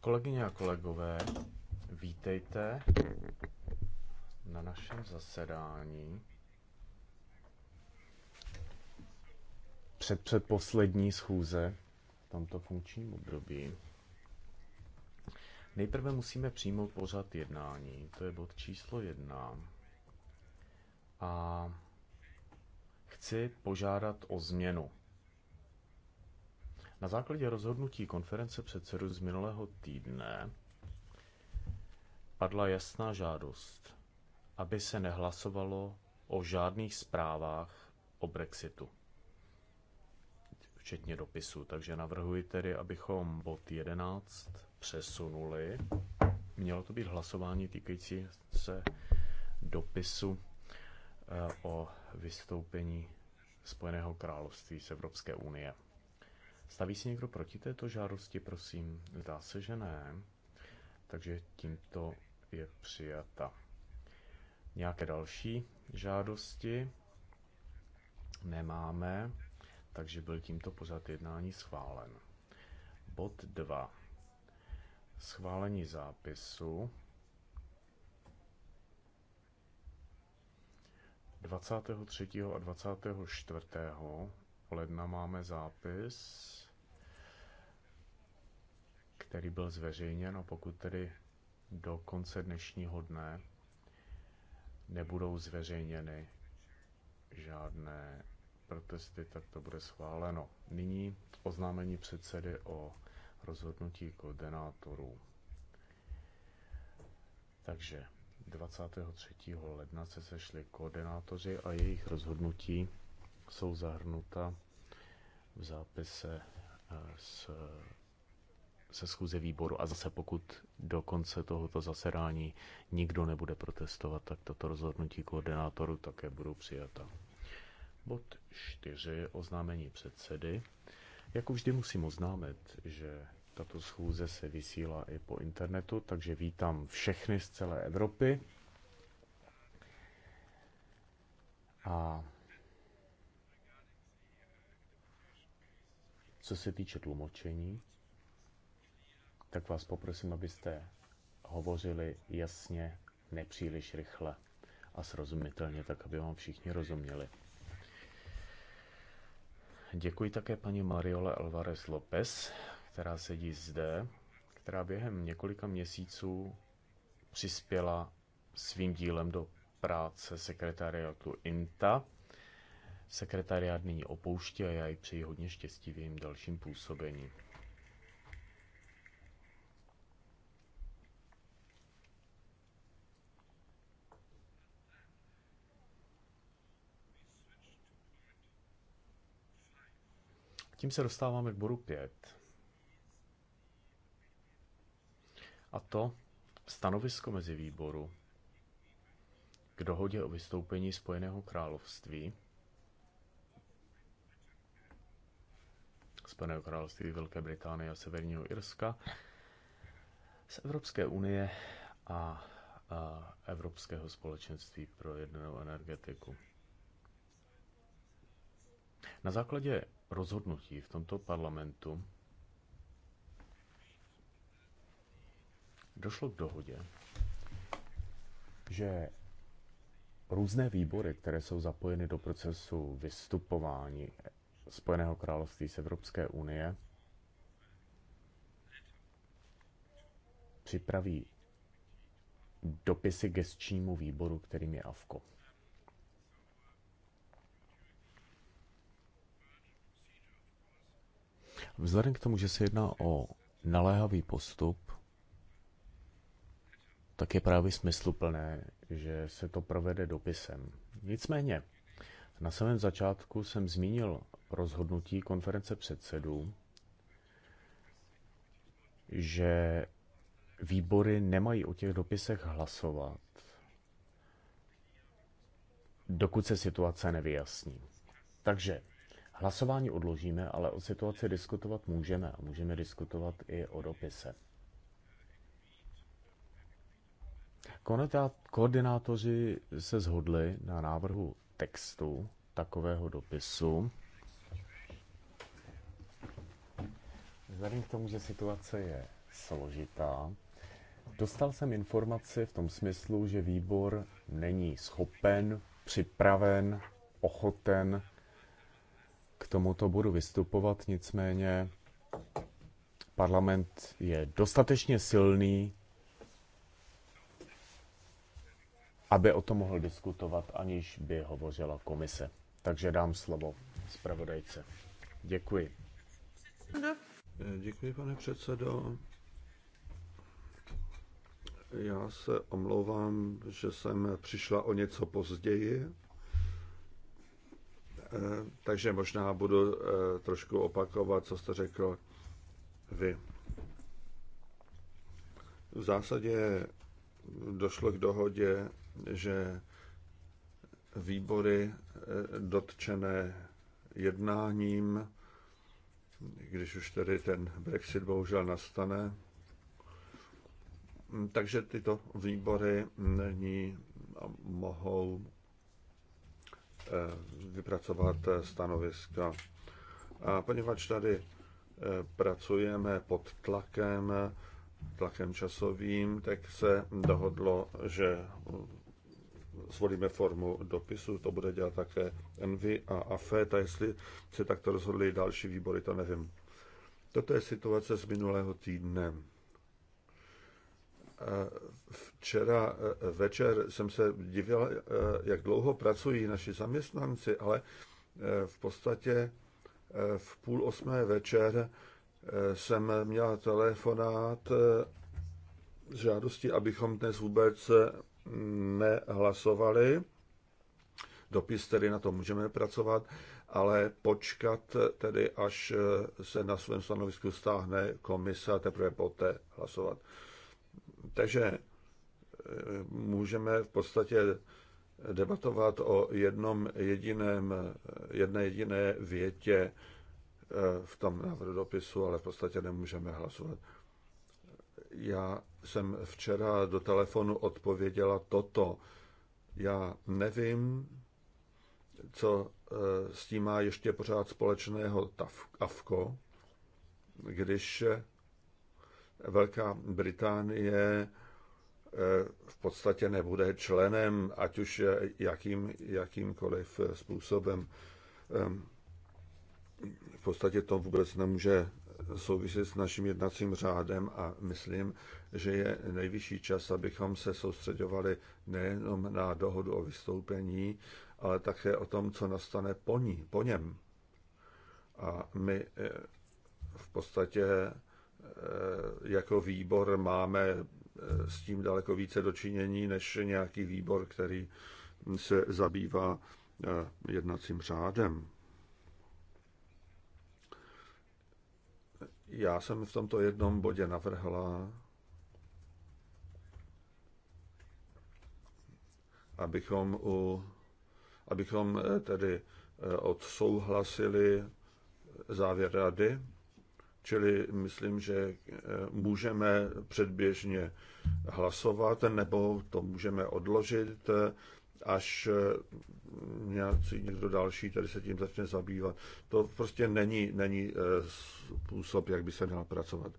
Kolegyně a kolegové, vítejte na našem zasedání. Před předposlední schůze v tomto funkčním období. Nejprve musíme přijmout pořad jednání, to je bod číslo jedna. A chci požádat o změnu na základě rozhodnutí konference předsedů z minulého týdne padla jasná žádost, aby se nehlasovalo o žádných zprávách o Brexitu, včetně dopisu. Takže navrhuji tedy, abychom bod 11 přesunuli. Mělo to být hlasování týkající se dopisu eh, o vystoupení Spojeného království z Evropské unie. Staví se někdo proti této žádosti, prosím? Zdá se, že ne. Takže tímto je přijata. Nějaké další žádosti nemáme, takže byl tímto pořad jednání schválen. Bod 2. Schválení zápisu 23. a 24. ledna máme zápis který byl zveřejněn a pokud tedy do konce dnešního dne nebudou zveřejněny žádné protesty, tak to bude schváleno. Nyní oznámení předsedy o rozhodnutí koordinátorů. Takže 23. ledna se sešli koordinátoři a jejich rozhodnutí jsou zahrnuta v zápise z eh, se schůze výboru a zase pokud do konce tohoto zasedání nikdo nebude protestovat, tak toto rozhodnutí koordinátoru také budou přijata. Bod 4. Oznámení předsedy. už vždy musím oznámit, že tato schůze se vysílá i po internetu, takže vítám všechny z celé Evropy. A co se týče tlumočení, tak vás poprosím, abyste hovořili jasně, nepříliš rychle a srozumitelně, tak aby vám všichni rozuměli. Děkuji také paní Mariole Alvarez Lopez, která sedí zde, která během několika měsíců přispěla svým dílem do práce sekretariátu INTA. Sekretariát nyní opouští a já jí přeji hodně štěstí v jejím dalším působení. Tím se dostáváme k bodu 5. A to stanovisko mezi výboru k dohodě o vystoupení Spojeného království Spojeného království Velké Británie a Severního Irska z Evropské unie a, a Evropského společenství pro jednou energetiku. Na základě rozhodnutí v tomto parlamentu došlo k dohodě, že různé výbory, které jsou zapojeny do procesu vystupování Spojeného království z Evropské unie, připraví dopisy gestčnímu výboru, kterým je AVKO. Vzhledem k tomu, že se jedná o naléhavý postup, tak je právě smysluplné, že se to provede dopisem. Nicméně, na samém začátku jsem zmínil rozhodnutí konference předsedů, že výbory nemají o těch dopisech hlasovat, dokud se situace nevyjasní. Takže Hlasování odložíme, ale o situaci diskutovat můžeme a můžeme diskutovat i o dopise. Koordinátoři se zhodli na návrhu textu takového dopisu. Vzhledem k tomu, že situace je složitá, dostal jsem informaci v tom smyslu, že výbor není schopen, připraven, ochoten tomuto budu vystupovat, nicméně parlament je dostatečně silný, aby o tom mohl diskutovat, aniž by hovořila komise. Takže dám slovo zpravodajce. Děkuji. Děkuji, pane předsedo. Já se omlouvám, že jsem přišla o něco později. Eh, takže možná budu eh, trošku opakovat, co jste řekl vy. V zásadě došlo k dohodě, že výbory eh, dotčené jednáním, když už tedy ten Brexit bohužel nastane, takže tyto výbory nyní mohou Eh, vypracovat eh, stanoviska. A poněvadž tady eh, pracujeme pod tlakem, tlakem časovým, tak se dohodlo, že zvolíme formu dopisu, to bude dělat také Envy a AFET a jestli se takto rozhodli další výbory, to nevím. Toto je situace z minulého týdne. Včera eh, večer jsem se divil, eh, jak dlouho pracují naši zaměstnanci, ale eh, v podstatě v půl osmé večer jsem měla telefonát žádostí, abychom dnes vůbec nehlasovali. Dopis tedy na to můžeme pracovat, ale počkat tedy, až se na svém stanovisku stáhne komise a teprve poté hlasovat. Takže eh, můžeme v podstatě debatovat o jednom jediném, jedné jediné větě eh, v tom návrhu dopisu, ale v podstatě nemůžeme hlasovat. Já jsem včera do telefonu odpověděla toto. Já nevím, co eh, s tím má ještě pořád společného Avko, když Velká Británie eh, v podstatě nebude členem, ať už jakým, jakýmkoliv eh, způsobem. Ehm, v podstatě to vůbec nemůže souviset s naším jednacím řádem a myslím, že je nejvyšší čas, abychom se soustředovali nejenom na dohodu o vystoupení, ale také o tom, co nastane po ní, po něm. A my eh, v podstatě Eh, jako výbor máme eh, s tím daleko více dočinění než nějaký výbor, který se zabývá eh, jednacím řádem. Já jsem v tomto jednom bodě navrhla, abychom, u, abychom tedy odsouhlasili závěr rady Čili myslím, že eh, můžeme předběžně hlasovat, nebo to můžeme odložit, eh, až eh, nějaký někdo další tady se tím začne zabývat. To prostě není, není způsob, jak by se měla pracovat.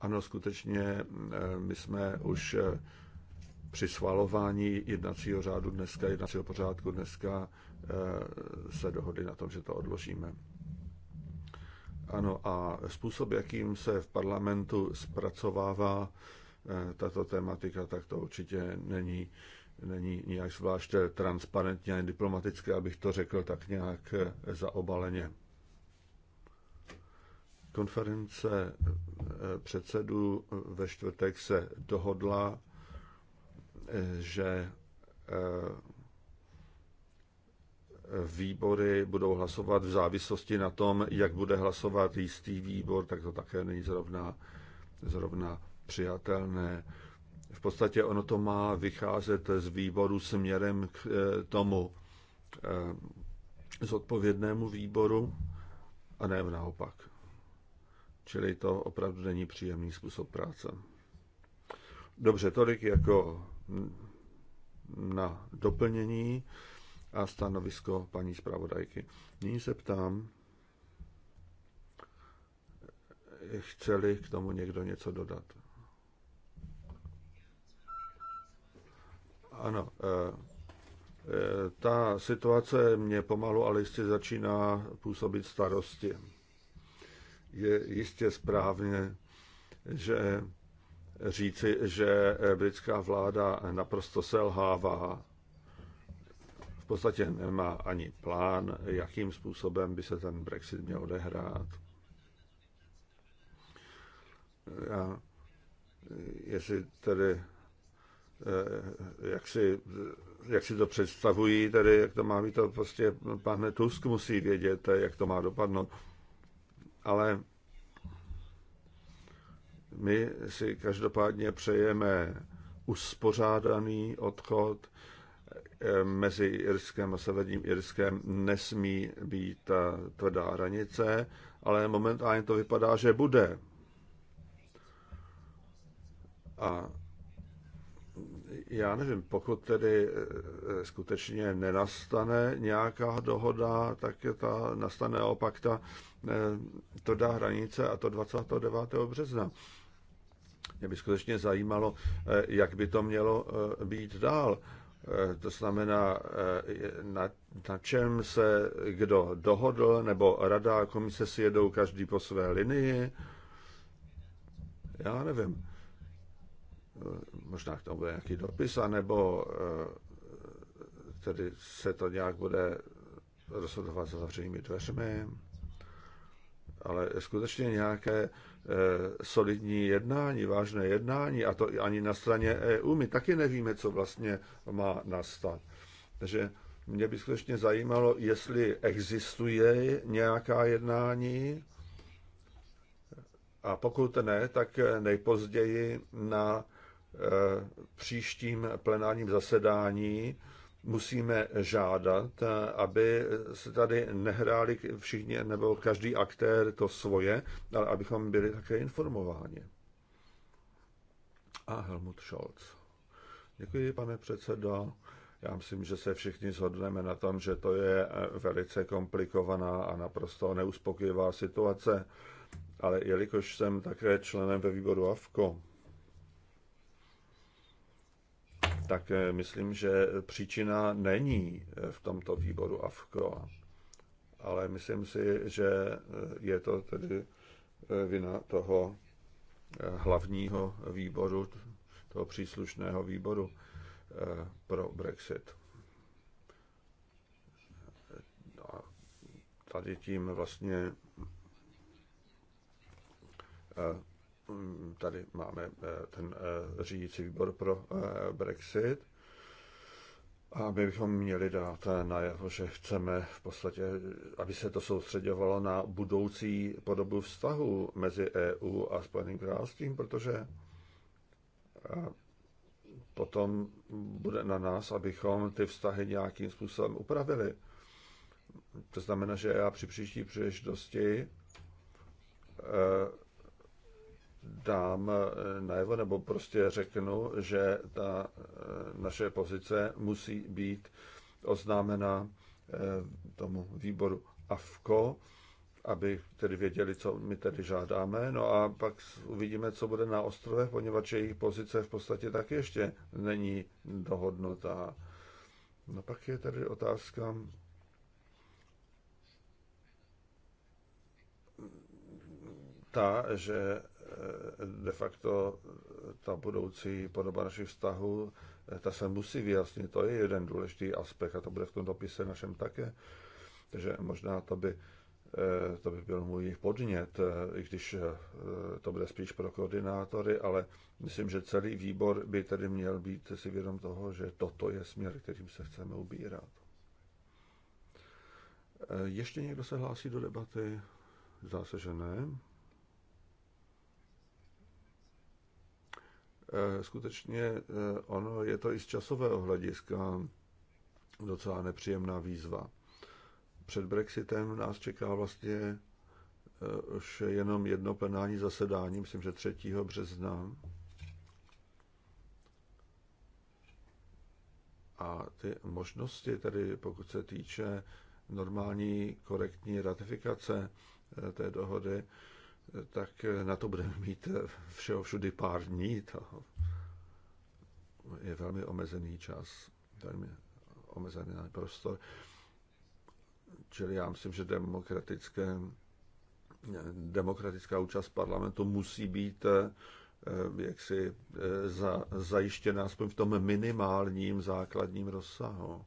Ano, skutečně my jsme už při schvalování jednacího řádu dneska, jednacího pořádku dneska se dohodli na tom, že to odložíme. Ano, a způsob, jakým se v parlamentu zpracovává eh, tato tematika, tak to určitě není, není nějak zvlášť transparentně a diplomatické, abych to řekl tak nějak eh, zaobaleně. Konference eh, předsedů ve čtvrtek se dohodla, že výbory budou hlasovat v závislosti na tom, jak bude hlasovat jistý výbor, tak to také není zrovna, zrovna přijatelné. V podstatě ono to má vycházet z výboru směrem k eh, tomu eh, zodpovědnému výboru a ne naopak. Čili to opravdu není příjemný způsob práce. Dobře, tolik jako na doplnění a stanovisko paní zpravodajky. Nyní se ptám, chceli k tomu někdo něco dodat. Ano, eh, eh, ta situace mě pomalu, ale jistě začíná působit starosti. Je jistě správně, že říci, že britská vláda naprosto selhává podstatě nemá ani plán, jakým způsobem by se ten Brexit měl odehrát. A jestli tedy eh, jak si, jak si to představují, tedy jak to má být, to prostě pan Tusk musí vědět, eh, jak to má dopadnout. Ale my si každopádně přejeme uspořádaný odchod, mezi Irskem a Severním Irskem nesmí být ta tvrdá hranice, ale momentálně to vypadá, že bude. A já nevím, pokud tedy eh, eh, skutečně nenastane nějaká dohoda, tak je ta, nastane opak ta, eh, to dá hranice a to 29. března. Mě by skutečně zajímalo, jak by to mělo být dál. Eh, to znamená, eh, na, na čem se kdo dohodl, nebo rada a komise si jedou každý po své linii. Já nevím. Eh, možná k tomu bude nějaký dopis, anebo tedy se to nějak bude rozhodovat za zavřenými dveřmi. Ale skutečně nějaké Eh, solidní jednání, vážné jednání, a to ani na straně EU. My taky nevíme, co vlastně má nastat. Takže mě by skutečně zajímalo, jestli existuje nějaká jednání, a pokud ne, tak nejpozději na eh, příštím plenárním zasedání musíme žádat, aby se tady nehráli všichni nebo každý aktér to svoje, ale abychom byli také informováni. A Helmut Scholz. Děkuji, pane předsedo. Já myslím, že se všichni shodneme na tom, že to je velice komplikovaná a naprosto neuspokojivá situace. Ale jelikož jsem také členem ve výboru AFKO, tak eh, myslím, že příčina není eh, v tomto výboru AFKO. Ale myslím si, že eh, je to tedy vina toho hlavního výboru, toho příslušného výboru pro Brexit. No a tady tím vlastně Mm, tady máme eh, ten eh, řídící výbor pro eh, Brexit. A my bychom měli dát najevo, že chceme v podstatě, aby se to soustředovalo na budoucí podobu vztahu mezi EU a Spojeným královstvím, protože potom bude na nás, abychom ty vztahy nějakým způsobem upravili. To znamená, že já při příští příležitosti dám eh, najevo nebo prostě řeknu, že ta eh, naše pozice musí být oznámena eh, tomu výboru AFKO, aby tedy věděli, co my tedy žádáme. No a pak uvidíme, co bude na ostrovech, poněvadž jejich pozice v podstatě tak ještě není dohodnutá. No pak je tady otázka, ta, že de facto ta budoucí podoba našich vztahů, ta se musí vyjasnit. To je jeden důležitý aspekt a to bude v tom dopise našem také. Takže možná to by, eh, to by byl můj podnět, eh, i když eh, to bude spíš pro koordinátory, ale myslím, že celý výbor by tedy měl být si vědom toho, že toto je směr, kterým se chceme ubírat. Ještě někdo se hlásí do debaty? Zdá se, že ne. Eh, skutečně eh, ono je to i z časového hlediska docela nepříjemná výzva. Před Brexitem nás čeká vlastně už eh, jenom jedno plenární zasedání, myslím, že 3. března. A ty možnosti, tedy pokud se týče normální korektní ratifikace té dohody, tak na to budeme mít všeho všudy pár dní. To je velmi omezený čas, velmi omezený prostor. Čili já myslím, že demokratické, demokratická účast parlamentu musí být eh, jaksi eh, za, zajištěna aspoň v tom minimálním základním rozsahu.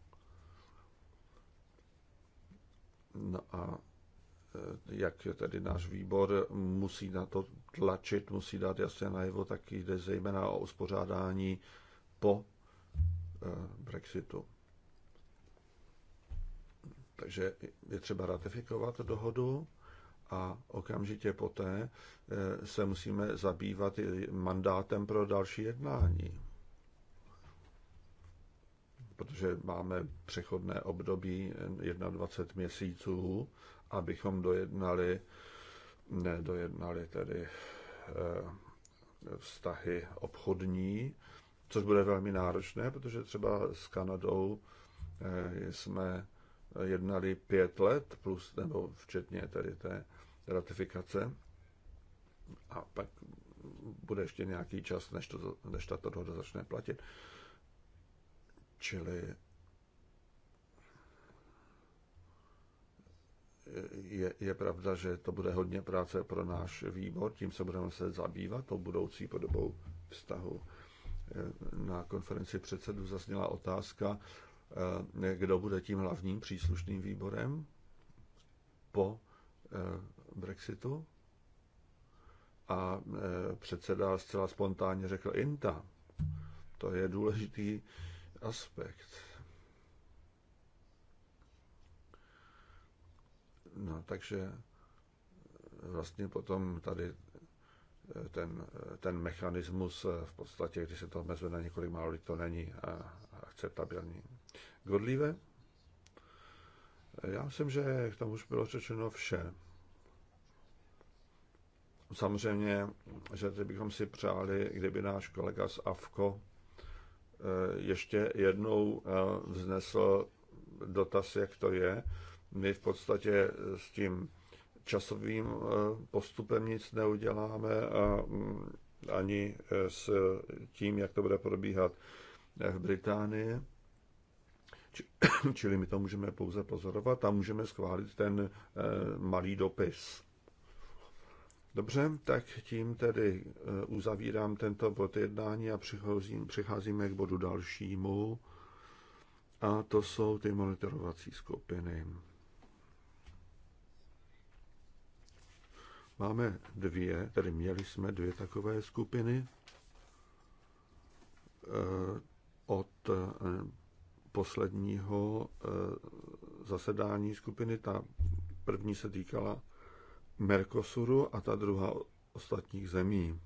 No a Eh, jak tedy náš výbor musí na to tlačit, musí dát jasně najevo, tak jde zejména o uspořádání po eh, Brexitu. Takže je třeba ratifikovat dohodu a okamžitě poté eh, se musíme zabývat mandátem pro další jednání. Protože máme přechodné období 21 měsíců abychom dojednali, ne, dojednali tedy eh, vztahy obchodní, což bude velmi náročné, protože třeba s Kanadou eh, jsme jednali pět let, plus nebo včetně tedy té ratifikace. A pak bude ještě nějaký čas, než, to, než tato dohoda začne platit. Čili je, je pravda, že to bude hodně práce pro náš výbor, tím se budeme se zabývat tou budoucí podobou vztahu. Eh, na konferenci předsedů zazněla otázka, eh, kdo bude tím hlavním příslušným výborem po eh, Brexitu. A předseda zcela spontánně řekl INTA. To je důležitý aspekt No, takže eh, vlastně potom tady eh, ten, eh, ten mechanismus v podstatě, když se to omezuje na několik málo to není akceptabilní. Godlíve? Já myslím, že k tomu už bylo řečeno vše. Samozřejmě, že teď bychom si přáli, kdyby náš kolega z AFKO ještě jednou vznesl dotaz, jak to je, my v podstatě s tím časovým eh, postupem nic neuděláme a mm, ani eh, s tím, jak to bude probíhat eh, v Británii. Čili my to můžeme pouze pozorovat a můžeme schválit ten malý dopis. Dobře, tak tím tedy uzavírám tento bod jednání a přicházím, přicházíme k bodu dalšímu. A to jsou ty monitorovací skupiny. Máme dvě, tedy měli jsme dvě takové skupiny eh, od eh, posledního eh, zasedání skupiny. Ta první se týkala Mercosuru a ta druhá ostatních zemí.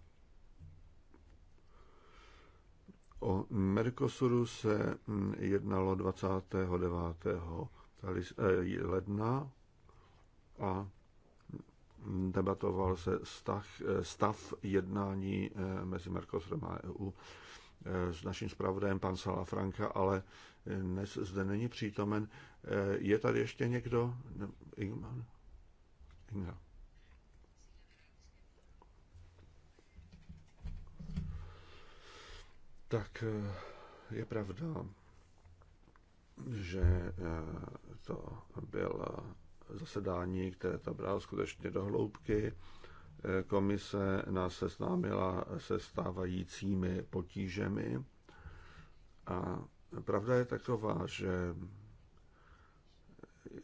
O Mercosuru se mm, jednalo 29. ledna a debatoval se stav, stav jednání eh, mezi Mercosurem a EU eh, s naším zpravodajem pan Sala Franka, ale eh, dnes zde není přítomen. Je tady ještě někdo? Ingman? Inga. Tak je pravda, že to byla zasedání, které tam bral skutečně do hloubky. Eh, komise nás seznámila se stávajícími potížemi a pravda je taková, že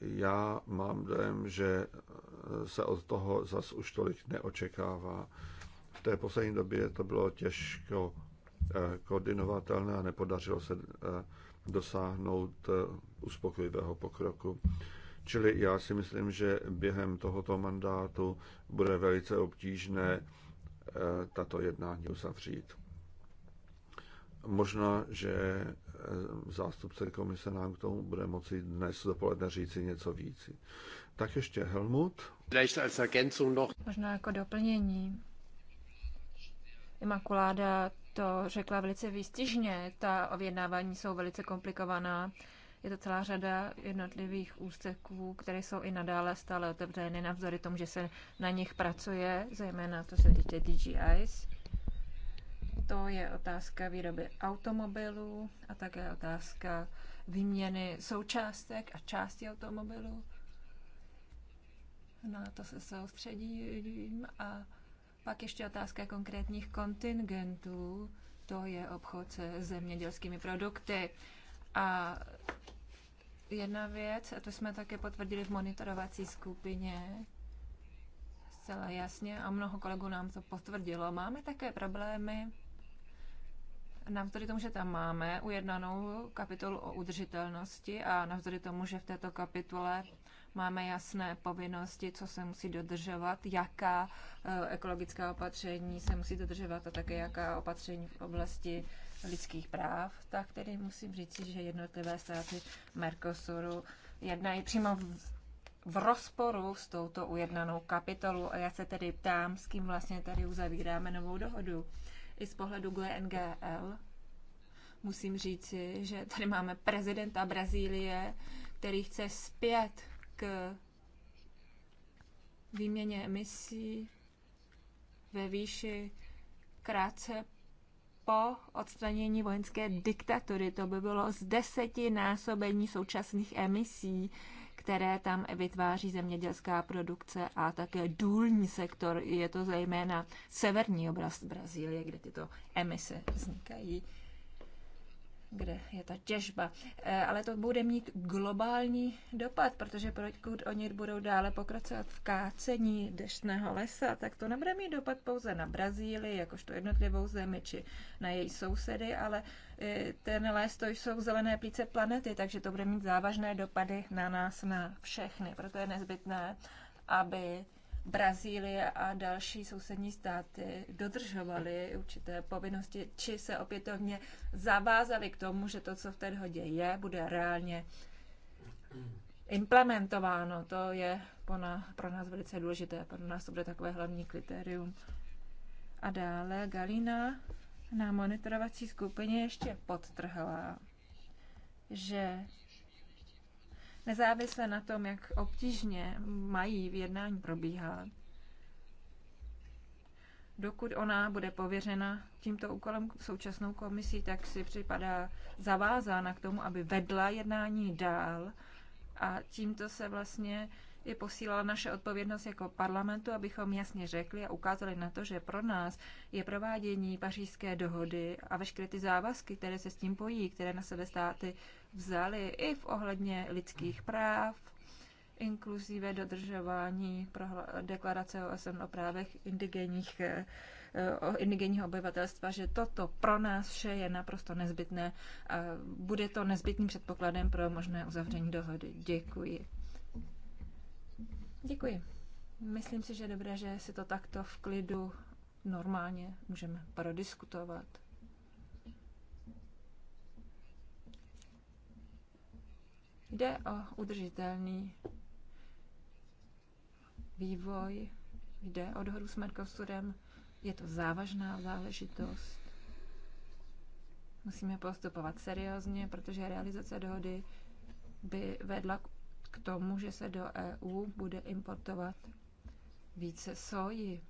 já mám dojem, že se od toho zas už tolik neočekává. V té poslední době to bylo těžko eh, koordinovatelné a nepodařilo se eh, dosáhnout uspokojivého pokroku. Čili já si myslím, že během tohoto mandátu bude velice obtížné eh, tato jednání uzavřít. Možná, že eh, zástupce komise nám k tomu bude moci dnes dopoledne říci něco víc. Tak ještě Helmut. Možná jako doplnění. Imakuláda to řekla velice výstižně. Ta ovědnávání jsou velice komplikovaná. Je to celá řada jednotlivých úseků, které jsou i nadále stále otevřeny, navzdory tomu, že se na nich pracuje, zejména to se týče DGIs. To je otázka výroby automobilů a také otázka výměny součástek a části automobilů. Na to se soustředím a pak ještě otázka konkrétních kontingentů, to je obchod se zemědělskými produkty. A jedna věc, a to jsme také potvrdili v monitorovací skupině, zcela jasně, a mnoho kolegů nám to potvrdilo, máme také problémy Navzdory tomu, že tam máme ujednanou kapitolu o udržitelnosti a navzdory tomu, že v této kapitole máme jasné povinnosti, co se musí dodržovat, jaká eh, ekologická opatření se musí dodržovat a také jaká opatření v oblasti lidských práv, tak tedy musím říct, že jednotlivé státy Mercosuru jednají přímo v, v rozporu s touto ujednanou kapitolu. A já se tedy ptám, s kým vlastně tady uzavíráme novou dohodu. I z pohledu GNGL musím říci, že tady máme prezidenta Brazílie, který chce zpět k výměně emisí ve výši krátce po odstranění vojenské diktatury. To by bylo z deseti násobení současných emisí, které tam vytváří zemědělská produkce a také důlní sektor. Je to zejména severní oblast Brazílie, kde tyto emise vznikají kde je ta těžba. Eh, ale to bude mít globální dopad, protože pokud oni budou dále pokračovat v kácení deštného lesa, tak to nebude mít dopad pouze na Brazílii, jakožto jednotlivou zemi, či na její sousedy, ale eh, ten les to jsou zelené plíce planety, takže to bude mít závažné dopady na nás, na všechny. Proto je nezbytné, aby Brazílie a další sousední státy dodržovaly určité povinnosti, či se opětovně zavázali k tomu, že to, co v té dohodě je, bude reálně implementováno. To je pro nás velice důležité. Pro nás to bude takové hlavní kritérium. A dále Galina na monitorovací skupině ještě podtrhla, že nezávisle na tom, jak obtížně mají v jednání probíhat, dokud ona bude pověřena tímto úkolem současnou komisí, tak si připadá zavázána k tomu, aby vedla jednání dál a tímto se vlastně je posílala naše odpovědnost jako parlamentu, abychom jasně řekli a ukázali na to, že pro nás je provádění pařížské dohody a veškeré ty závazky, které se s tím pojí, které na sebe státy vzali i v ohledně lidských práv, inkluzive dodržování deklarace OSN o právech indigenních, eh, indigenního obyvatelstva, že toto pro nás vše je naprosto nezbytné a bude to nezbytným předpokladem pro možné uzavření dohody. Děkuji. Děkuji. Myslím si, že je dobré, že si to takto v klidu normálně můžeme prodiskutovat. Jde o udržitelný vývoj, jde o dohodu s Mercosurem, je to závažná záležitost. Musíme postupovat seriózně, protože realizace dohody by vedla k tomu, že se do EU bude importovat více soji.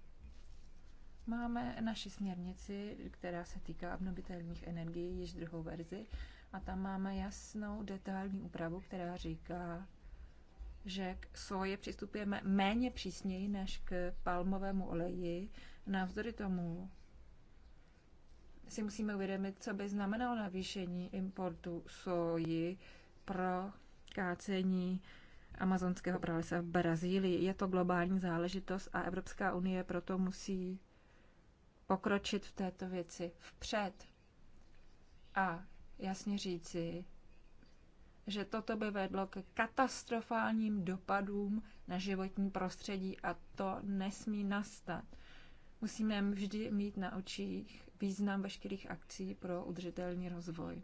Máme naši směrnici, která se týká obnovitelných energií, již druhou verzi, a tam máme jasnou detailní úpravu, která říká, že k soje přistupujeme méně přísněji než k palmovému oleji. Navzdory tomu si musíme uvědomit, co by znamenalo navýšení importu soji pro kácení amazonského pralesa v Brazílii. Je to globální záležitost a Evropská unie proto musí pokročit v této věci vpřed. A jasně říci, že toto by vedlo k katastrofálním dopadům na životní prostředí a to nesmí nastat. Musíme vždy mít na očích význam veškerých akcí pro udržitelný rozvoj.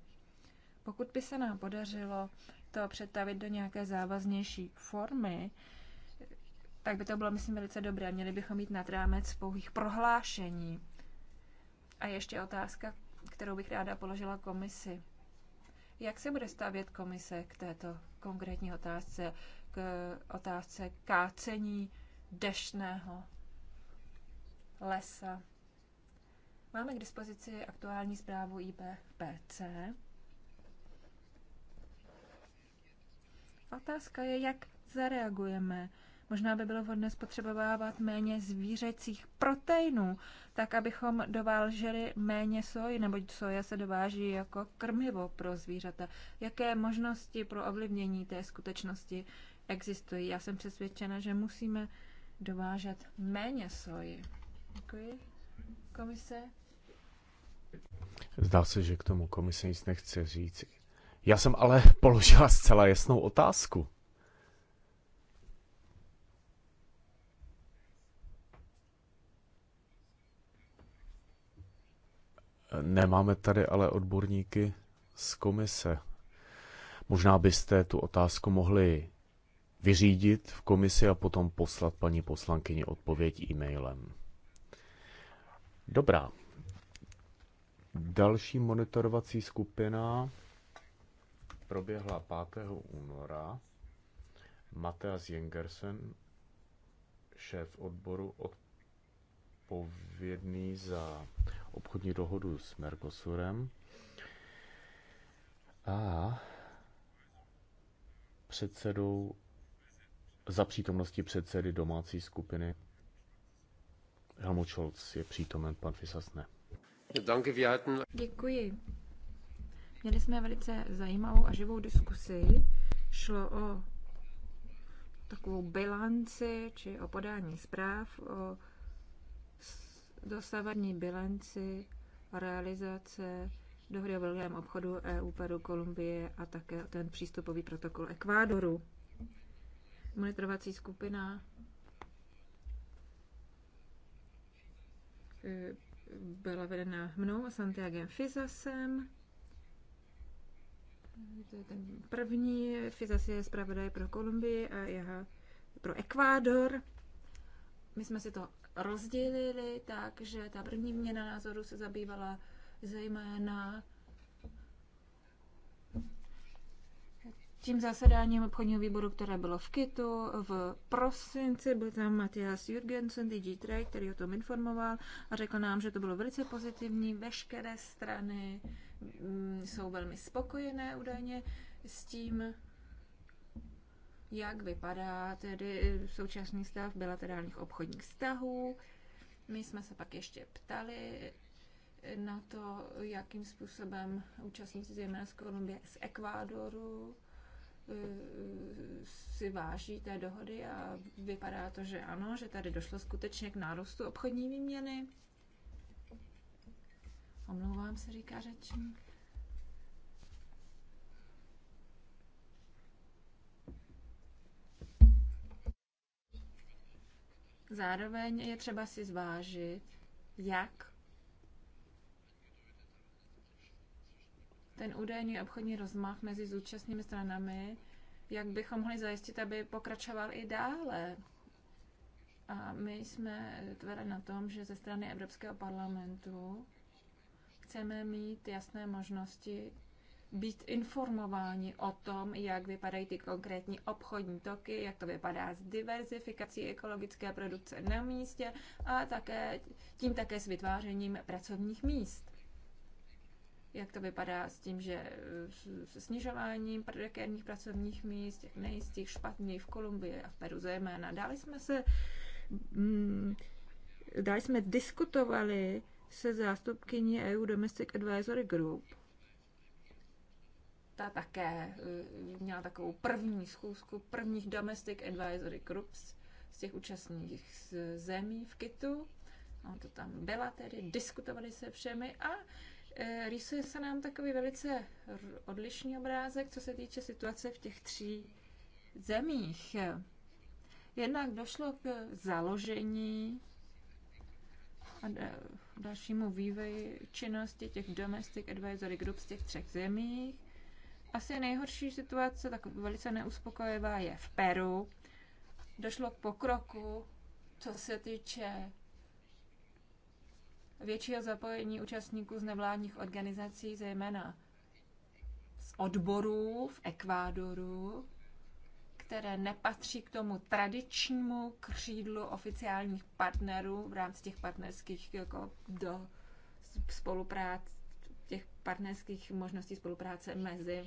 Pokud by se nám podařilo to přetavit do nějaké závaznější formy, tak by to bylo, myslím, velice dobré. Měli bychom mít nad rámec pouhých prohlášení. A ještě otázka kterou bych ráda položila komisi. Jak se bude stavět komise k této konkrétní otázce, k otázce kácení dešného lesa? Máme k dispozici aktuální zprávu IPPC. Otázka je, jak zareagujeme Možná by bylo vhodné spotřebovávat méně zvířecích proteinů, tak abychom dováželi méně soji, neboť soja se dováží jako krmivo pro zvířata. Jaké možnosti pro ovlivnění té skutečnosti existují? Já jsem přesvědčena, že musíme dovážet méně soji. Děkuji. Komise? Zdá se, že k tomu komise nic nechce říct. Já jsem ale položila zcela jasnou otázku. Nemáme tady ale odborníky z komise. Možná byste tu otázku mohli vyřídit v komisi a potom poslat paní poslankyni odpověď e-mailem. Dobrá. Další monitorovací skupina proběhla 5. února. Matthias Jengersen, šéf odboru odpovědný za obchodní dohodu s Mercosurem a předsedou za přítomnosti předsedy domácí skupiny Helmut Scholz je přítomen, pan Fisas ne. Děkuji. Měli jsme velice zajímavou a živou diskusi. Šlo o takovou bilanci či o podání zpráv, o dosavadní bilanci realizace dohody o velkém obchodu EU, Peru, Kolumbie a také ten přístupový protokol Ekvádoru. Monitorovací skupina eh, byla vedena mnou, Santiagem Fizasem. To je ten první. Fizas je zpravodaj pro Kolumbii a jeho pro Ekvádor. My jsme si to rozdělili, takže ta první měna názoru se zabývala zejména tím zasedáním obchodního výboru, které bylo v Kitu v prosinci, byl tam Matthias Jürgensen, DG Trade, který o tom informoval a řekl nám, že to bylo velice pozitivní, veškeré strany mm, jsou velmi spokojené údajně s tím, jak vypadá tedy současný stav bilaterálních obchodních vztahů. My jsme se pak ještě ptali na to, jakým způsobem účastníci zejména z Kolumbie, z Ekvádoru eh, si váží té dohody a vypadá to, že ano, že tady došlo skutečně k nárůstu obchodní výměny. Omlouvám se, říká řečník. Zároveň je třeba si zvážit, jak ten údajný obchodní rozmach mezi zúčastnými stranami, jak bychom mohli zajistit, aby pokračoval i dále. A my jsme tvrdé na tom, že ze strany Evropského parlamentu chceme mít jasné možnosti být informováni o tom, jak vypadají ty konkrétní obchodní toky, jak to vypadá s diverzifikací ekologické produkce na místě a také, tím také s vytvářením pracovních míst. Jak to vypadá s tím, že se snižováním prekérních pracovních míst, těch nejistých, špatných v Kolumbii a v Peru zejména. Dále jsme se, mm, dále jsme diskutovali se zástupkyní EU Domestic Advisory Group, ta také eh, měla takovou první schůzku prvních Domestic Advisory Groups z těch účastních zemí v Kitu. No, to tam byla tedy, diskutovali se všemi a e, rýsuje se nám takový velice odlišný obrázek, co se týče situace v těch tří zemích. Jednak došlo k založení a dalšímu vývoji činnosti těch Domestic Advisory groups z těch třech zemích. Asi nejhorší situace, tak velice neuspokojivá, je v Peru. Došlo k pokroku, co se týče většího zapojení účastníků z nevládních organizací, zejména z odborů v Ekvádoru, které nepatří k tomu tradičnímu křídlu oficiálních partnerů v rámci těch partnerských jako do spolupráce těch partnerských možností spolupráce mezi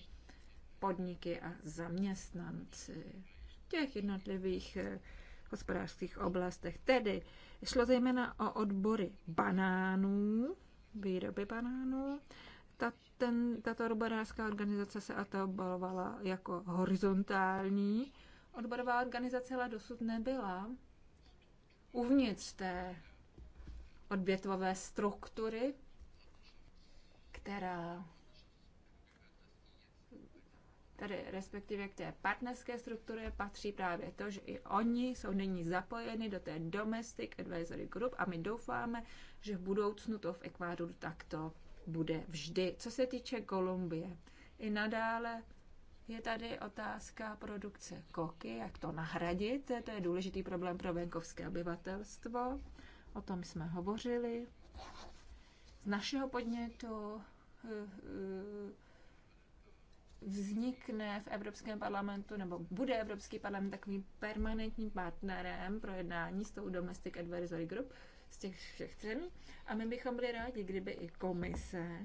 podniky a zaměstnanci v těch jednotlivých eh, hospodářských oblastech. Tedy šlo zejména o odbory banánů, výroby banánů. Ta, ten, tato odborářská organizace se atabalovala jako horizontální odborová organizace, ale dosud nebyla uvnitř té odbětové struktury která tedy respektive k té partnerské struktuře patří právě to, že i oni jsou nyní zapojeni do té Domestic Advisory Group a my doufáme, že v budoucnu to v Ekvádoru takto bude vždy. Co se týče Kolumbie, i nadále je tady otázka produkce koky, jak to nahradit. To je důležitý problém pro venkovské obyvatelstvo. O tom jsme hovořili z našeho podnětu eh, eh, vznikne v Evropském parlamentu, nebo bude Evropský parlament takovým permanentním partnerem pro jednání s tou Domestic Advisory Group z těch všech zemí. A my bychom byli rádi, kdyby i komise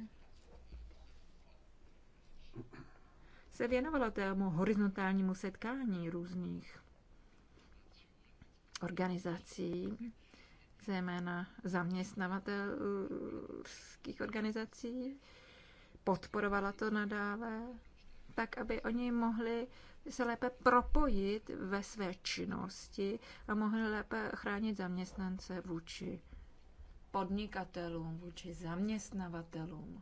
se věnovala tému horizontálnímu setkání různých organizací, zejména zaměstnavatelských organizací, podporovala to nadále, tak aby oni mohli se lépe propojit ve své činnosti a mohli lépe chránit zaměstnance vůči podnikatelům, vůči zaměstnavatelům.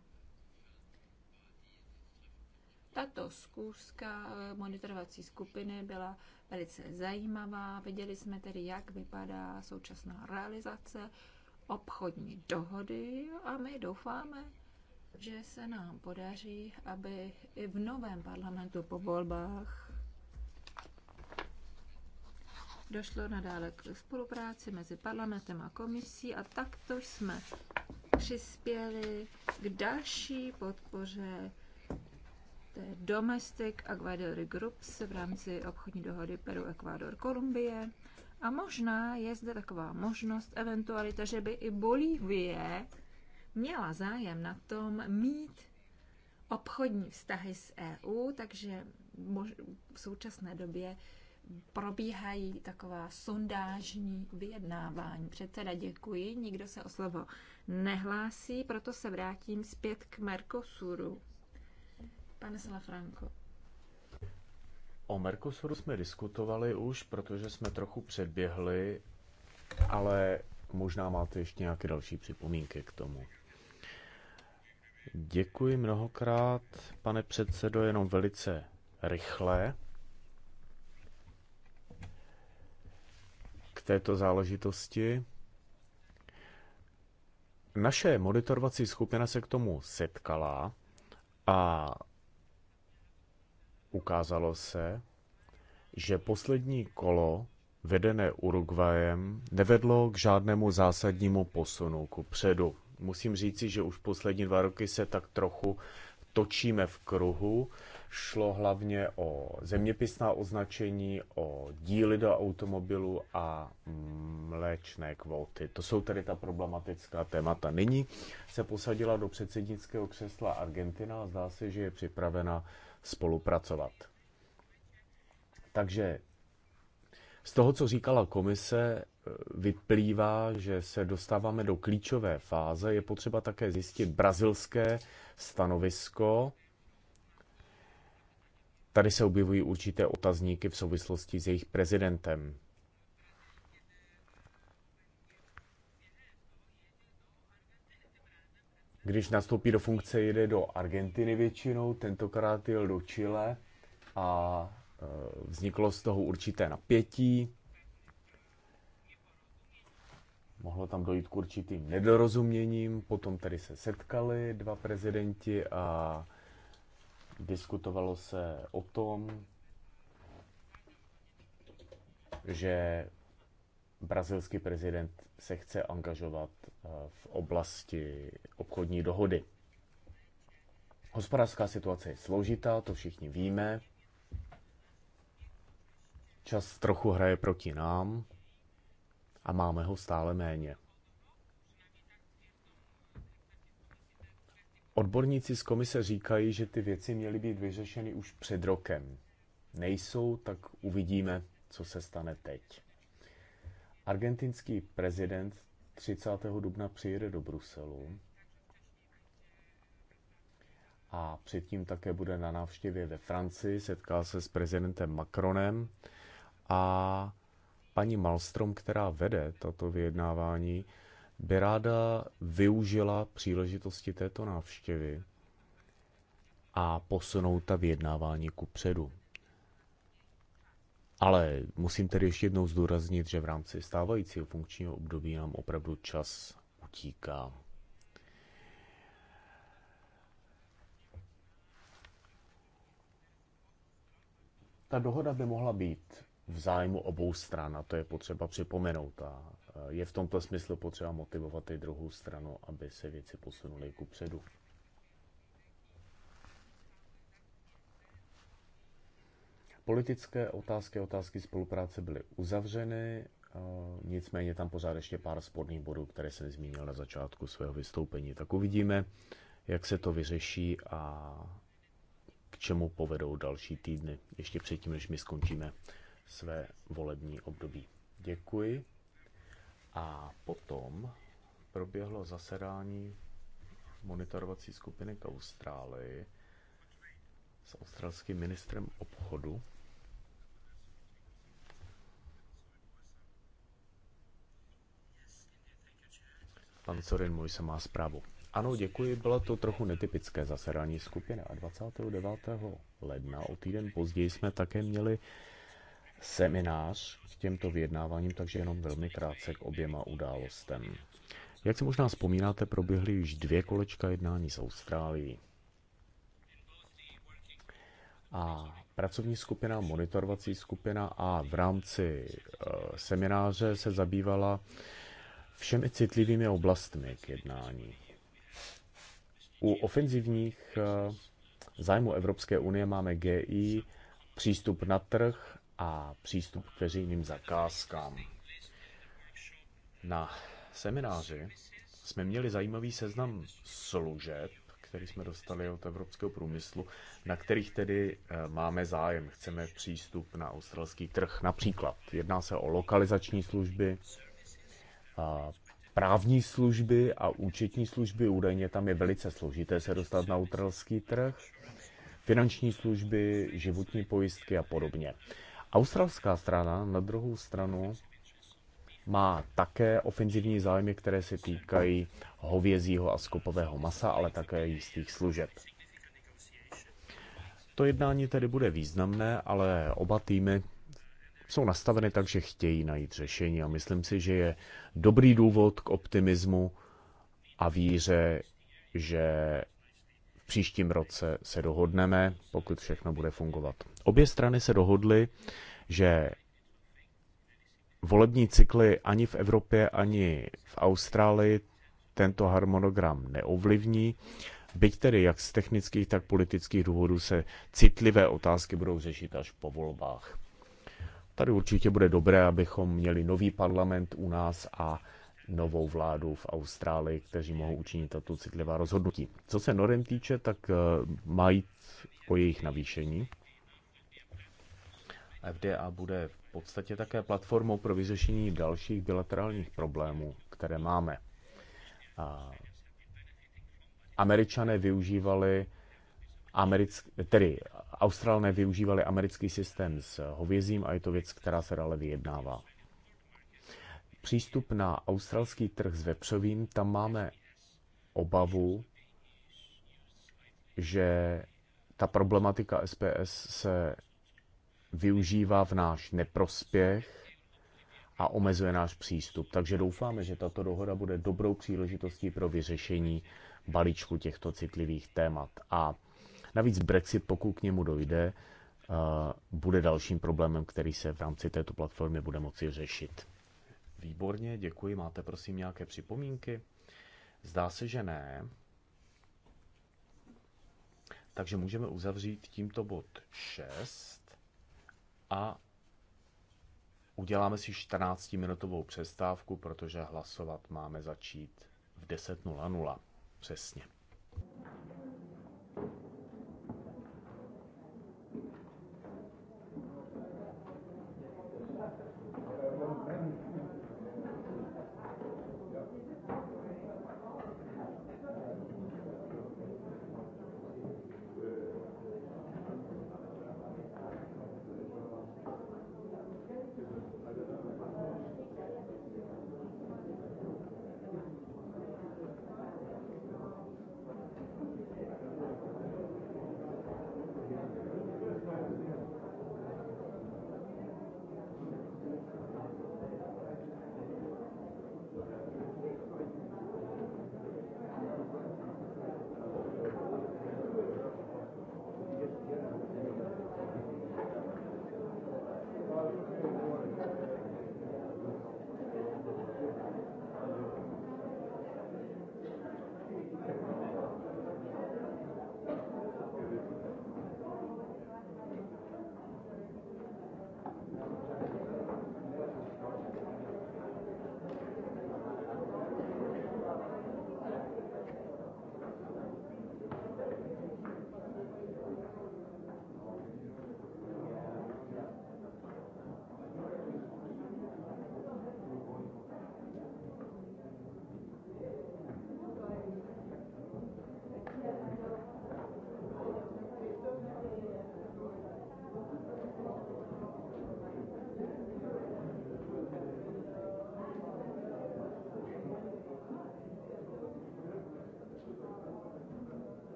Tato zkouška eh, monitorovací skupiny byla velice zajímavá. Viděli jsme tedy, jak vypadá současná realizace obchodní dohody a my doufáme, že se nám podaří, aby i v novém parlamentu po volbách došlo nadále k spolupráci mezi parlamentem a komisí a takto jsme přispěli k další podpoře to Domestic Aguadori Groups v rámci obchodní dohody Peru, Ekvádor, Kolumbie. A možná je zde taková možnost, eventualita, že by i Bolívie měla zájem na tom mít obchodní vztahy s EU, takže v současné době probíhají taková sondážní vyjednávání. Předseda, děkuji, nikdo se o slovo nehlásí, proto se vrátím zpět k Mercosuru. Pane Salafranko? O Mercosuru jsme diskutovali už, protože jsme trochu předběhli, ale možná máte ještě nějaké další připomínky k tomu. Děkuji mnohokrát, pane předsedo, jenom velice rychle. K této záležitosti. Naše monitorovací skupina se k tomu setkala a Ukázalo se, že poslední kolo vedené Uruguayem nevedlo k žádnému zásadnímu posunu ku předu. Musím říci, že už poslední dva roky se tak trochu točíme v kruhu. Šlo hlavně o zeměpisná označení, o díly do automobilu a mléčné kvóty. To jsou tedy ta problematická témata. Nyní se posadila do předsednického křesla Argentina a zdá se, že je připravena spolupracovat. Takže z toho, co říkala komise, e, vyplývá, že se dostáváme do klíčové fáze. Je potřeba také zjistit brazilské stanovisko. Tady se objevují určité otazníky v souvislosti s jejich prezidentem. Když nastoupí do funkce, jede do Argentiny většinou, tentokrát jel do Chile a e, vzniklo z toho určité napětí. Mohlo tam dojít k určitým nedorozuměním, potom tedy se setkali dva prezidenti a diskutovalo se o tom, že brazilský prezident se chce angažovat v oblasti obchodní dohody. Hospodářská situace je složitá, to všichni víme. Čas trochu hraje proti nám a máme ho stále méně. Odborníci z komise říkají, že ty věci měly být vyřešeny už před rokem. Nejsou, tak uvidíme, co se stane teď. Argentinský prezident 30. dubna přijede do Bruselu a předtím také bude na návštěvě ve Francii, setká se s prezidentem Macronem a paní Malstrom, která vede toto vyjednávání, by ráda využila příležitosti této návštěvy a posunout ta vyjednávání ku předu. Ale musím tedy ještě jednou zdůraznit, že v rámci stávajícího funkčního období nám opravdu čas utíká. Ta dohoda by mohla být v zájmu obou stran, a to je potřeba připomenout. A e, je v tomto smyslu potřeba motivovat i druhou stranu, aby se věci posunuly ku předu. Politické otázky, otázky spolupráce byly uzavřeny, nicméně tam pořád ještě pár sporných bodů, které jsem zmínil na začátku svého vystoupení. Tak uvidíme, jak se to vyřeší a k čemu povedou další týdny, ještě předtím, než my skončíme své volební období. Děkuji. A potom proběhlo zasedání monitorovací skupiny k Austrálii s australským ministrem obchodu Pan Sorin můj se má zprávu. Ano, děkuji, bylo to trochu netypické zasedání skupiny. A 29. ledna, o týden později, jsme také měli seminář k těmto vyjednáváním, takže jenom velmi krátce k oběma událostem. Jak si možná vzpomínáte, proběhly již dvě kolečka jednání s Austrálií. A pracovní skupina, monitorovací skupina a v rámci eh, semináře se zabývala všemi citlivými oblastmi k jednání. U ofenzivních eh, zájmů Evropské unie máme GI, přístup na trh a přístup k veřejným zakázkám. Na semináři jsme měli zajímavý seznam služeb, který jsme dostali od evropského průmyslu, na kterých tedy eh, máme zájem. Chceme přístup na australský trh. Například jedná se o lokalizační služby, právní služby a účetní služby. Údajně tam je velice složité se dostat na australský trh. Finanční služby, životní pojistky a podobně. Australská strana na druhou stranu má také ofenzivní zájmy, které se týkají hovězího a skopového masa, ale také jistých služeb. To jednání tedy bude významné, ale oba týmy jsou nastaveny tak, že chtějí najít řešení a myslím si, že je dobrý důvod k optimismu a víře, že v příštím roce se dohodneme, pokud všechno bude fungovat. Obě strany se dohodly, že volební cykly ani v Evropě, ani v Austrálii tento harmonogram neovlivní. Byť tedy jak z technických, tak politických důvodů se citlivé otázky budou řešit až po volbách. Tady určitě bude dobré, abychom měli nový parlament u nás a novou vládu v Austrálii, kteří mohou učinit tato citlivá rozhodnutí. Co se norem týče, tak eh, mají o jejich navýšení. FDA bude v podstatě také platformou pro vyřešení dalších bilaterálních problémů, které máme. A američané využívali americk, tedy Australané využívali americký systém s hovězím a je to věc, která se dále vyjednává. Přístup na australský trh s vepřovým, tam máme obavu, že ta problematika SPS se využívá v náš neprospěch a omezuje náš přístup. Takže doufáme, že tato dohoda bude dobrou příležitostí pro vyřešení balíčku těchto citlivých témat. A Navíc Brexit, pokud k němu dojde, eh, bude dalším problémem, který se v rámci této platformy bude moci řešit. Výborně, děkuji. Máte prosím nějaké připomínky? Zdá se, že ne. Takže můžeme uzavřít tímto bod 6 a uděláme si 14-minutovou přestávku, protože hlasovat máme začít v 10.00 přesně.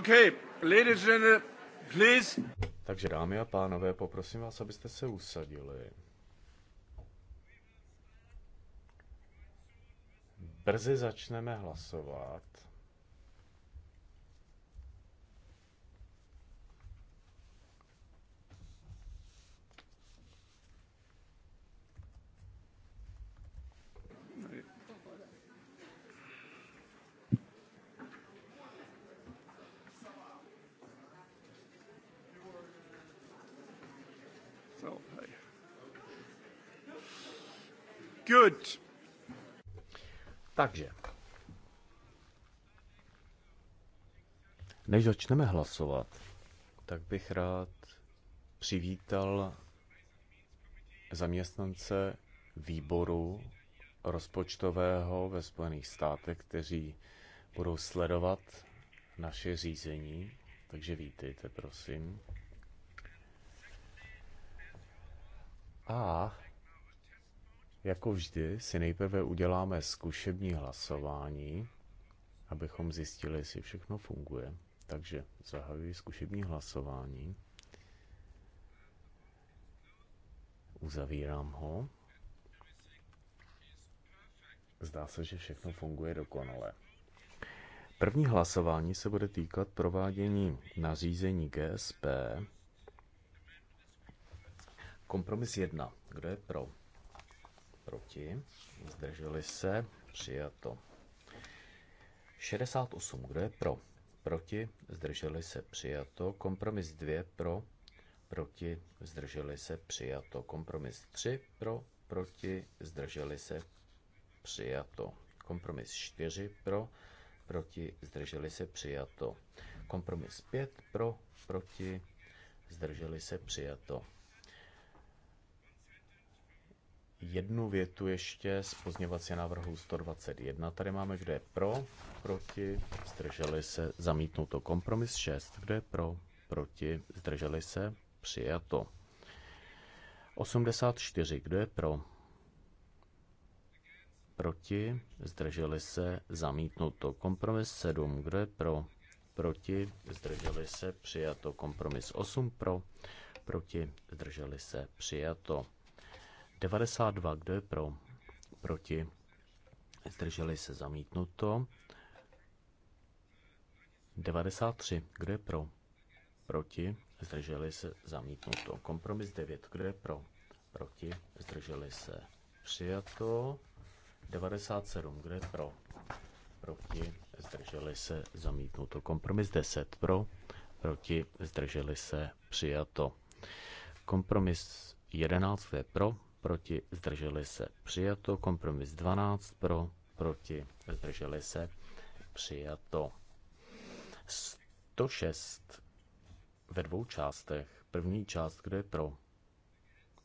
Okay, ladies and please. Takže dámy a pánové, poprosím vás, abyste se usadili. Brzy začneme hlasovat. Good. Takže. Než začneme hlasovat, tak bych rád přivítal zaměstnance výboru rozpočtového ve Spojených státech, kteří budou sledovat naše řízení. Takže vítejte, prosím. A jako vždy si nejprve uděláme zkušební hlasování, abychom zjistili, jestli všechno funguje. Takže zahajuji zkušební hlasování. Uzavírám ho. Zdá se, že všechno funguje dokonale. První hlasování se bude týkat provádění nařízení GSP. Kompromis 1. Kdo je pro? Proti? Zdrželi se? Přijato. 68. Kdo je pro? Proti? Zdrželi se? Přijato. Kompromis 2 pro? Proti? Zdrželi se? Přijato. Kompromis 3 pro? Proti? Zdrželi se? Přijato. Kompromis 4 pro? Proti? Zdrželi se? Přijato. Kompromis 5 pro? Proti? Zdrželi se? Přijato jednu větu ještě z pozněvací návrhu 121. Tady máme, kdo je pro, proti, zdrželi se, zamítnuto kompromis 6. Kdo je pro, proti, zdrželi se, přijato. 84. Kdo je pro? Proti, zdrželi se, zamítnuto. Kompromis 7. Kdo je pro? Proti, zdrželi se, přijato. Kompromis 8 pro, proti, zdrželi se, přijato. 92, kdo je pro? Proti? Zdrželi se zamítnuto. 93, kdo je pro? Proti? Zdrželi se zamítnuto. Kompromis 9, kdo je pro? Proti? Zdrželi se přijato. 97, kdo je pro? Proti? Zdrželi se zamítnuto. Kompromis 10, pro? Proti? Zdrželi se přijato. Kompromis 11, je pro? proti, zdrželi se. Přijato. Kompromis 12 pro, proti, zdrželi se. Přijato. 106 ve dvou částech. První část, kde je pro,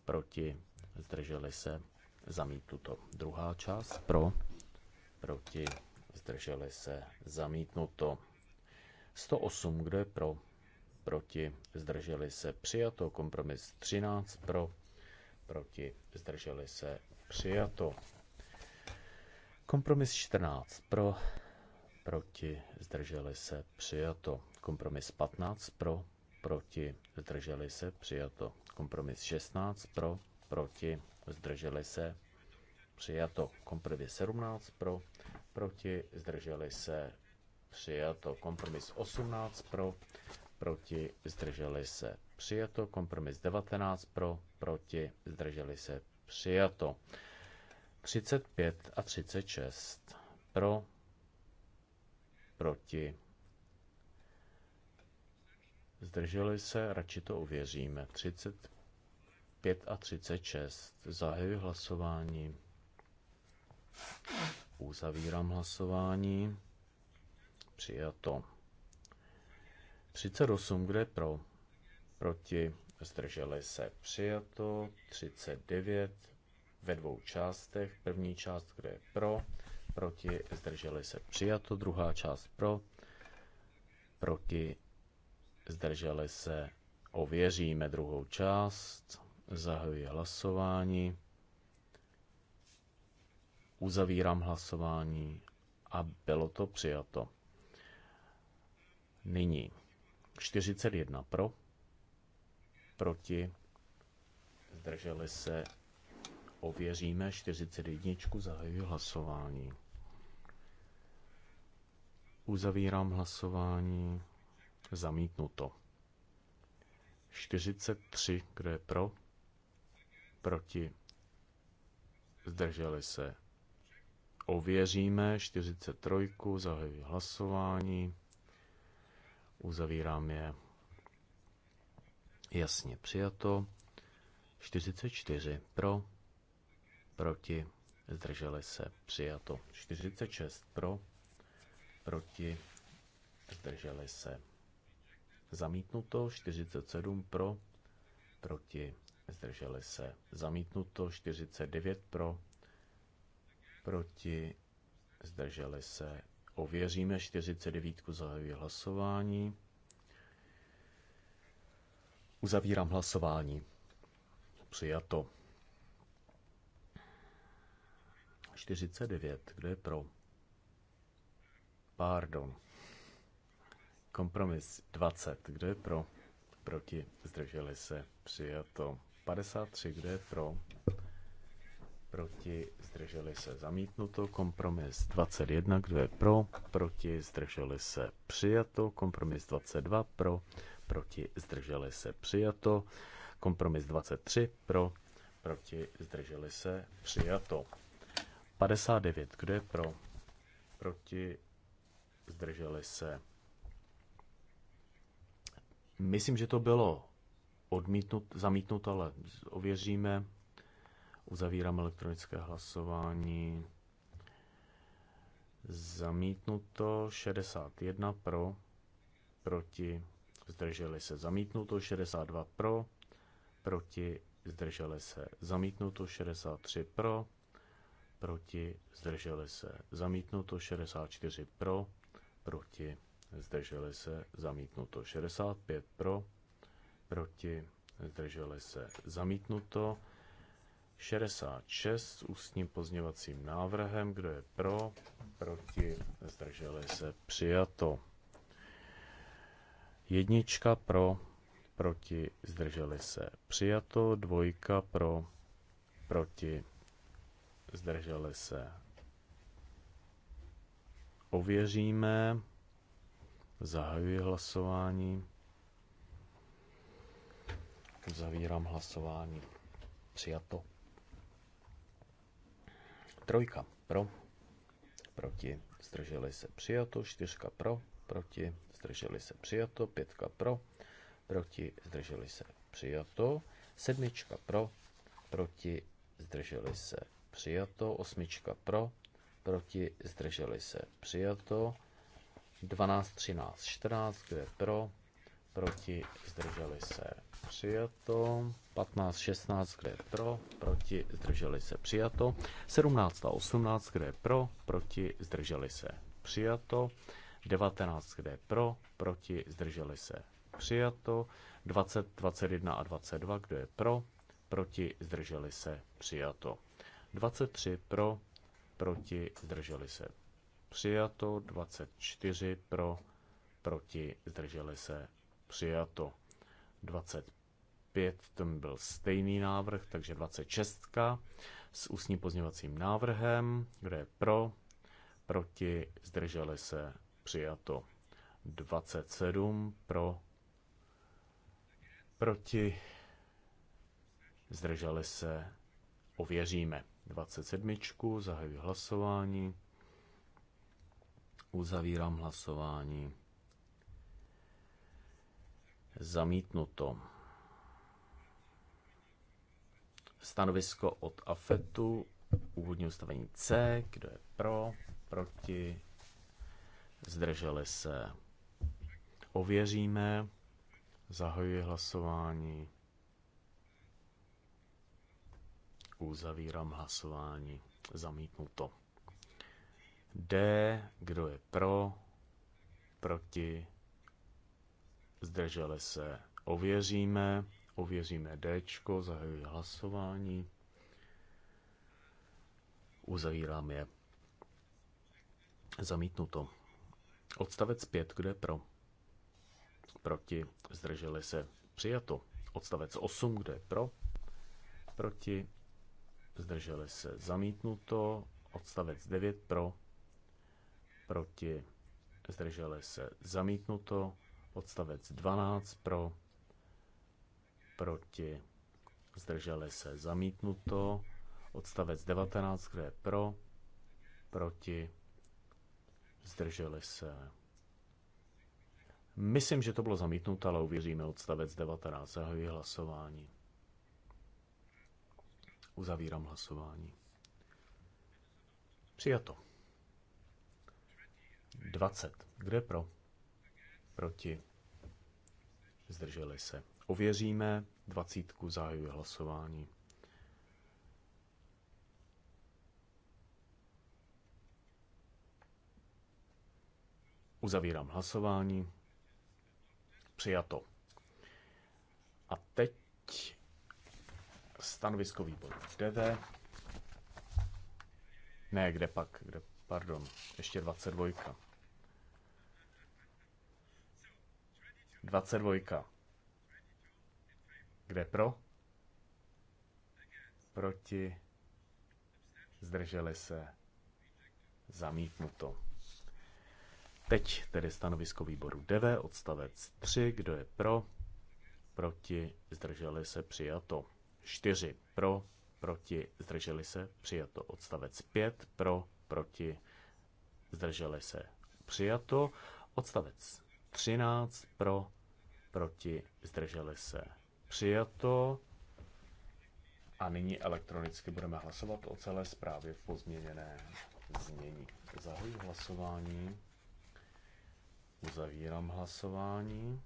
proti, zdrželi se, zamítnuto. Druhá část pro, proti, zdrželi se, zamítnuto. 108, kde je pro, proti, zdrželi se, přijato. Kompromis 13 pro, proti, zdrželi se, přijato. Kompromis 14 pro, proti, zdrželi se, přijato. Kompromis 15 pro, proti, zdrželi se, přijato. Kompromis 16 pro, proti, zdrželi se, přijato. Kompromis 17 pro, proti, zdrželi se, přijato. Kompromis 18 pro, proti, zdrželi se, přijato, kompromis 19 pro, proti, zdrželi se, přijato. 35 a 36 pro, proti, zdrželi se, radši to uvěříme. 35 a 36, zahajuji hlasování, uzavírám hlasování, přijato. 38, kde je pro? proti, zdrželi se přijato, 39 ve dvou částech, první část, kde je pro, proti, zdrželi se přijato, druhá část pro, proti, zdrželi se, ověříme druhou část, zahajuji hlasování, uzavírám hlasování a bylo to přijato. Nyní 41 pro, proti, zdrželi se, ověříme 41, zahajuji hlasování. Uzavírám hlasování, zamítnuto. 43, kdo je pro, proti, zdrželi se. Ověříme 43, zahajuji hlasování, uzavírám je. Jasně přijato. 44 pro, proti, zdrželi se, přijato. 46 pro, proti, zdrželi se. Zamítnuto 47 pro, proti, zdrželi se. Zamítnuto 49 pro, proti, zdrželi se. Ověříme 49. zahajuji hlasování. Uzavírám hlasování. Přijato. 49. Kdo je pro? Pardon. Kompromis 20. Kdo je pro? Proti. Zdrželi se. Přijato. 53. Kdo je pro? Proti. Zdrželi se. Zamítnuto. Kompromis 21. Kdo je pro? Proti. Zdrželi se. Přijato. Kompromis 22. Pro proti, zdrželi se, přijato. Kompromis 23 pro, proti, zdrželi se, přijato. 59, kdo je pro, proti, zdrželi se. Myslím, že to bylo odmítnut, zamítnut, ale ověříme. Uzavírám elektronické hlasování. Zamítnuto 61 pro, proti, zdrželi se zamítnuto 62 pro, proti zdrželi se zamítnuto 63 pro, proti zdrželi se zamítnuto 64 pro, proti zdrželi se zamítnuto 65 pro, proti zdrželi se zamítnuto 66 s ústním pozněvacím návrhem, kdo je pro, proti zdrželi se přijato. Jednička pro, proti, zdrželi se. Přijato, dvojka pro, proti, zdrželi se. Ověříme, zahajuji hlasování, zavírám hlasování, přijato. Trojka pro, proti, zdrželi se přijato, čtyřka pro, proti, zdrželi se přijato, pětka pro, proti, zdrželi se přijato, sedmička pro, proti, zdrželi se přijato, osmička pro, proti, zdrželi se přijato, 12, 13, 14, kde je pro, proti, zdrželi se přijato, 15, 16, kde je pro, proti, zdrželi se přijato, 17 a 18, kde je pro, proti, zdrželi se přijato, 19, kde je pro, proti, zdrželi se. Přijato. 20, 21 a 22, kdo je pro, proti, zdrželi se. Přijato. 23 pro, proti, zdrželi se. Přijato. 24 pro, proti, zdrželi se. Přijato. 25, to byl stejný návrh, takže 26 s ústním pozněvacím návrhem, kde je pro, proti, zdrželi se, Přijato. 27 pro. Proti. Zdrželi se. Ověříme. 27. Zahajuji hlasování. Uzavírám hlasování. Zamítnuto. Stanovisko od AFETu, úvodní ustavení C, kdo je pro, proti, zdrželi se. Ověříme, zahajuji hlasování, uzavírám hlasování, zamítnuto. D, kdo je pro, proti, zdrželi se, ověříme, ověříme D, zahajuji hlasování, uzavírám je. Zamítnuto. Odstavec 5, kde pro? Proti, zdrželi se, přijato. Odstavec 8, kde je pro? Proti, zdrželi se, zamítnuto. Odstavec 9, pro? Proti, zdrželi se, zamítnuto. Odstavec 12, pro? Proti, zdrželi se, zamítnuto. Odstavec 19, kde je pro? Proti, zdrželi se. Myslím, že to bylo zamítnuté, ale uvěříme odstavec 19. Zahajuji hlasování. Uzavírám hlasování. Přijato. 20. Kde pro? Proti. Zdrželi se. Ověříme. 20. Zahajuji hlasování. Uzavírám hlasování. Přijato. A teď stanovisko výboru DV. Ne, kde pak, kde, pardon, ještě 22. 22. Kde pro? Proti. Zdrželi se. Zamítnuto. Teď tedy stanovisko výboru 9, odstavec 3, kdo je pro, proti, zdrželi se, přijato. 4 pro, proti, zdrželi se, přijato. Odstavec 5 pro, proti, zdrželi se, přijato. Odstavec 13 pro, proti, zdrželi se, přijato. A nyní elektronicky budeme hlasovat o celé zprávě v pozměněné znění. Zahajuji hlasování. Uzavírám hlasování.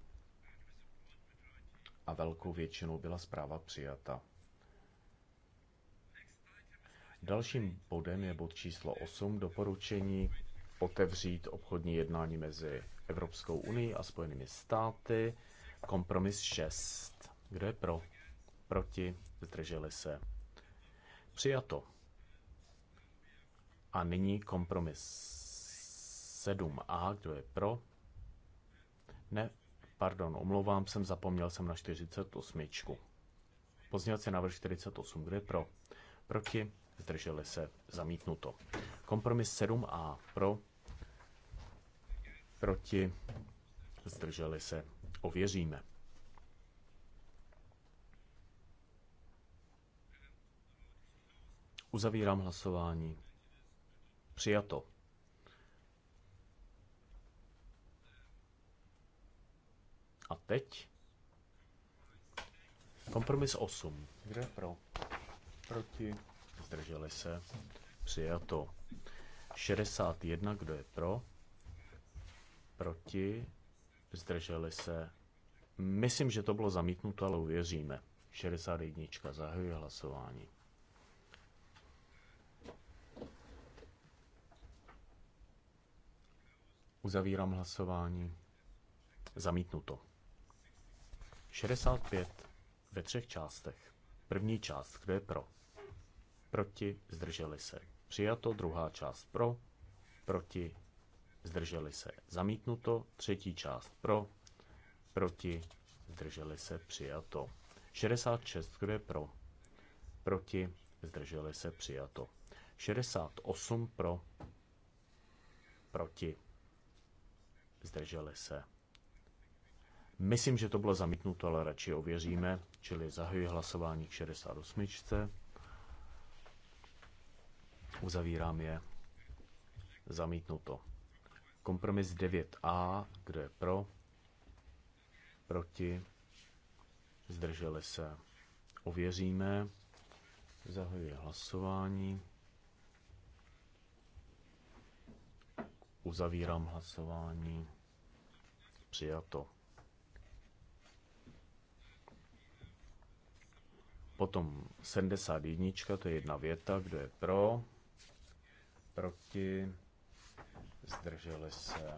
A velkou většinou byla zpráva přijata. Dalším bodem je bod číslo 8 doporučení otevřít obchodní jednání mezi Evropskou unii a Spojenými státy. Kompromis 6. Kdo je pro? Proti? Zdrželi se? Přijato. A nyní kompromis 7a. Kdo je pro? Ne, pardon, omlouvám jsem, zapomněl jsem na 48. Pozněvací návrh 48, kde pro? Proti, zdrželi se, zamítnuto. Kompromis 7a pro, proti, zdrželi se, ověříme. Uzavírám hlasování. Přijato. A teď kompromis 8. Kdo je pro? Proti. Zdrželi se. Přijato. 61, kdo je pro? Proti. Zdrželi se. Myslím, že to bylo zamítnuto, ale uvěříme. 61. Zahajuje hlasování. Uzavírám hlasování. Zamítnuto. 65 ve třech částech. První část, kdo je pro? Proti, zdrželi se. Přijato, druhá část pro, proti, zdrželi se. Zamítnuto, třetí část pro, proti, zdrželi se. Přijato. 66, kdo je pro? Proti, zdrželi se. Přijato. 68 pro, proti, zdrželi se. Myslím, že to bylo zamítnuto, ale radši ověříme, čili zahajuji hlasování k 68. Uzavírám je. Zamítnuto. Kompromis 9a, kdo je pro? Proti? Zdrželi se. Ověříme. Zahajuji hlasování. Uzavírám hlasování. Přijato. Potom 71, to je jedna věta, kdo je pro, proti, zdrželi se.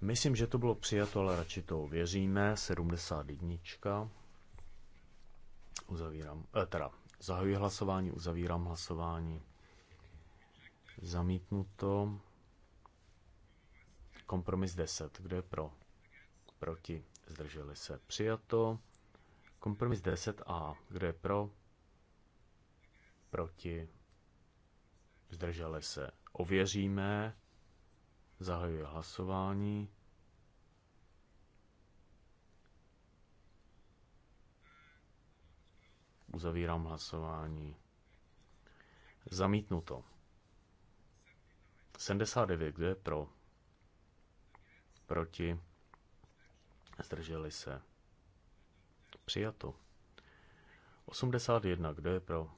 Myslím, že to bylo přijato, ale radši to věříme. 71. Uzavírám, eh, teda zahajuji hlasování, uzavírám hlasování. Zamítnuto. Kompromis 10. Kdo je pro? Proti. Zdrželi se. Přijato. Kompromis 10a. Kdo je pro? Proti? Zdrželi se. Ověříme. Zahajuje hlasování. Uzavírám hlasování. Zamítnuto. 79, kdo je pro? Proti? Zdrželi se. Přijato. 81. Kdo je pro?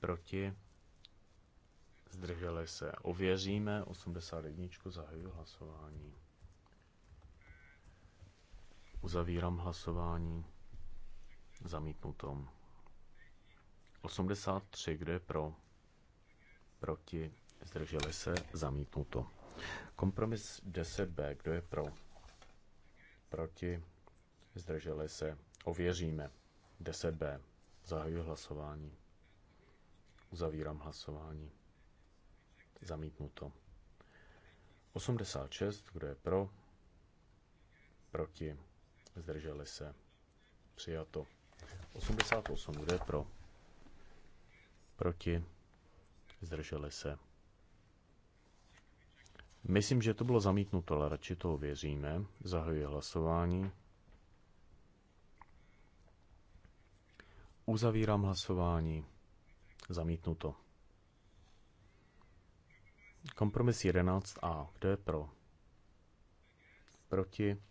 Proti? Zdrželi se. Ověříme. 81. Zahajuji hlasování. Uzavírám hlasování. Zamítnutom. 83. Kdo je pro? Proti? Zdrželi se. Zamítnuto. Kompromis 10b. Kdo je pro? Proti? zdrželi se, ověříme. 10b. Zahajuji hlasování. Uzavírám hlasování. Zamítnuto. 86, kdo je pro? Proti. Zdrželi se. Přijato. 88, kdo je pro? Proti. Zdrželi se. Myslím, že to bylo zamítnuto, ale radši to ověříme. Zahajuji hlasování. Uzavírám hlasování. Zamítnuto. Kompromis 11a. Kdo je pro? Proti?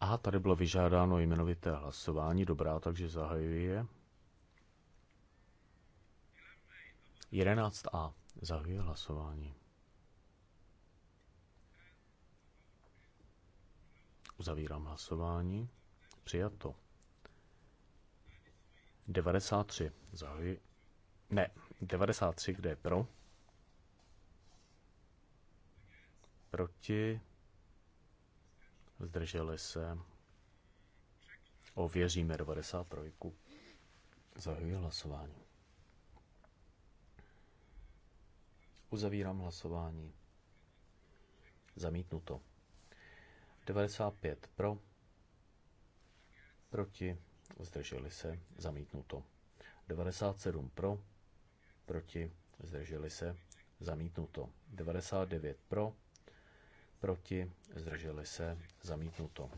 A tady bylo vyžádáno jmenovité hlasování. Dobrá, takže zahajuji je. 11a. Zahajuji hlasování. Uzavírám hlasování. Přijato. 93. Zahajuji. Ne, 93, kde je pro? Proti. Zdrželi se. Ověříme 93. Zahajuji hlasování. Uzavírám hlasování. Zamítnuto. 95 pro, proti, zdrželi se, zamítnuto. 97 pro, proti, zdrželi se, zamítnuto. 99 pro, proti, zdrželi se, zamítnuto.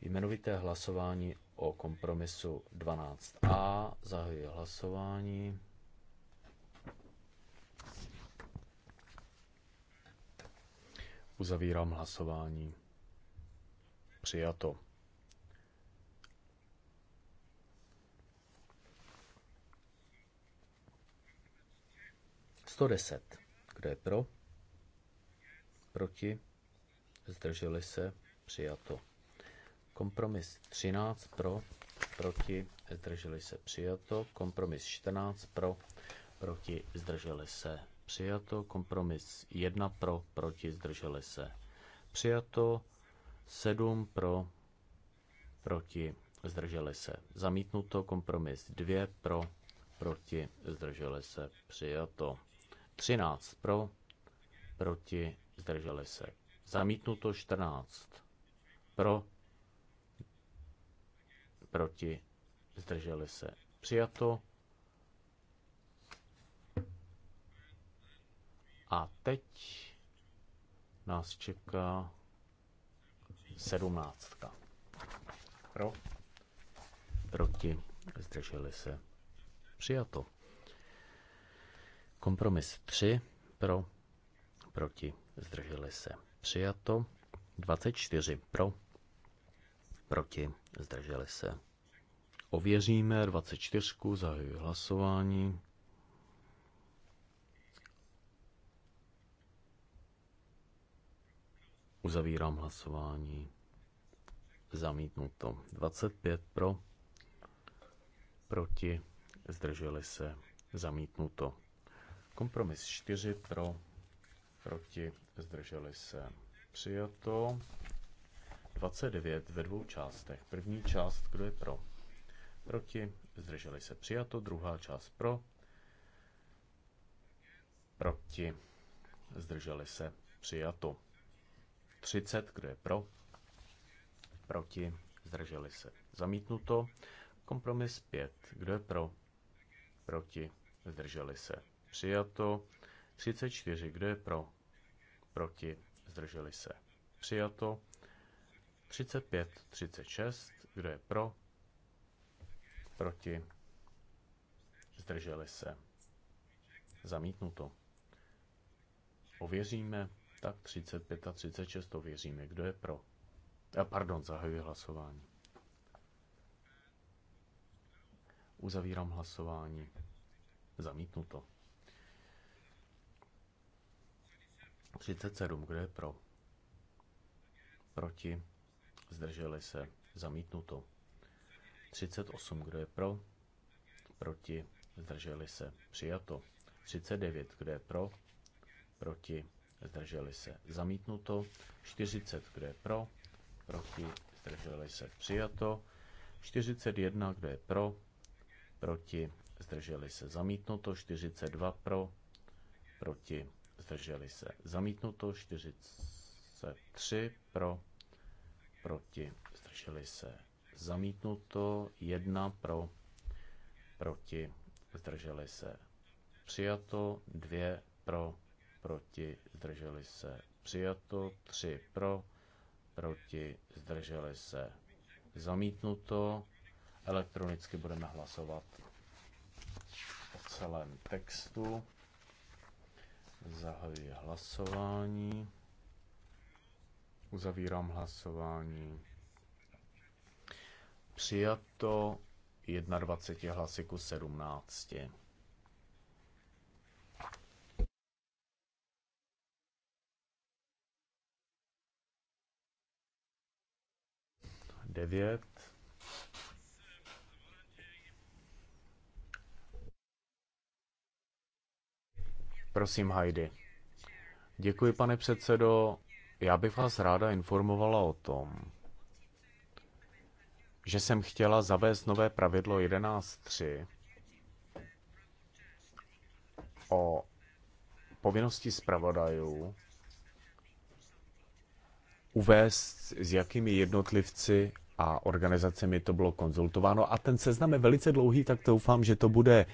Jmenovité hlasování o kompromisu 12a. Zahajuji hlasování. Uzavírám hlasování. Přijato. 110. Kdo je pro? Proti? Zdrželi se? Přijato. Kompromis 13 pro, proti, zdrželi se přijato. Kompromis 14 pro, proti, zdrželi se přijato. Kompromis 1 pro, proti, zdrželi se přijato. 7 pro, proti, zdrželi se zamítnuto. Kompromis 2 pro, proti, zdrželi se přijato. 13 pro, proti, zdrželi se. Zamítnuto 14 pro, proti, zdrželi se. Přijato. A teď nás čeká sedmnáctka. Pro? Proti. Zdrželi se. Přijato. Kompromis 3 pro, proti, zdrželi se. Přijato 24 pro, proti, zdrželi se. Ověříme 24, zahajuji hlasování. Uzavírám hlasování. Zamítnuto. 25 pro, proti, zdrželi se. Zamítnuto. Kompromis 4 pro, proti, zdrželi se. Přijato 29 ve dvou částech. První část, kdo je pro? Proti, zdrželi se. Přijato, druhá část pro, proti, zdrželi se. Přijato 30, kdo je pro? Proti, zdrželi se. Zamítnuto. Kompromis 5, kdo je pro? Proti, zdrželi se. Přijato. 34. Kdo je pro? Proti. Zdrželi se. Přijato. 35. 36. Kdo je pro? Proti. Zdrželi se. Zamítnuto. Ověříme. Tak 35 a 36 ověříme. Kdo je pro? A pardon, zahajuji hlasování. Uzavírám hlasování. Zamítnuto. 37. Kdo je pro? Proti? Zdrželi se. Zamítnuto. 38. Kdo je pro? Proti? Zdrželi se. Přijato. 39. Kdo je pro? Proti? Zdrželi se. Zamítnuto. 40. Kdo je pro? Proti? Zdrželi se. Přijato. 41. Kdo je pro? Proti? Zdrželi se. Zamítnuto. 42. Pro? Proti? zdrželi se. Zamítnuto 43 pro, proti, zdrželi se. Zamítnuto 1 pro, proti, zdrželi se. Přijato 2 pro, proti, zdrželi se. Přijato 3 pro, proti, zdrželi se. Zamítnuto. Elektronicky budeme hlasovat o celém textu. Zahajuji hlasování. Uzavírám hlasování. Přijato 21 hlasy ku 17. Devět. Prosím, Heidi. Děkuji, pane předsedo. Já bych vás ráda informovala o tom, že jsem chtěla zavést nové pravidlo 11.3 o povinnosti zpravodajů uvést, s jakými jednotlivci a organizacemi to bylo konzultováno. A ten seznam je velice dlouhý, tak doufám, že to bude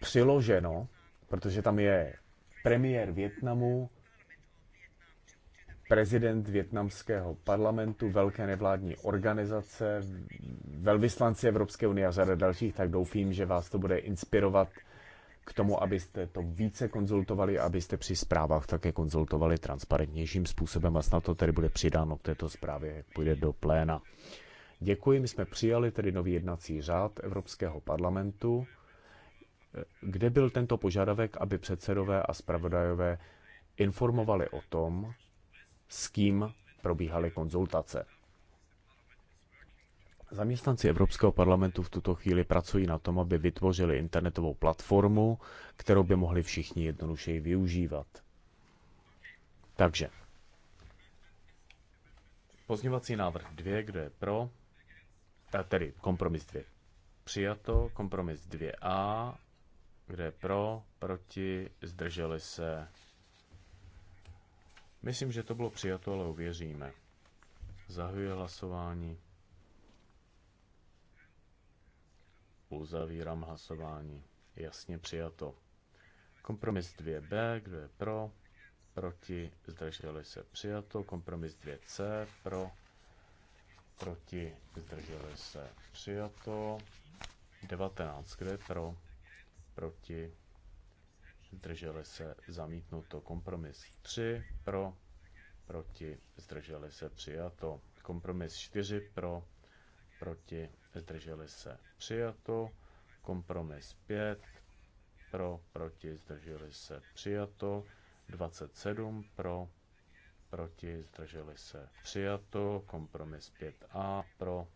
přiloženo protože tam je premiér Větnamu, prezident větnamského parlamentu, velké nevládní organizace, velvyslanci Evropské unie a řada dalších, tak doufím, že vás to bude inspirovat k tomu, abyste to více konzultovali, abyste při zprávách také konzultovali transparentnějším způsobem a snad to tedy bude přidáno k této zprávě, jak půjde do pléna. Děkuji, my jsme přijali tedy nový jednací řád Evropského parlamentu kde byl tento požadavek, aby předsedové a zpravodajové informovali o tom, s kým probíhaly konzultace. Zaměstnanci Evropského parlamentu v tuto chvíli pracují na tom, aby vytvořili internetovou platformu, kterou by mohli všichni jednodušeji využívat. Takže pozněvací návrh 2, kdo je pro, tedy kompromis 2 přijato, kompromis 2a kde je pro, proti, zdrželi se. Myslím, že to bylo přijato, ale uvěříme. Zahajuji hlasování. Uzavírám hlasování. Jasně přijato. Kompromis 2b, kdo je pro, proti, zdrželi se přijato. Kompromis 2c, pro, proti, zdrželi se přijato. 19, kdo je pro, proti, zdrželi se zamítnuto. Kompromis 3 pro, proti, zdrželi se přijato. Kompromis 4 pro, proti, zdrželi se přijato. Kompromis 5 pro, proti, zdrželi se přijato. 27 pro, proti, zdrželi se přijato. Kompromis 5a pro,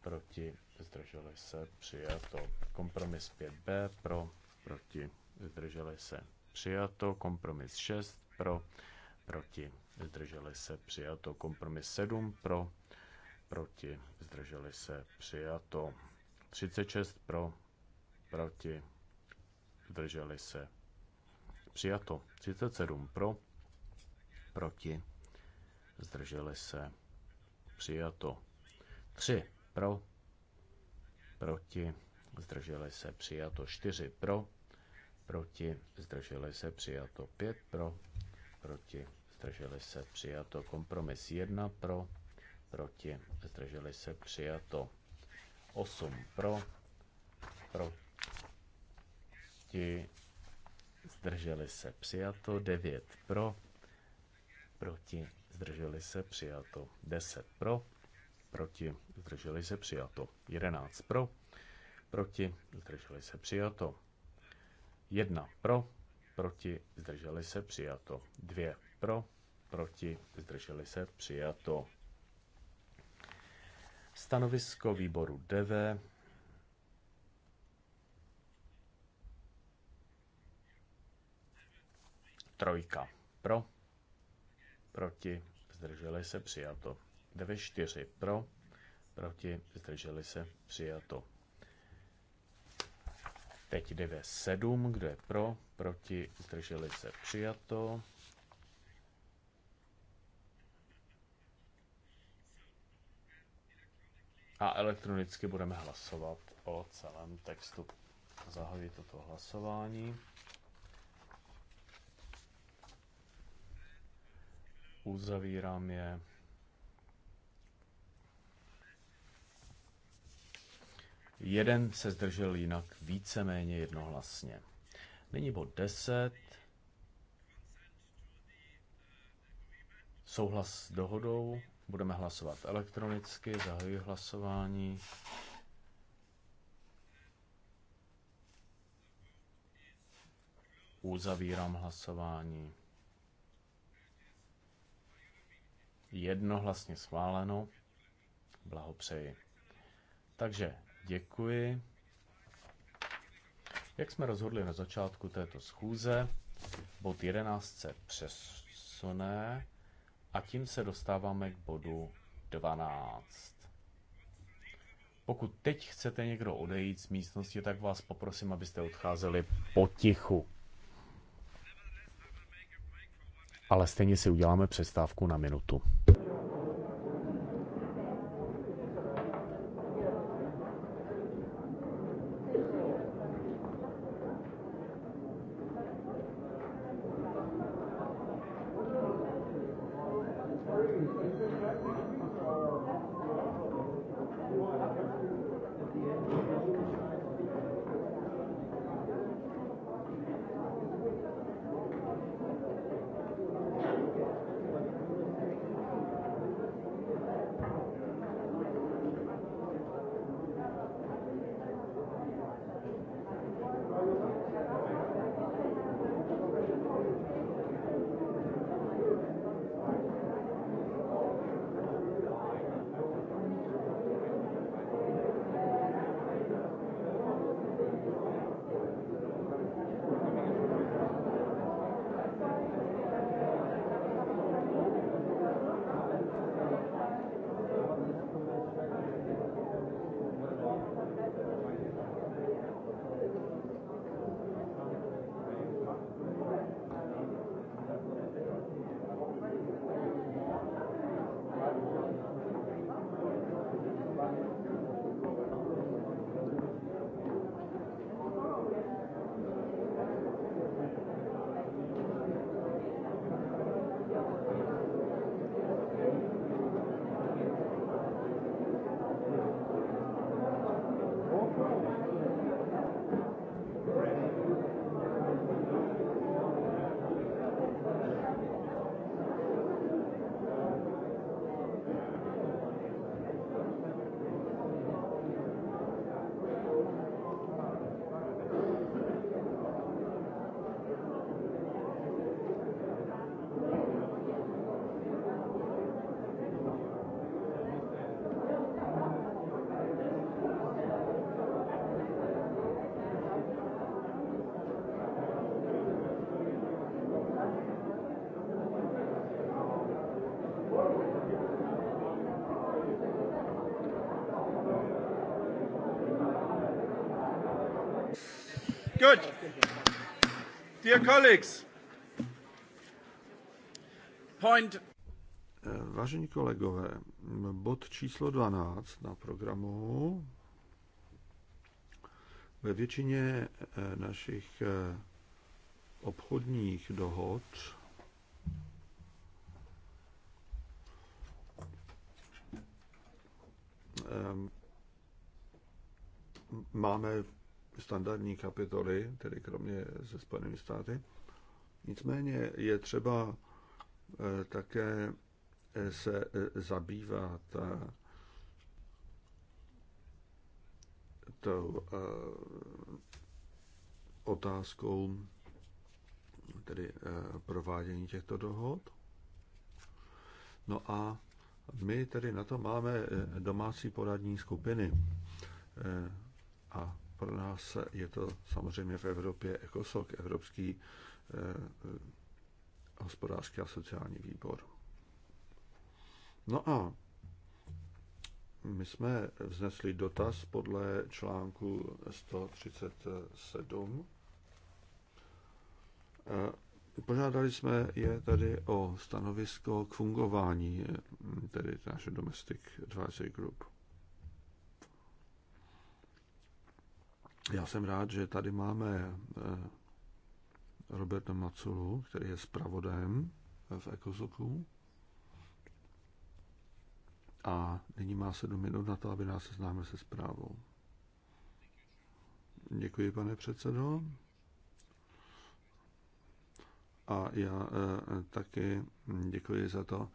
proti, zdrželi se, přijato. Kompromis 5b pro, proti, zdrželi se, přijato. Kompromis 6 pro, proti, zdrželi se, přijato. Kompromis 7 pro, proti, zdrželi se, přijato. 36 pro, proti, zdrželi se, přijato. 37 pro, proti, zdrželi se, přijato. 3 pro, proti, zdrželi se přijato 4 pro, proti, zdrželi se přijato 5 pro, proti, zdrželi se přijato kompromis 1 pro, proti, zdrželi se přijato 8 pro, proti, zdrželi se přijato 9 pro, proti, zdrželi se přijato 10 pro, proti, zdrželi se přijato. 11 pro, proti, zdrželi se přijato. 1 pro, proti, zdrželi se přijato. 2 pro, proti, zdrželi se přijato. Stanovisko výboru DV Trojka pro, proti, zdrželi se přijato. 94 4 pro, proti, zdrželi se, přijato. Teď 9-7, kdo je pro, proti, zdrželi se, přijato. A elektronicky budeme hlasovat o celém textu. Zahajuji toto hlasování. Uzavírám je. Jeden se zdržel jinak víceméně jednohlasně. Nyní bod 10. Souhlas s dohodou. Budeme hlasovat elektronicky. Zahajuji hlasování. Uzavírám hlasování. Jednohlasně schváleno. Blahopřeji. Takže Děkuji. Jak jsme rozhodli na začátku této schůze, bod 11 se přesune a tím se dostáváme k bodu 12. Pokud teď chcete někdo odejít z místnosti, tak vás poprosím, abyste odcházeli potichu. Ale stejně si uděláme přestávku na minutu. Good. Dear colleagues. Point. Eh, vážení kolegové, bod číslo 12 na programu ve většině eh, našich eh, obchodních dohod standardní kapitoly, tedy kromě se Spojenými státy. Nicméně je třeba eh, také eh, se eh, zabývat tou otázkou tedy provádění těchto dohod. No a my tedy na to máme domácí poradní skupiny. A pro nás je to samozřejmě v Evropě ECOSOC, Evropský eh, eh, hospodářský a sociální výbor. No a my jsme vznesli dotaz podle článku 137. Eh, požádali jsme je tady o stanovisko k fungování tedy naše Domestic Advisory Group. Já jsem rád, že tady máme eh, Roberta Maculu, který je zpravodajem eh, v Ekosoku. A nyní má sedm minut na to, aby nás seznámil se zprávou. Děkuji, pane předsedo. A já eh, taky děkuji za to,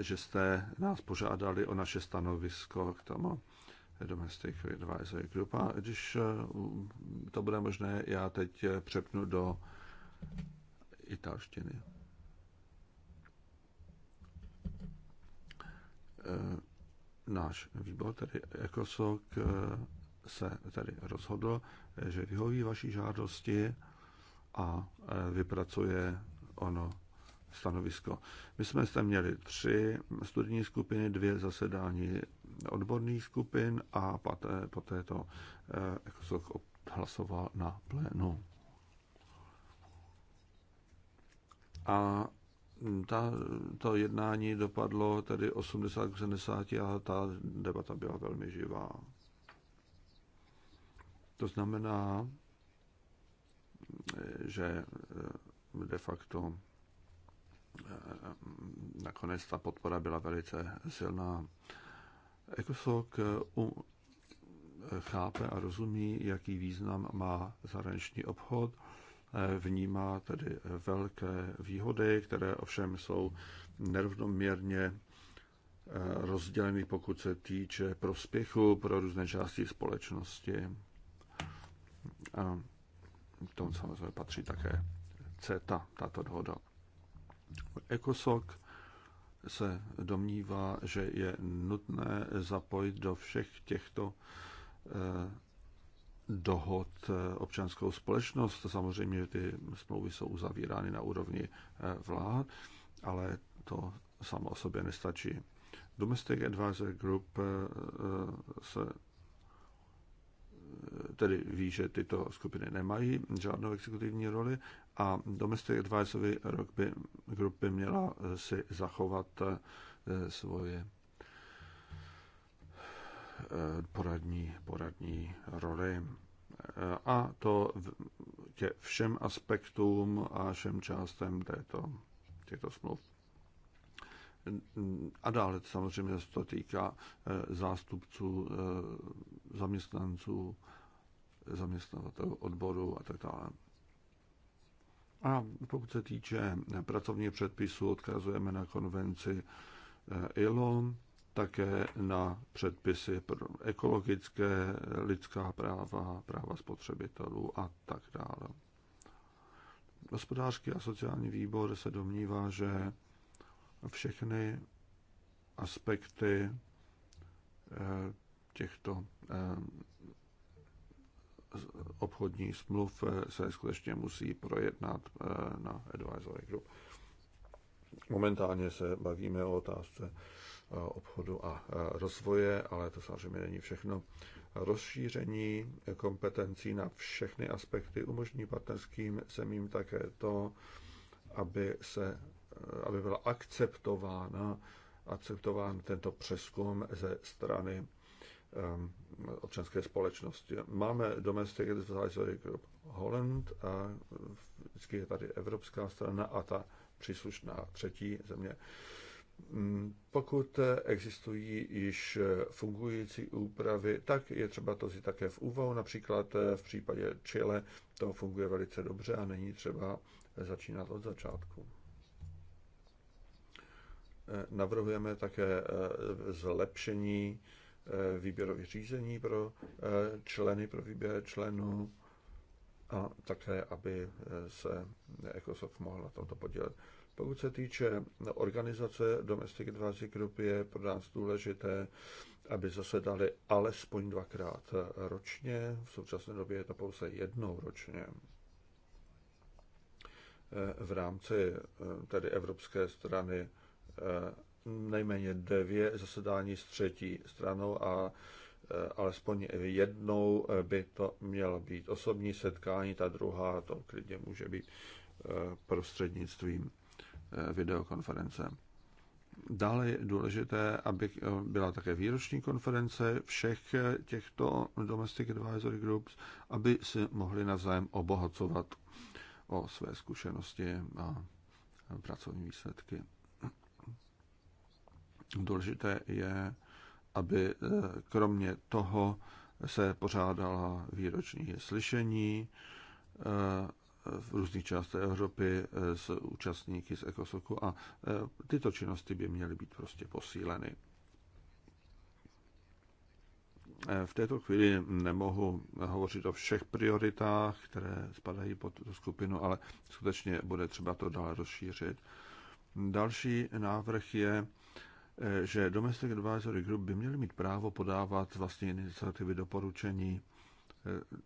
že jste nás požádali o naše stanovisko k tomu. Domestic Advisory Group. A když eh, to bude možné, já teď eh, přepnu do italštiny. Eh, náš výbor, tedy ECOSOC, se tedy rozhodl, že vyhoví vaší žádosti a vypracuje ono stanovisko. My jsme zde měli tři studijní skupiny, dvě zasedání odborných skupin a poté, poté to ECOSOC eh, jako hlasoval na plénu. A ta, to jednání dopadlo tedy 80 k 70 a ta debata byla velmi živá. To znamená, eh, že eh, de facto nakonec ta podpora byla velice silná. ECOSOC eh, eh, chápe a rozumí, jaký význam má zahraniční obchod, eh, vnímá tedy velké výhody, které ovšem jsou nerovnoměrně rozděleny, pokud se týče prospěchu pro různé části společnosti. A k tomu samozřejmě patří také CETA, tato dohoda. ECOSOC se domnívá, že je nutné zapojit do všech těchto eh, dohod eh, občanskou společnost. Samozřejmě, že ty smlouvy jsou uzavírány na úrovni eh, vlád, ale to samo o sobě nestačí. Domestic Advisor Group se tedy ví, že tyto skupiny nemají žádnou exekutivní roli a Domestic Advisory Group by, Group by měla eh, si zachovat eh, svoje eh, poradní, poradní roli. A to tě všem aspektům a všem částem této, těchto smluv. A dále samozřejmě se to týká zástupců zaměstnanců, zaměstnavatelů, odboru a tak dále. A pokud se týče pracovních předpisů, odkazujeme na konvenci eh, ILO, také na předpisy pro ekologické, lidská práva, práva spotřebitelů a tak dále. Hospodářský a sociální výbor se domnívá, že všechny aspekty eh, těchto eh, Obchodní smluv eh, se skutečně musí projednat eh, na advisory group. Momentálně se bavíme o otázce eh, obchodu a rozvoje, ale to samozřejmě není všechno. Rozšíření kompetencí na všechny aspekty umožní partnerským zemím také to, aby, se, aby byla akceptována, akceptován tento přeskum ze strany Um, občanské společnosti. Máme Domestic Advisory Group Holland a vždycky je tady Evropská strana a ta příslušná třetí země. Mm, pokud existují již fungující úpravy, tak je třeba to si také v úvahu. Například v případě Chile to funguje velice dobře a není třeba začínat od začátku. Eh, navrhujeme také eh, zlepšení Eh, výběrové řízení pro eh, členy, pro výběr členů a také, aby eh, se Ecosoft mohl na tomto podílet. Pokud se týče organizace Domestic Advisory Group, je pro nás důležité, aby zasedali alespoň dvakrát ročně. V současné době je to pouze jednou ročně. V rámci tedy Evropské strany nejméně dvě zasedání s třetí stranou a e, alespoň jednou e, by to mělo být osobní setkání, ta druhá to klidně může být e, prostřednictvím videokonference. Dále je důležité, aby byla také výroční konference všech těchto Domestic Advisory Groups, aby si mohli navzájem obohacovat o své zkušenosti a pracovní výsledky. Důležité je, aby eh, kromě toho se pořádala výroční slyšení eh, v různých částech Evropy eh, s účastníky z Ekosoku a tyto činnosti by měly být prostě posíleny. V této chvíli nemohu hovořit o všech prioritách, které spadají pod tu skupinu, ale skutečně bude třeba to dále rozšířit. Další návrh je že Domestic Advisory Group by měli mít právo podávat vlastní iniciativy doporučení. Eh,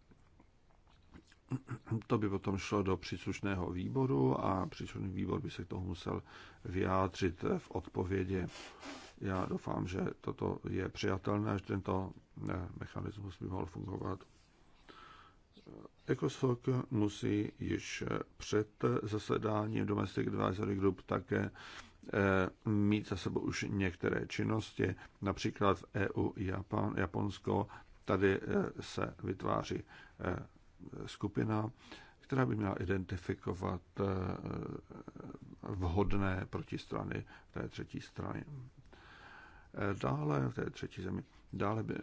to by potom šlo do příslušného výboru a příslušný výbor by se k tomu musel vyjádřit v odpovědi. Já doufám, že toto je přijatelné, že tento eh, mechanismus by mohl fungovat. ECOSOC musí již před zasedáním Domestic Advisory Group také Eh, mít za sebou už některé činnosti, například v EU Japan, Japonsko. Tady eh, se vytváří eh, skupina, která by měla identifikovat vhodné protistrany té třetí strany. Dále v té třetí zemi. Dále by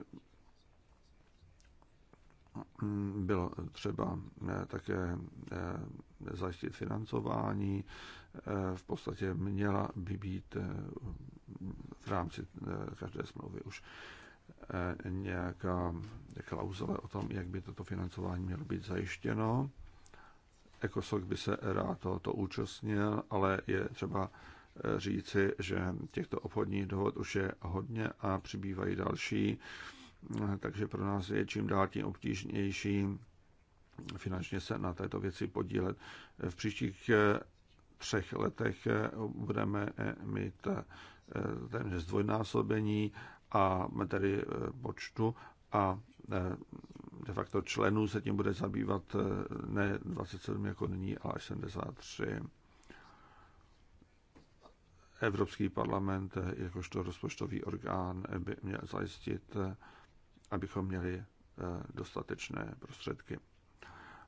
bylo třeba eh, také eh, zajistit financování. Eh, v podstatě měla by být v rámci každé smlouvy už nějaká klauzule o tom, jak by toto financování mělo být zajištěno. Ekosok by se rád tohoto účastnil, ale je třeba říci, že těchto obchodních dohod už je hodně a přibývají další takže pro nás je čím dál tím obtížnější finančně se na této věci podílet. V příštích eh, třech letech eh, budeme mít eh, téměř zdvojnásobení a tedy počtu a de facto členů se tím bude zabývat ne 27 jako nyní, ale 73. Evropský parlament jakožto rozpočtový orgán by měl zajistit abychom měli eh, dostatečné prostředky.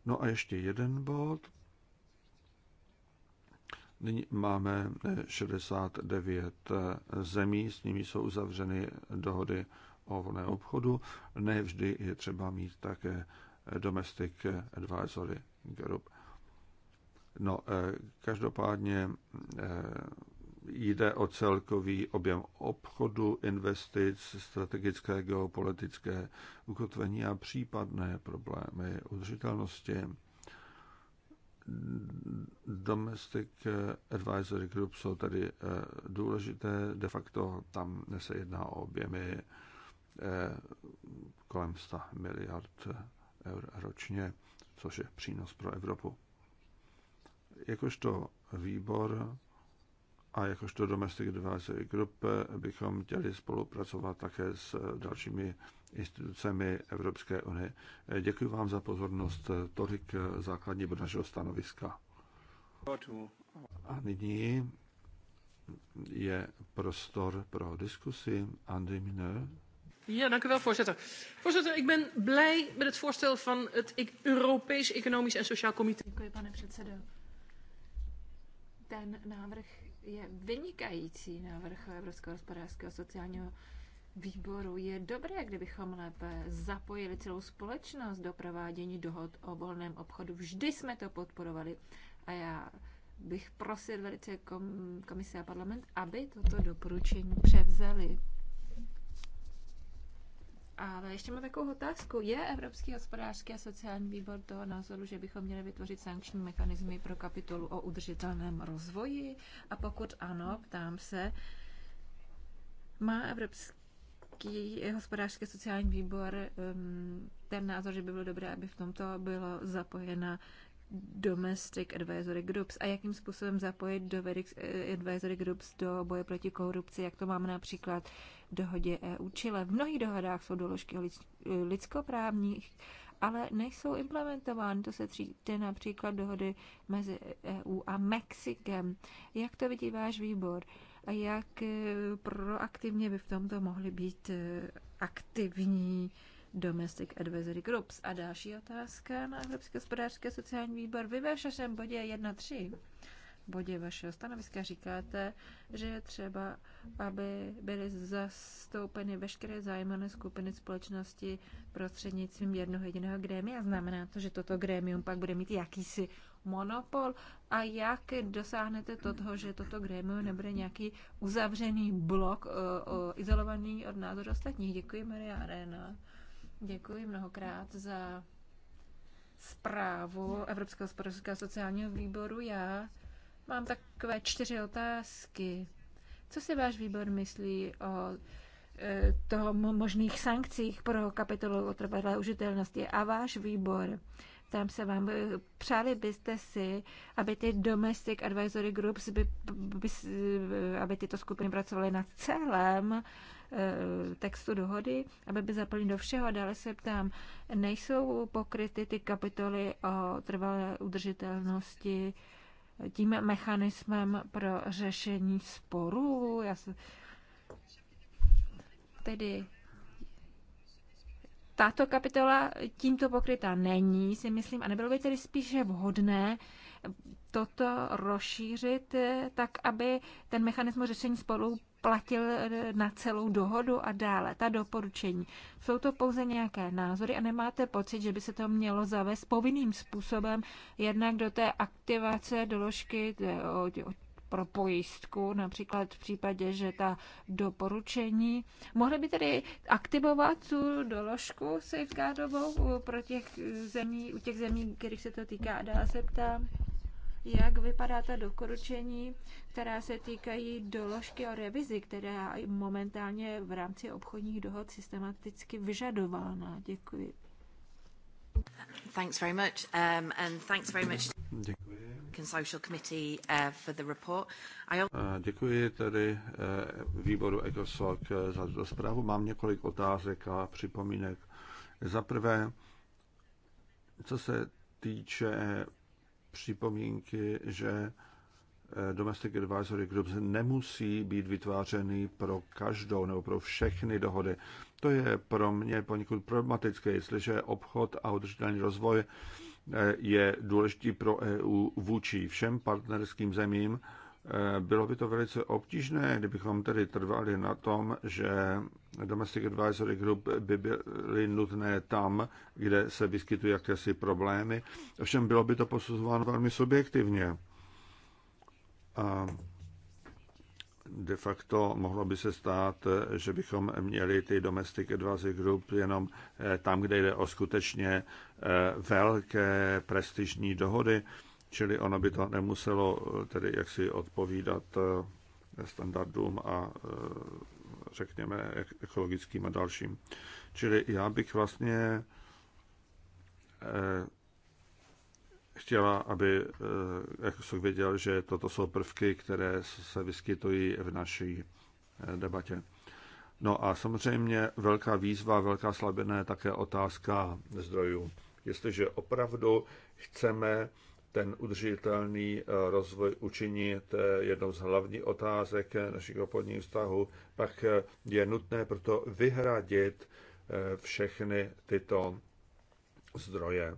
No a ještě jeden bod. Nyní máme 69 eh, eh, zemí, s nimi jsou uzavřeny dohody o volné obchodu. Nevždy je třeba mít také domestic advisory group. No, každopádně jde o celkový objem obchodu, investic, strategické geopolitické ukotvení a případné problémy udržitelnosti. Domestic Advisory Group jsou tedy eh, důležité. De facto tam se jedná o objemy eh, kolem 100 miliard eur ročně, což je přínos pro Evropu. Jakožto výbor a jakožto Domestic Advisory Group eh, bychom chtěli spolupracovat také s eh, dalšími institucemi Evropské unie. Eh, děkuji vám za pozornost. Tolik základní bod našeho stanoviska. A nyní je prostor pro diskusi. Andy Mineur. Ja, dank u wel, voorzitter. Voorzitter, ik ben blij met het voorstel van het e-, Europees Economisch en Sociaal Comité. Dank u, pane předsedo. Ten návrh je vynikající návrh Evropského hospodářského sociálního výboru. Je dobré, kdybychom lépe zapojili celou společnost do provádění dohod o volném obchodu. Vždy jsme to podporovali a já bych prosil velice komise a parlament, aby toto doporučení převzali. Ale ještě mám takovou otázku. Je Evropský hospodářský a sociální výbor toho názoru, že bychom měli vytvořit sankční mechanismy pro kapitolu o udržitelném rozvoji? A pokud ano, ptám se, má Evropský hospodářský a sociální výbor um, ten názor, že by bylo dobré, aby v tomto bylo zapojena domestic advisory groups a jakým způsobem zapojit do advisory groups do boje proti korupci, jak to máme například v dohodě EU Chile. V mnohých dohodách jsou doložky lidskoprávních, ale nejsou implementovány. To se týče například dohody mezi EU a Mexikem. Jak to vidí váš výbor? A jak eh, proaktivně by v tomto mohli být eh, aktivní Domestic Advisory Groups. A další otázka na Evropské hospodářské sociální výbor. Vy ve všem bodě 1.3 bodě vašeho stanoviska říkáte, že je třeba, aby byly zastoupeny veškeré zájmané skupiny společnosti prostřednictvím jednoho jediného grémia. Znamená to, že toto grémium pak bude mít jakýsi monopol a jak dosáhnete toho, že toto grémium nebude nějaký uzavřený blok o, eh, o, izolovaný od názoru ostatních. Děkuji, Maria Arena. Děkuji mnohokrát za zprávu Evropského hospodářského sociálního výboru. Já mám takové čtyři otázky. Co si váš výbor myslí o e, toho možných sankcích pro kapitolu o trvalé užitelnosti a váš výbor? Tam se vám, e, přáli byste si, aby ty domestic advisory groups, by, by, e, aby tyto skupiny pracovaly na celém Eh, textu dohody, aby by zaplnili do všeho. A dále se ptám, nejsou pokryty ty kapitoly o trvalé udržitelnosti tím mechanismem pro řešení sporů? Já se... Tedy tato kapitola tímto pokrytá není, si myslím, a nebylo by tedy spíše vhodné toto rozšířit eh, tak, aby ten mechanismus řešení sporů platil eh, na celou dohodu a dále. Ta doporučení. Jsou to pouze nějaké názory a nemáte pocit, že by se to mělo zavést povinným způsobem jednak do té aktivace doložky eh, pro pojistku, například v případě, že ta doporučení. Mohli by tedy aktivovat tu doložku safeguardovou pro těch zemí, u těch zemí, kterých se to týká. A se ptám, jak vypadá ta doporučení, která se týkají doložky o revizi, která je momentálně v rámci obchodních dohod systematicky vyžadována. Děkuji. Thanks very much, um, and thanks very much. Consocial Social Committee uh, for the report. I also... Děkuji tedy uh, výboru ECOSOC uh, za tuto zprávu. Mám několik otázek a připomínek. Za prvé, co se týče připomínky, že eh, Domestic Advisory Groups nemusí být vytvářený pro každou nebo pro všechny dohody. To je pro mě poněkud problematické, jestliže obchod a udržitelný rozvoj eh, je důležitý pro EU vůči všem partnerským zemím, Eh, bylo by to velice obtížné, kdybychom tedy trvali na tom, že Domestic Advisory Group by byly nutné tam, kde se vyskytují jakési problémy. Ovšem bylo by to posuzováno velmi subjektivně. A de facto mohlo by se stát, že bychom měli ty domestic advisory group jenom eh, tam, kde jde o skutečně eh, velké prestižní dohody čili ono by to nemuselo eh, tedy jaksi odpovídat eh, standardům a eh, řekněme ekologickým a dalším. Čili já bych vlastně chtěla, aby jsem věděl, že toto jsou prvky, které se vyskytují v naší debatě. No a samozřejmě velká výzva, velká slabina je také otázka zdrojů. Jestliže opravdu chceme ten udržitelný eh, rozvoj učinit jednou z hlavních otázek eh, našich obchodních vztahů, pak eh, je nutné proto vyhradit všechny tyto zdroje.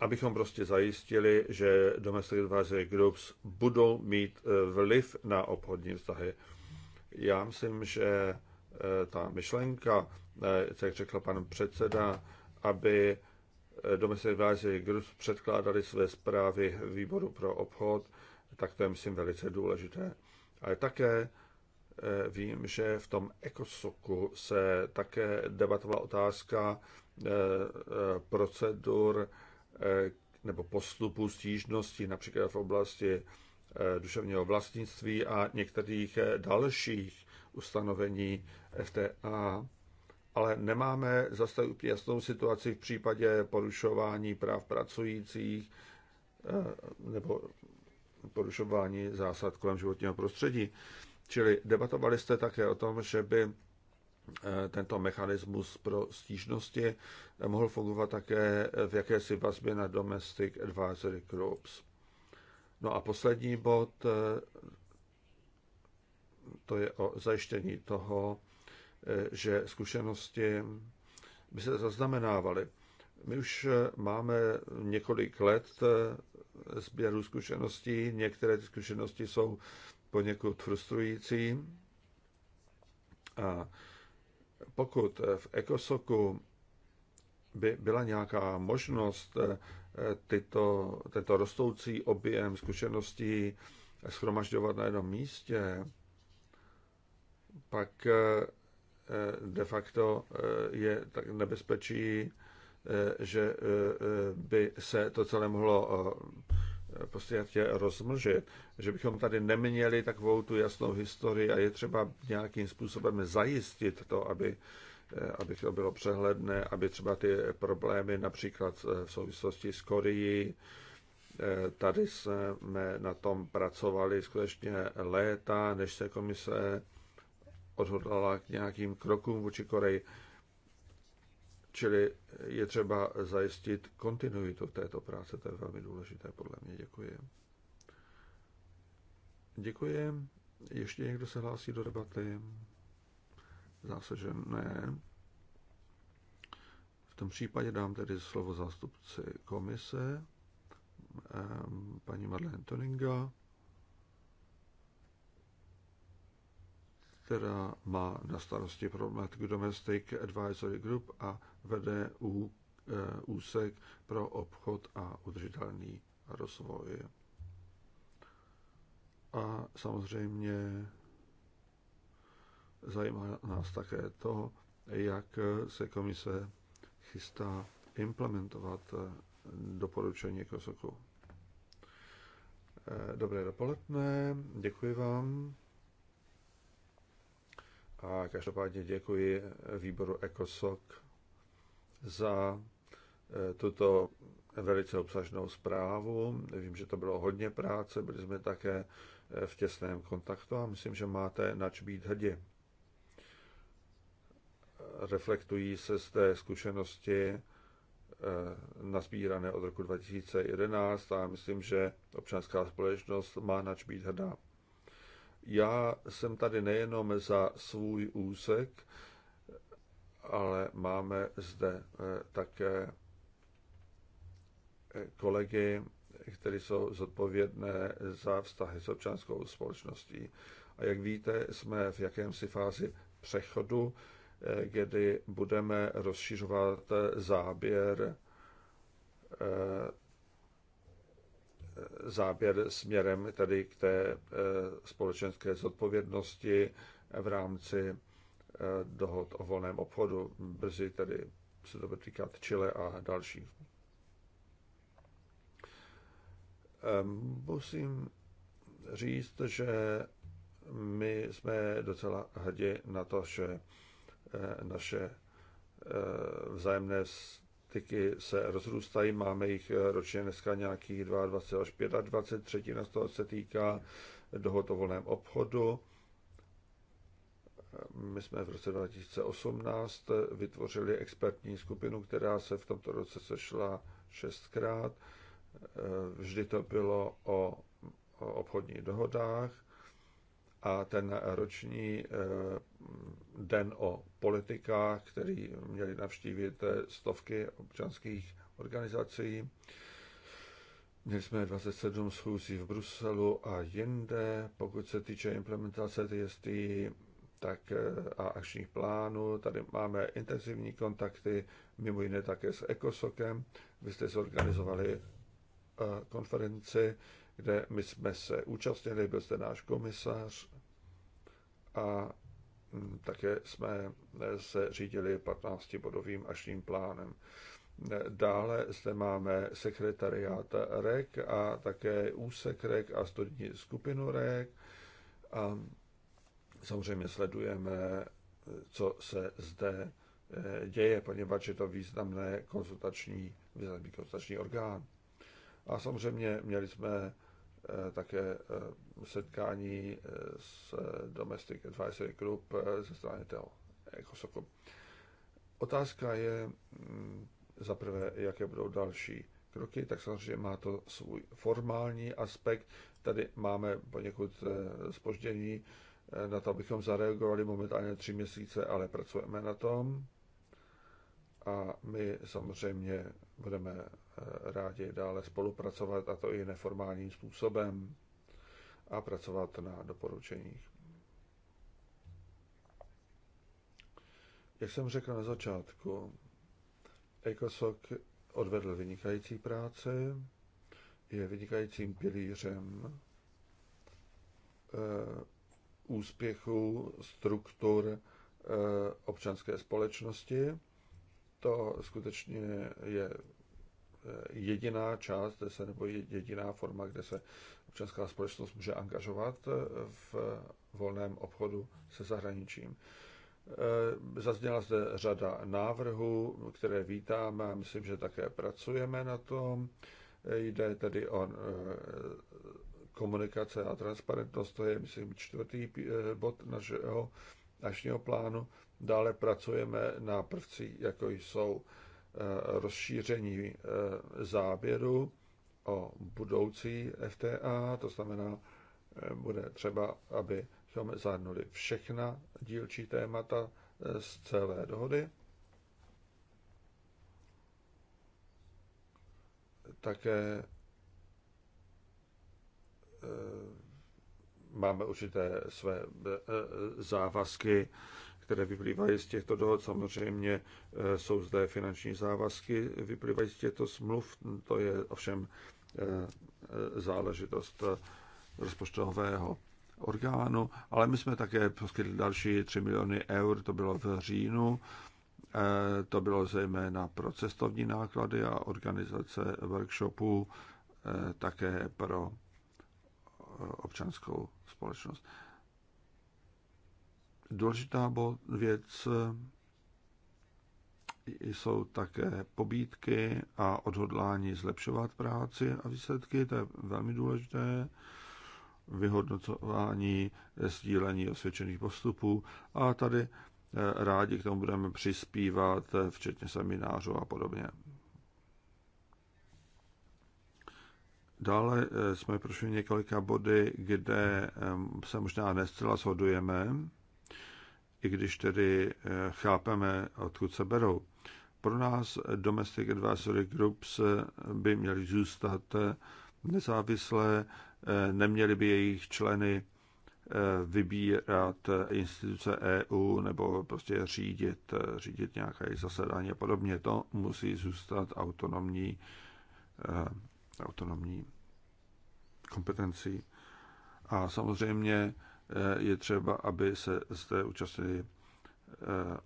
Abychom prostě zajistili, že domestic advisory groups budou mít vliv na obchodní vztahy. Já myslím, že ta myšlenka, jak řekl pan předseda, aby Domestic Advisory Group předkládali své zprávy výboru pro obchod, tak to je, myslím, velice důležité. Ale také eh, vím, že v tom ekosoku se také debatovala otázka eh, eh, procedur nebo postupu stížností, například v oblasti duševního vlastnictví a některých dalších ustanovení FTA ale nemáme zase úplně jasnou situaci v případě porušování práv pracujících eh, nebo porušování zásad kolem životního prostředí. Čili debatovali jste také o tom, že by eh, tento mechanismus pro stížnosti mohl fungovat také v jakési vazbě na domestic advisory groups. No a poslední bod, eh, to je o zajištění toho, Eh, že zkušenosti by se zaznamenávaly. My už eh, máme několik let eh, sběru zkušeností. Některé ty zkušenosti jsou poněkud frustrující. A pokud v ekosoku by byla nějaká možnost tyto, tento rostoucí objem zkušeností schromažďovat na jednom místě, pak Eh, de facto eh, je tak nebezpečí, eh, že by se to celé mohlo prostě rozmlžit, že bychom tady neměli takovou tu jasnou historii a je třeba nějakým způsobem zajistit to, aby, aby to bylo přehledné, aby třeba ty problémy například v souvislosti s Koreí, tady jsme na tom pracovali skutečně léta, než se komise odhodlala k nějakým krokům vůči Koreji. Čili je třeba zajistit kontinuitu této práce, to je velmi důležité podle mě. Děkuji. Děkuji. Ještě někdo se hlásí do debaty? Zdá se, že ne. V tom případě dám tedy slovo zástupci komise, paní Marlene Toninga. která má na starosti problematiku Domestic Advisory Group a vede e, úsek pro obchod a udržitelný rozvoj. A samozřejmě zajímá nás také to, jak se komise chystá implementovat doporučení Kosoku. E, dobré dopoledne, děkuji vám. A každopádně děkuji výboru ECOSOC za eh, tuto velice obsažnou zprávu. Vím, že to bylo hodně práce, byli jsme také eh, v těsném kontaktu a myslím, že máte nač být hrdě. Reflektují se z té zkušenosti eh, nazbírané od roku 2011 a myslím, že občanská společnost má nač být hrdá. Já jsem tady nejenom za svůj úsek, ale máme zde eh, také eh, kolegy, které jsou zodpovědné za vztahy s občanskou společností. A jak víte, jsme v jakémsi fázi přechodu, eh, kdy budeme rozšiřovat záběr záběr směrem tedy k té eh, společenské zodpovědnosti v rámci eh, dohod o volném obchodu. Brzy tedy se to bude týkat Chile a další ehm, Musím říct, že my jsme docela hrdí na to, že eh, naše vzájemné praktiky se rozrůstají, máme jich eh, ročně dneska nějakých 22 až 25, třetina z toho se týká dohod o volném obchodu. My jsme v roce 2018 eh, vytvořili expertní skupinu, která se v tomto roce sešla šestkrát. Eh, vždy to bylo o, o obchodních dohodách a ten roční den o politikách, který měli navštívit eh, stovky občanských organizací. Měli jsme 27 schůzí v Bruselu a jinde. Pokud se týče implementace TST tak, eh, a akčních plánů, tady máme intenzivní kontakty, mimo jiné také s Ecosokem. Vy jste zorganizovali eh, konferenci, kde my jsme se účastnili, byl jste náš komisař a Mm, také jsme eh, se řídili 15-bodovým ačním plánem. Eh, dále zde máme sekretariát REK a také úsek REK a studijní skupinu REK. A samozřejmě sledujeme, eh, co se zde děje, poněvadž je to významné konzultační, významný konzultační orgán. A samozřejmě měli jsme Eh, také eh, setkání eh, s Domestic Advisory Group ze strany toho Ecosoku. Jako Otázka je mm, za prvé, jaké budou další kroky, tak samozřejmě má to svůj formální aspekt. Tady máme poněkud spoždění na to, abychom zareagovali momentálně tři měsíce, ale pracujeme na tom. A my samozřejmě budeme Eh, rádi dále spolupracovat, a to i neformálním způsobem, a pracovat na doporučeních. Jak jsem řekl na začátku, ECOSOC odvedl vynikající práci, je vynikajícím pilířem eh, úspěchu struktur eh, občanské společnosti. To skutečně je jediná část, kde se, nebo jediná forma, kde se občanská společnost může angažovat v volném obchodu se zahraničím. Eh, zazněla zde řada návrhů, které vítáme a myslím, že také pracujeme na tom. Eh, jde tedy o eh, komunikace a transparentnost, to je, myslím, čtvrtý bod našeho akčního plánu. Dále pracujeme na prvcích, jako jsou Eh, rozšíření eh, záběru o budoucí FTA, to znamená, eh, bude třeba, jsme zahrnuli všechna dílčí témata z celé dohody. Také máme určité své závazky které vyplývají z těchto dohod. Samozřejmě e, jsou zde finanční závazky vyplývají z těchto smluv, to je ovšem e, e, záležitost rozpočtového orgánu, ale my jsme také poskytli další 3 miliony eur, to bylo v říjnu, to bylo zejména pro cestovní náklady a organizace workshopů, také pro občanskou společnost. Důležitá věc eh, jsou také pobídky a odhodlání zlepšovat práci a výsledky, to je velmi důležité, vyhodnocování, eh, sdílení osvědčených postupů a tady eh, rádi k tomu budeme přispívat, včetně seminářů a podobně. Dále jsme prošli několika body, kde se možná nescela shodujeme, i když tedy eh, chápeme, odkud se berou. Pro nás eh, Domestic Advisory Groups eh, by měly zůstat nezávislé, neměly by jejich členy vybírat instituce EU nebo prostě řídit, řídit nějaké zasedání a podobně. To musí zůstat autonomní, autonomní kompetencí. A samozřejmě Eh, je třeba, aby se zde účastnili eh,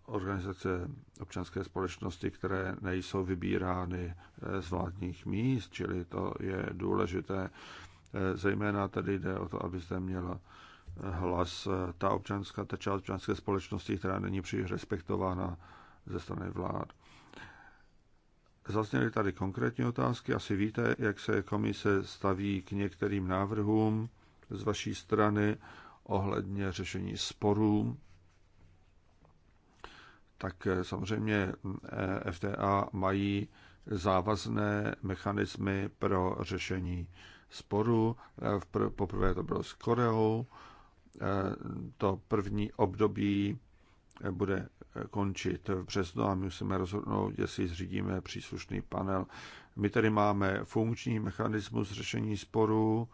organizace občanské společnosti, které nejsou vybírány eh, z vládních míst, čili to je důležité. Zejména tady jde o to, aby zde měla hlas ta občanská, ta část občanské společnosti, která není příliš respektována ze strany vlád. Zazněly tady konkrétní otázky. Asi víte, jak se komise staví k některým návrhům z vaší strany ohledně řešení sporů, tak eh, samozřejmě eh, FTA mají závazné mechanismy pro řešení sporů. Eh, poprvé to bylo s Koreou. To první období bude končit v březnu a my musíme rozhodnout, jestli zřídíme příslušný panel. My tady máme funkční mechanismus řešení sporů,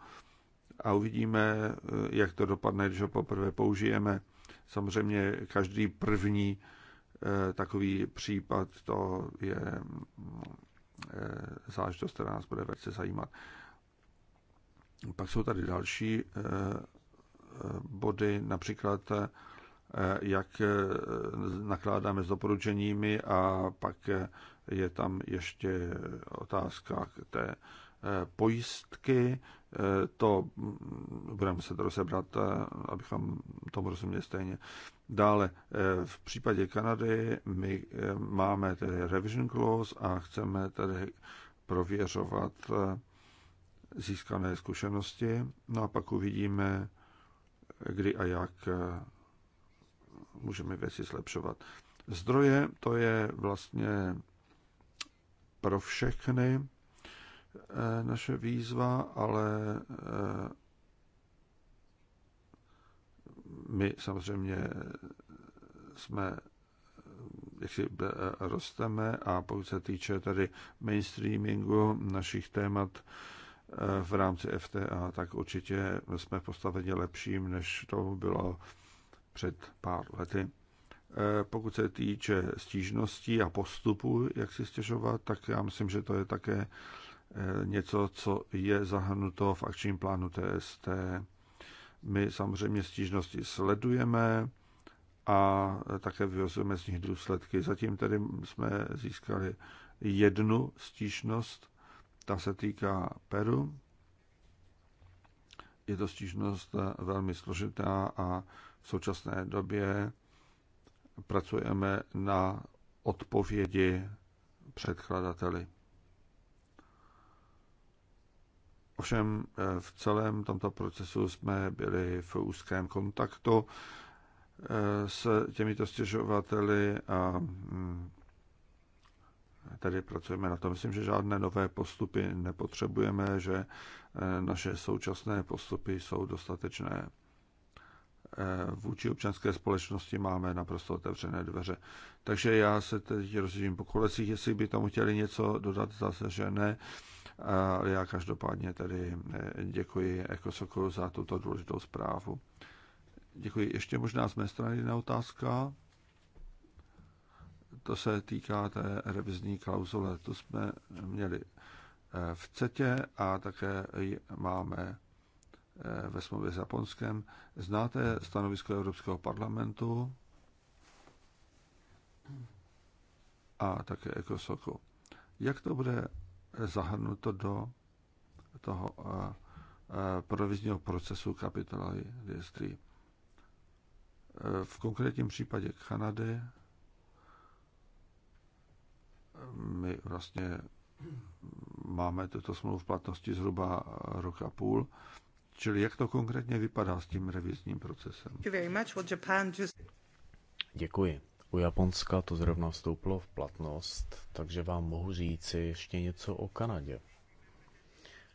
a uvidíme, eh, jak to dopadne, když ho poprvé použijeme. Samozřejmě každý první eh, takový případ, to je eh, zážitost, která nás bude velice zajímat. Pak jsou tady další body, například jak nakládáme s doporučeními a pak je tam ještě otázka k té Eh, pojistky, eh, to mm, budeme muset rozebrat, eh, abychom tomu rozuměli stejně. Dále, v případě Kanady my máme tedy revision clause a chceme tedy prověřovat získané zkušenosti. No a pak uvidíme, kdy a jak můžeme věci zlepšovat. Zdroje to je vlastně pro všechny Eh, naše výzva, ale eh, my samozřejmě jsme eh, jak si rosteme a pokud se týče tady mainstreamingu našich témat v rámci FTA, tak určitě jsme v postavení lepším, než to bylo před pár lety. Pokud se týče stížností a postupu, jak si stěžovat, tak já myslím, že to je také Eh, něco, co je zahrnuto v akčním plánu TST. My samozřejmě stížnosti sledujeme a také vyvozujeme z nich důsledky. Zatím tedy jsme získali jednu stížnost, ta se týká Peru. Je to stížnost velmi složitá a v současné době pracujeme na odpovědi předkladateli. Ovšem eh, v celém tomto procesu jsme byli v úzkém kontaktu eh, s těmito stěžovateli a mm, tady pracujeme na tom. Myslím, že žádné nové postupy nepotřebujeme, že eh, naše současné postupy jsou dostatečné. Vůči občanské společnosti máme naprosto otevřené dveře. Takže já se teď rozdělím po kolecích, jestli by tomu chtěli něco dodat, zase že ne. A já každopádně tedy eh, děkuji Ekosoku za tuto důležitou zprávu. Děkuji. Ještě možná z mé strany jedna otázka. To se týká té revizní klauzule. Tu jsme měli eh, v CETě a také máme eh, ve smlouvě s Japonskem. Znáte stanovisko Evropského parlamentu a také Ekosoku. Jak to bude zahrnuto do toho eh, eh, provizního procesu kapitoly registry. Eh, v konkrétním případě Kanady my vlastně máme tuto smlouvu v platnosti zhruba rok a půl. Čili jak to konkrétně vypadá s tím revizním procesem? Děkuji. U Japonska to zrovna vstoupilo v platnost, takže vám mohu říci ještě něco o Kanadě.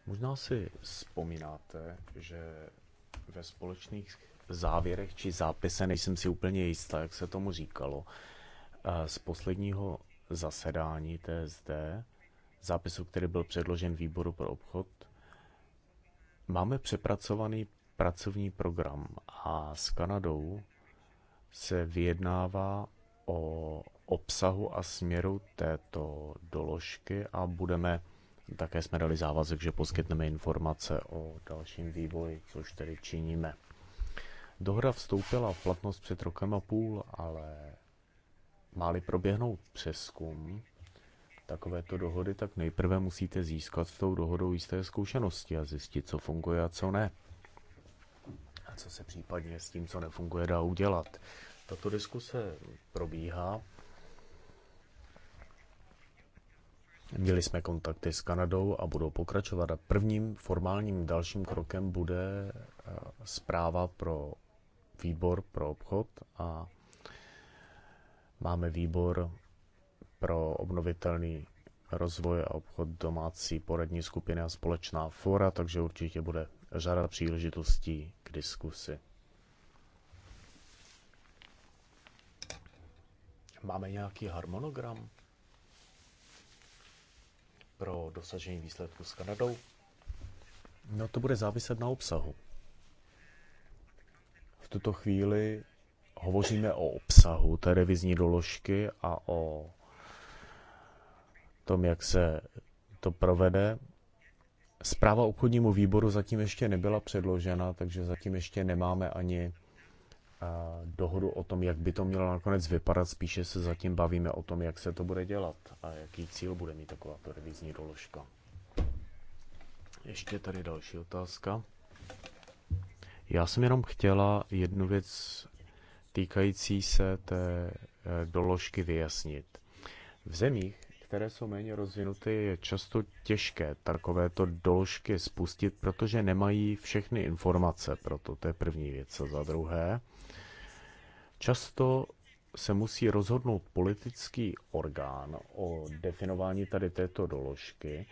Možná si vzpomínáte, že ve společných závěrech či zápise, nejsem si úplně jistá, jak se tomu říkalo, eh, z posledního zasedání TSD, zápisu, který byl předložen výboru pro obchod, máme přepracovaný pracovní program a s Kanadou se vyjednává o obsahu a směru této doložky a budeme také jsme dali závazek, že poskytneme informace o dalším vývoji, což tedy činíme. Dohoda vstoupila v platnost před rokem a půl, ale máli proběhnout přeskum takovéto dohody, tak nejprve musíte získat s tou dohodou jisté zkušenosti a zjistit, co funguje a co ne. A co se případně s tím, co nefunguje, dá udělat. Tato diskuse probíhá. Měli jsme kontakty s Kanadou a budou pokračovat. A prvním formálním dalším krokem bude eh, zpráva pro výbor pro obchod a máme výbor pro obnovitelný rozvoj a obchod domácí poradní skupiny a společná fora, takže určitě bude řada příležitostí k diskusi. Máme nějaký harmonogram pro dosažení výsledku s Kanadou? No to bude záviset na obsahu. V tuto chvíli hovoříme o obsahu té revizní doložky a o tom, jak se to provede. Zpráva obchodnímu výboru zatím ještě nebyla předložena, takže zatím ještě nemáme ani dohodu o tom, jak by to mělo nakonec vypadat. Spíše se zatím bavíme o tom, jak se to bude dělat a jaký cíl bude mít to revizní doložka. Ještě tady další otázka. Já jsem jenom chtěla jednu věc týkající se té eh, doložky vyjasnit. V zemích, které jsou méně rozvinuté je často těžké takovéto doložky spustit, protože nemají všechny informace. Proto to je první věc. A za druhé, často se musí rozhodnout politický orgán o definování tady této doložky,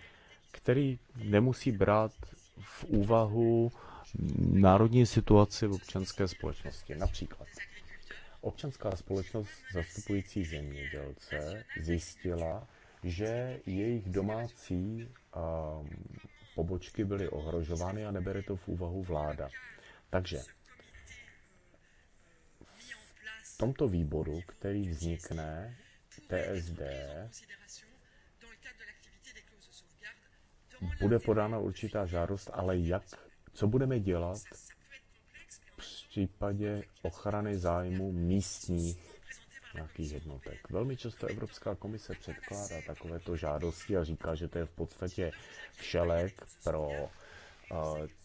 který nemusí brát v úvahu národní situaci v občanské společnosti. Například občanská společnost zastupující zemědělce zjistila, že jejich domácí pobočky byly ohrožovány a nebere to v úvahu vláda. Takže v tomto výboru, který vznikne, TSD, bude podána určitá žádost, ale jak, co budeme dělat v případě ochrany zájmu místních nějakých jednotek. Velmi často Evropská komise předkládá takovéto žádosti a říká, že to je v podstatě všelek pro eh,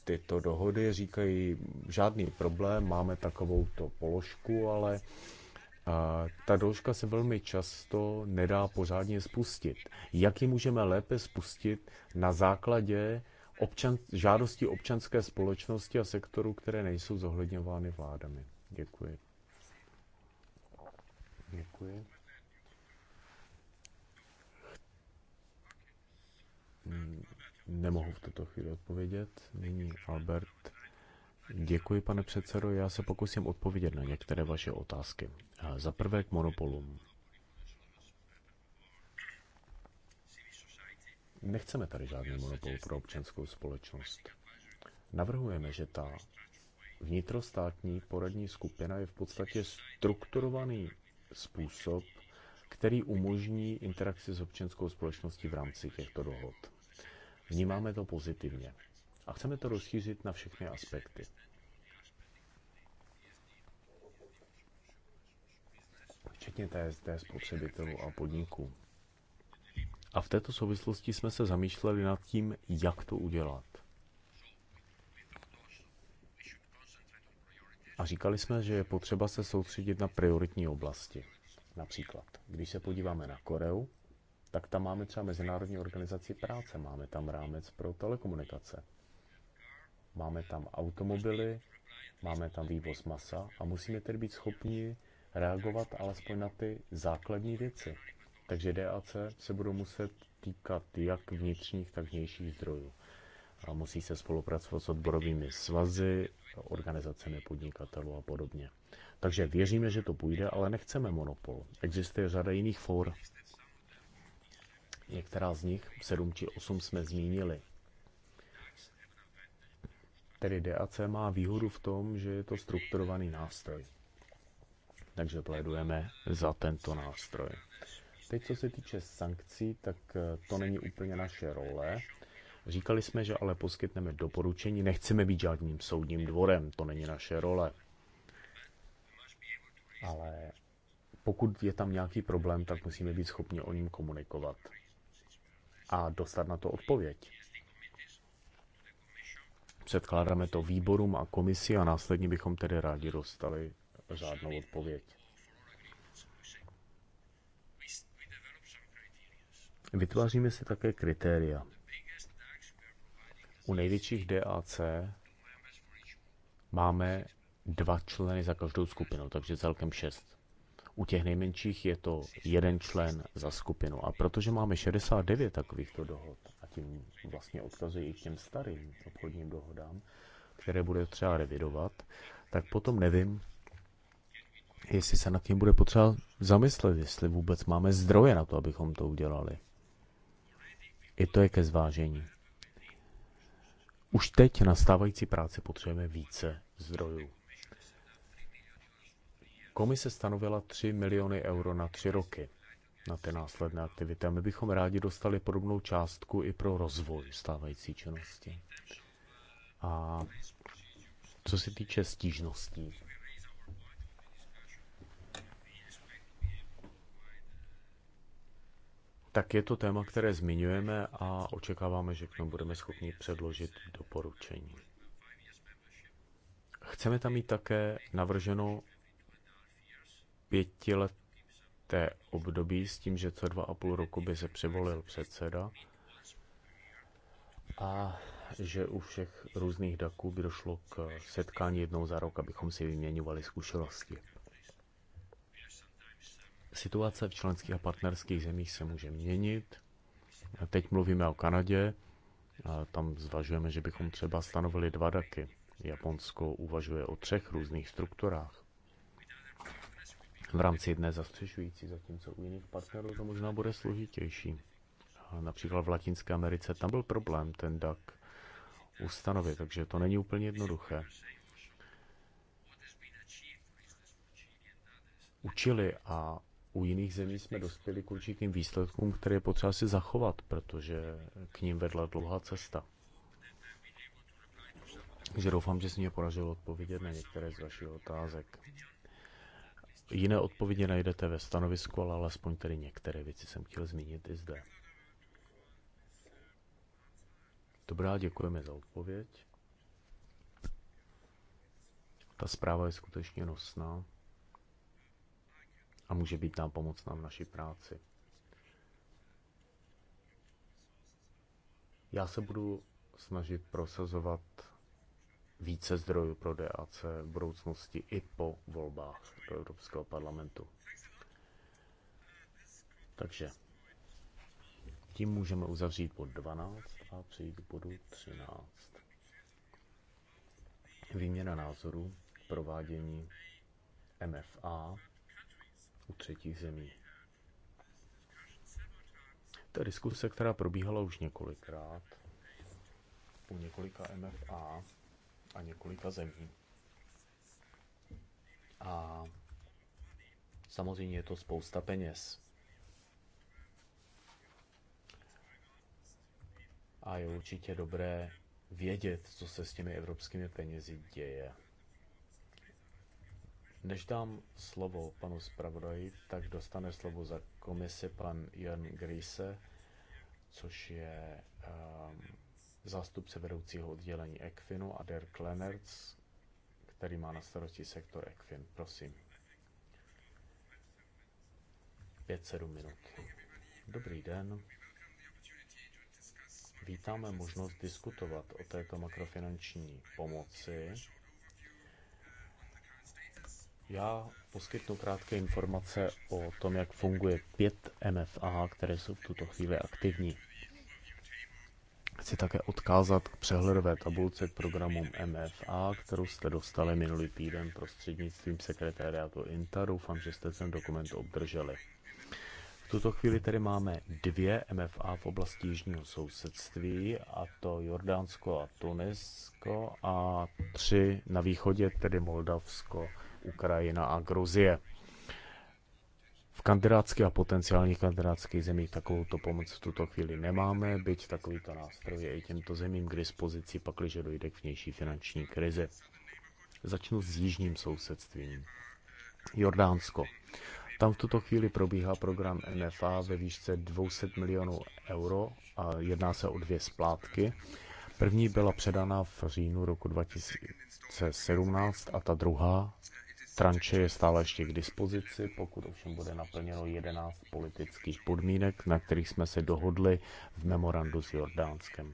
tyto dohody. Říkají, žádný problém, máme takovouto položku, ale a eh, ta doložka se velmi často nedá pořádně spustit. Jak ji můžeme lépe spustit na základě občan, žádosti občanské společnosti a sektoru, které nejsou zohledňovány vládami? Děkuji. Děkuji. Hm, nemohu v tuto chvíli odpovědět. Nyní Albert. Děkuji, pane předsedo. Já se pokusím odpovědět na některé vaše otázky. Za prvé k monopolům. Nechceme tady žádný monopol pro občanskou společnost. Navrhujeme, že ta vnitrostátní poradní skupina je v podstatě strukturovaný způsob, který umožní interakci s občanskou společností v rámci těchto dohod. Vnímáme to pozitivně a chceme to rozšířit na všechny aspekty. Včetně TSD spotřebitelů a podniků. A v této souvislosti jsme se zamýšleli nad tím, jak to udělat. A říkali jsme, že je potřeba se soustředit na prioritní oblasti. Například, když se podíváme na Koreu, tak tam máme třeba Mezinárodní organizaci práce, máme tam rámec pro telekomunikace, máme tam automobily, máme tam vývoz masa a musíme tedy být schopni reagovat alespoň na ty základní věci. Takže DAC se budou muset týkat jak vnitřních, tak vnějších zdrojů. A musí se spolupracovat s odborovými svazy, organizacemi podnikatelů a podobně. Takže věříme, že to půjde, ale nechceme monopol. Existuje řada jiných for. Některá z nich, 7 či 8 jsme zmínili. Tedy DAC má výhodu v tom, že je to strukturovaný nástroj. Takže plédujeme za tento nástroj. Teď, co se týče sankcí, tak eh, to není úplně naše role. Říkali jsme, že ale poskytneme doporučení, nechceme být žádným soudním dvorem, to není naše role. Ale pokud je tam nějaký problém, tak musíme být schopni o ním komunikovat a dostat na to odpověď. Předkládáme to výborům a komisi a následně bychom tedy rádi dostali řádnou odpověď. Vytváříme si také kritéria u největších DAC máme dva členy za každou skupinu, takže celkem šest. U těch nejmenších je to jeden člen za skupinu. A protože máme 69 takovýchto dohod, a tím vlastně odkazuji k těm starým obchodním dohodám, které bude třeba revidovat, tak potom nevím, jestli se nad tím bude potřeba zamyslet, jestli vůbec máme zdroje na to, abychom to udělali. I to je ke zvážení. Už teď na stávající práci potřebujeme více zdrojů. Komise stanovila 3 miliony euro na tři roky na ty následné aktivity a my bychom rádi dostali podobnou částku i pro rozvoj stávající činnosti. A co se týče stížností, tak je to téma, které zmiňujeme a očekáváme, že k tomu budeme schopni předložit doporučení. Chceme tam mít také navrženo pětileté období s tím, že co dva a půl roku by se přivolil předseda a že u všech různých daků by došlo k setkání jednou za rok, abychom si vyměňovali zkušenosti. Situace v členských a partnerských zemích se může měnit. Teď mluvíme o Kanadě, a tam zvažujeme, že bychom třeba stanovili dva daky. Japonsko uvažuje o třech různých strukturách. V rámci jedné zastřešující, zatímco u jiných partnerů to možná bude složitější. A například v Latinské Americe tam byl problém ten DAC ustanovit, takže to není úplně jednoduché. Učili a u jiných zemí jsme dospěli k určitým výsledkům, které je potřeba si zachovat, protože k ním vedla dlouhá cesta. Takže doufám, že se mě podařilo odpovědět na některé z vašich otázek. Jiné odpovědi najdete ve stanovisku, ale alespoň tedy některé věci jsem chtěl zmínit i zde. Dobrá, děkujeme za odpověď. Ta zpráva je skutečně nosná a může být nám pomocná v naší práci. Já se budu snažit prosazovat více zdrojů pro DAC v budoucnosti i po volbách do Evropského parlamentu. Takže tím můžeme uzavřít bod 12 a přejít k bodu 13. Výměna názorů, provádění MFA u třetích zemí. To je diskuse, která probíhala už několikrát u několika MFA a několika zemí. A samozřejmě je to spousta peněz. A je určitě dobré vědět, co se s těmi evropskými penězi děje. Než dám slovo panu zpravodaji, tak dostane slovo za komisi pan Jan Grise, což je um, zástupce vedoucího oddělení Equinu a Dirk Lennertz, který má na starosti sektor Equin. Prosím. 5-7 minut. Dobrý den. Vítáme možnost diskutovat o této makrofinanční pomoci já poskytnu krátké informace o tom, jak funguje pět MFA, které jsou v tuto chvíli aktivní. Chci také odkázat k přehledové tabulce k programům MFA, kterou jste dostali minulý týden prostřednictvím sekretariátu INTA. Doufám, že jste ten dokument obdrželi. V tuto chvíli tedy máme dvě MFA v oblasti jižního sousedství, a to Jordánsko a Tunisko, a tři na východě, tedy Moldavsko, Ukrajina a Gruzie. V kandidátských a potenciálních kandidátských zemích takovouto pomoc v tuto chvíli nemáme, byť takovýto nástroj je i těmto zemím k dispozici, pakliže dojde k vnější finanční krizi. Začnu s jižním sousedstvím. Jordánsko. Tam v tuto chvíli probíhá program NFA ve výšce 200 milionů euro a jedná se o dvě splátky. První byla předána v říjnu roku 2017 a ta druhá Tranče je stále ještě k dispozici, pokud ovšem bude naplněno 11 politických podmínek, na kterých jsme se dohodli v memorandu s Jordánskem.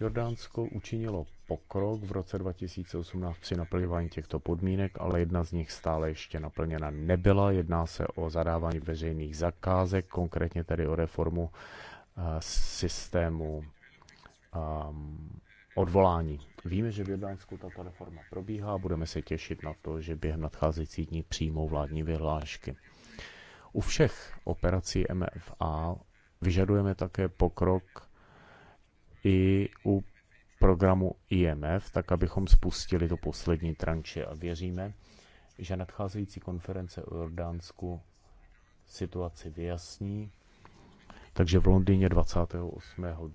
Jordánsko učinilo pokrok v roce 2018 při naplňování těchto podmínek, ale jedna z nich stále ještě naplněna nebyla. Jedná se o zadávání veřejných zakázek, konkrétně tedy o reformu uh, systému um, odvolání. Víme, že v Jordánsku tato reforma probíhá a budeme se těšit na to, že během nadcházejících dní přijmou vládní vyhlášky. U všech operací MFA vyžadujeme také pokrok i u programu IMF, tak abychom spustili to poslední tranče a věříme, že nadcházející konference o Jordánsku situaci vyjasní. Takže v Londýně 28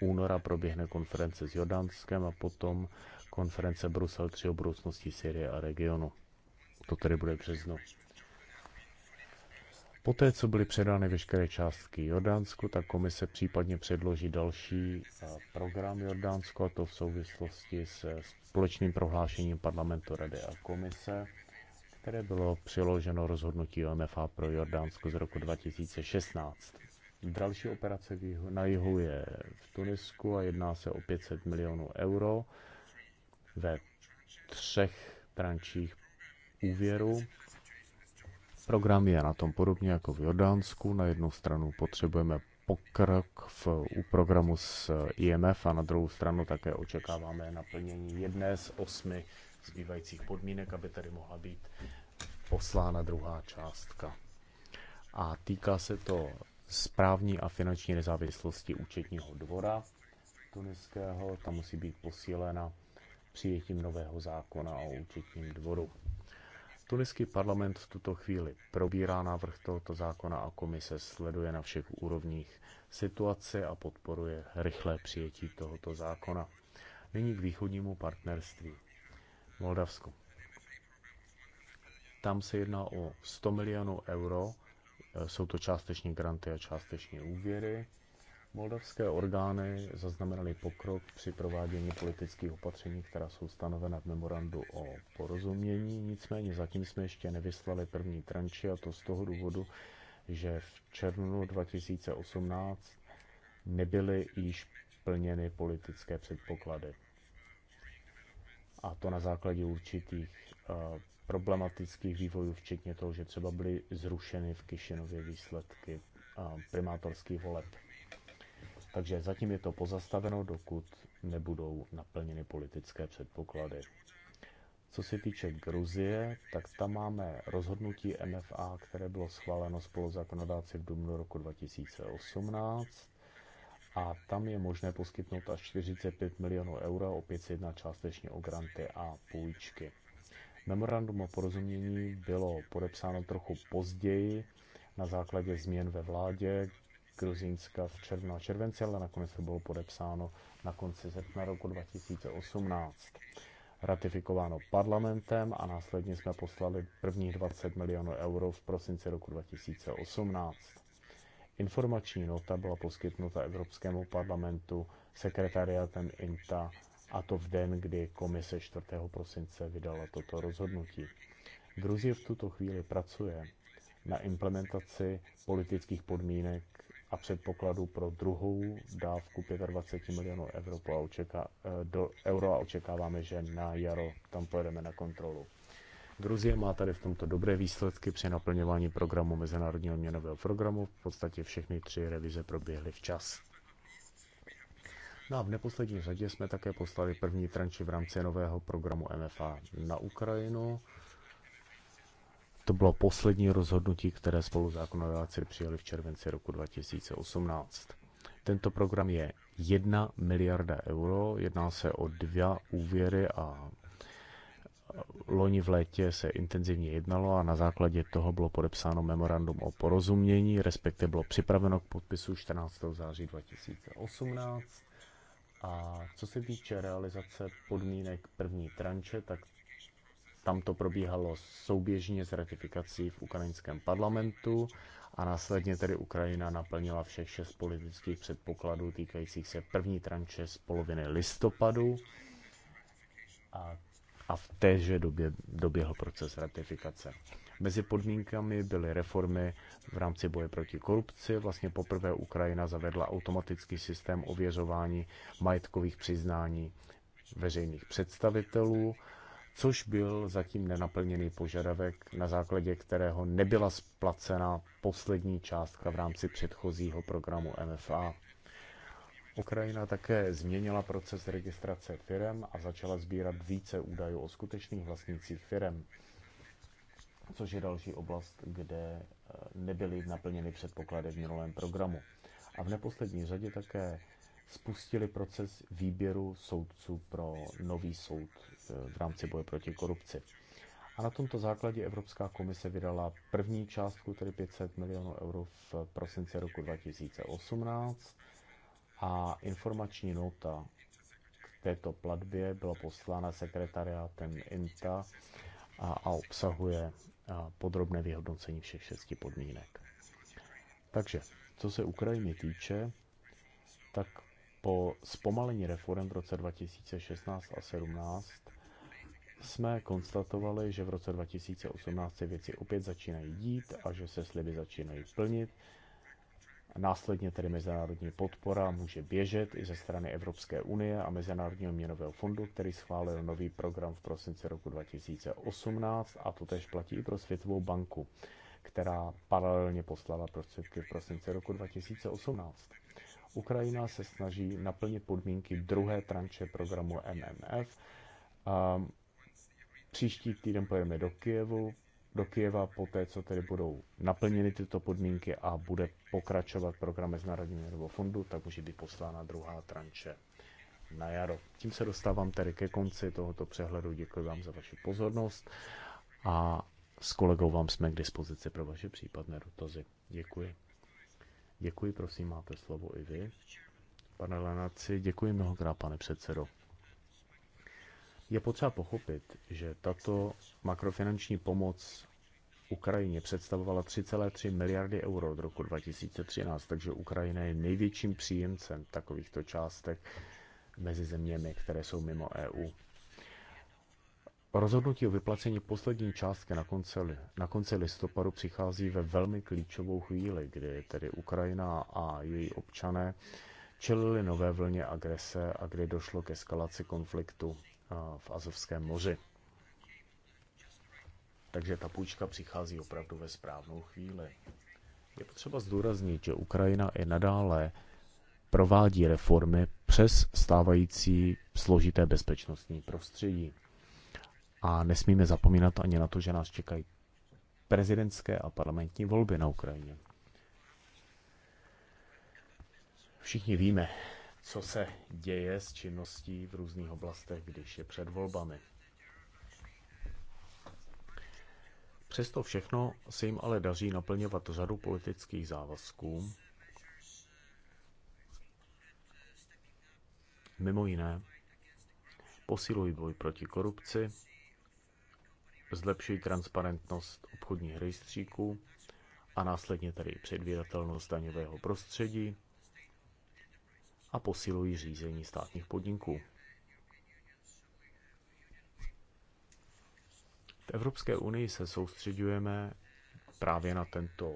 února proběhne konference s Jordánskem a potom konference Brusel 3 o budoucnosti Syrie a regionu. To tedy bude březnu. Poté, co byly předány veškeré částky Jordánsku, tak komise případně předloží další eh, program Jordánsku, a to v souvislosti se eh, společným prohlášením parlamentu Rady a komise, které bylo přiloženo rozhodnutí OMFA pro Jordánsko z roku 2016. Další operace na jihu je v Tunisku a jedná se o 500 milionů euro ve třech trančích úvěru. Program je na tom podobně jako v Jordánsku. Na jednu stranu potřebujeme pokrok v, u programu s IMF a na druhou stranu také očekáváme naplnění jedné z osmi zbývajících podmínek, aby tady mohla být poslána druhá částka. A týká se to správní a finanční nezávislosti účetního dvora tuniského. Ta musí být posílena přijetím nového zákona o účetním dvoru. Tuniský parlament v tuto chvíli probírá návrh tohoto zákona a komise sleduje na všech úrovních situaci a podporuje rychlé přijetí tohoto zákona. Nyní k východnímu partnerství. Moldavsku. Tam se jedná o 100 milionů euro Eh, jsou to částeční granty a částeční úvěry. Moldavské orgány zaznamenaly pokrok při provádění politických opatření, která jsou stanovena v memorandu o porozumění. Nicméně zatím jsme ještě nevyslali první tranči a to z toho důvodu, že v červnu 2018 nebyly již plněny politické předpoklady. A to na základě určitých uh, problematických vývojů, včetně toho, že třeba byly zrušeny v Kišinově výsledky primátorských voleb. Takže zatím je to pozastaveno, dokud nebudou naplněny politické předpoklady. Co se týče Gruzie, tak tam máme rozhodnutí MFA, které bylo schváleno spolu zákonodáci v dubnu roku 2018 a tam je možné poskytnout až 45 milionů euro, opět se jedná částečně o granty a půjčky. Memorandum o porozumění bylo podepsáno trochu později na základě změn ve vládě Gruzínska v červnu a červenci, ale nakonec to bylo podepsáno na konci srpna roku 2018. Ratifikováno parlamentem a následně jsme poslali prvních 20 milionů euro v prosinci roku 2018. Informační nota byla poskytnuta Evropskému parlamentu sekretariátem INTA a to v den, kdy komise 4. prosince vydala toto rozhodnutí. Gruzie v tuto chvíli pracuje na implementaci politických podmínek a předpokladu pro druhou dávku 25 milionů euro a, očeká, eh, do, euro a očekáváme, že na jaro tam pojedeme na kontrolu. Gruzie má tady v tomto dobré výsledky při naplňování programu Mezinárodního měnového programu. V podstatě všechny tři revize proběhly včas. No a v neposlední řadě jsme také poslali první tranči v rámci nového programu MFA na Ukrajinu. To bylo poslední rozhodnutí, které spolu zákonodáci přijali v červenci roku 2018. Tento program je 1 miliarda euro, jedná se o dva úvěry a loni v létě se intenzivně jednalo a na základě toho bylo podepsáno memorandum o porozumění, respektive bylo připraveno k podpisu 14. září 2018. A co se týče realizace podmínek první tranče, tak tam to probíhalo souběžně s ratifikací v ukrajinském parlamentu a následně tedy Ukrajina naplnila všech šest politických předpokladů týkajících se první tranče z poloviny listopadu a, a v téže době doběhl proces ratifikace. Mezi podmínkami byly reformy v rámci boje proti korupci. Vlastně poprvé Ukrajina zavedla automatický systém ověřování majetkových přiznání veřejných představitelů, což byl zatím nenaplněný požadavek, na základě kterého nebyla splacena poslední částka v rámci předchozího programu MFA. Ukrajina také změnila proces registrace firem a začala sbírat více údajů o skutečných vlastnících firem což je další oblast, kde eh, nebyly naplněny předpoklady v minulém programu. A v neposlední řadě také spustili proces výběru soudců pro nový soud eh, v rámci boje proti korupci. A na tomto základě Evropská komise vydala první částku, tedy 500 milionů euro v prosinci roku 2018 a informační nota k této platbě byla poslána sekretariátem INTA a, a obsahuje podrobné vyhodnocení všech šesti podmínek. Takže, co se Ukrajiny týče, tak po zpomalení reform v roce 2016 a 2017 jsme konstatovali, že v roce 2018 se věci opět začínají dít a že se sliby začínají plnit, Následně tedy mezinárodní podpora může běžet i ze strany Evropské unie a Mezinárodního měnového fondu, který schválil nový program v prosinci roku 2018 a to tež platí i pro Světovou banku, která paralelně poslala prostředky v prosinci roku 2018. Ukrajina se snaží naplnit podmínky druhé tranče programu MMF. Příští týden pojedeme do Kijevu, do Kijeva po té, co tedy budou naplněny tyto podmínky a bude pokračovat program Mezinárodního měnového fondu, tak může být poslána druhá tranše na jaro. Tím se dostávám tedy ke konci tohoto přehledu. Děkuji vám za vaši pozornost a s kolegou vám jsme k dispozici pro vaše případné dotazy. Děkuji. Děkuji, prosím, máte slovo i vy. Pane Lenaci, děkuji mnohokrát, pane předsedo. Je potřeba pochopit, že tato makrofinanční pomoc Ukrajině představovala 3,3 miliardy euro od roku 2013, takže Ukrajina je největším příjemcem takovýchto částek mezi zeměmi, které jsou mimo EU. Rozhodnutí o vyplacení poslední částky na konci, na konci listopadu přichází ve velmi klíčovou chvíli, kdy tedy Ukrajina a její občané čelili nové vlně agrese a kdy došlo k eskalaci konfliktu v Azovském moři. Takže ta půjčka přichází opravdu ve správnou chvíli. Je potřeba zdůraznit, že Ukrajina i nadále provádí reformy přes stávající složité bezpečnostní prostředí. A nesmíme zapomínat ani na to, že nás čekají prezidentské a parlamentní volby na Ukrajině. Všichni víme, co se děje s činností v různých oblastech, když je před volbami. Přesto všechno se jim ale daří naplňovat řadu politických závazků, mimo jiné posilují boj proti korupci, zlepšují transparentnost obchodních rejstříků a následně tedy předvídatelnost daňového prostředí, a posilují řízení státních podniků. V Evropské unii se soustředujeme právě na tento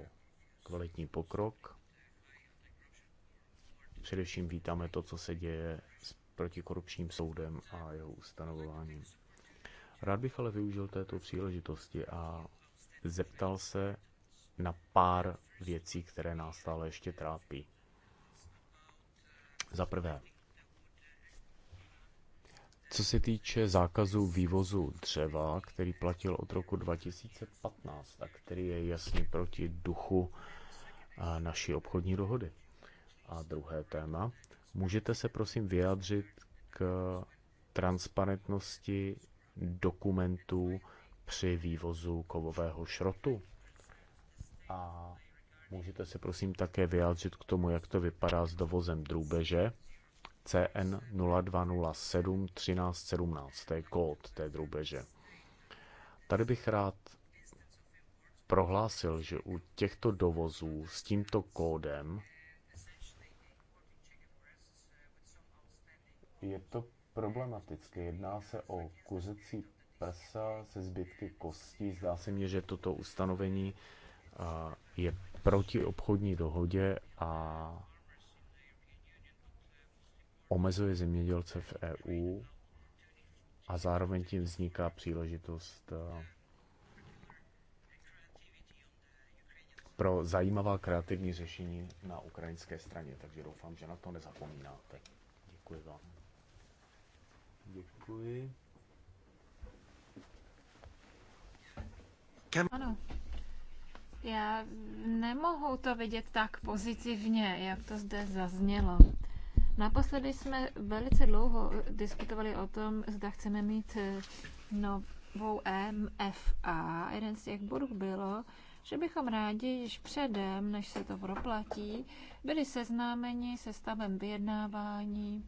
kvalitní pokrok. Především vítáme to, co se děje s protikorupčním soudem a jeho ustanovováním. Rád bych ale využil této příležitosti a zeptal se na pár věcí, které nás stále ještě trápí. Za prvé, co se týče zákazu vývozu dřeva, který platil od roku 2015 a který je jasně proti duchu naší obchodní dohody. A druhé téma, můžete se prosím vyjádřit k transparentnosti dokumentů při vývozu kovového šrotu? A Můžete se prosím také vyjádřit k tomu, jak to vypadá s dovozem drůbeže. CN 0207 1317, to je kód té drůbeže. Tady bych rád prohlásil, že u těchto dovozů s tímto kódem je to problematické. Jedná se o kuřecí prsa se zbytky kostí. Zdá se mně, že toto ustanovení je proti obchodní dohodě a omezuje zemědělce v EU a zároveň tím vzniká příležitost eh, pro zajímavá kreativní řešení na ukrajinské straně, takže doufám, že na to nezapomínáte. Děkuji vám. Děkuji. Ano, já nemohu to vidět tak pozitivně, jak to zde zaznělo. Naposledy jsme velice dlouho diskutovali o tom, zda chceme mít eh, novou MFA. Jeden z těch bodů bylo, že bychom rádi již předem, než se to proplatí, byli seznámeni se stavem vyjednávání,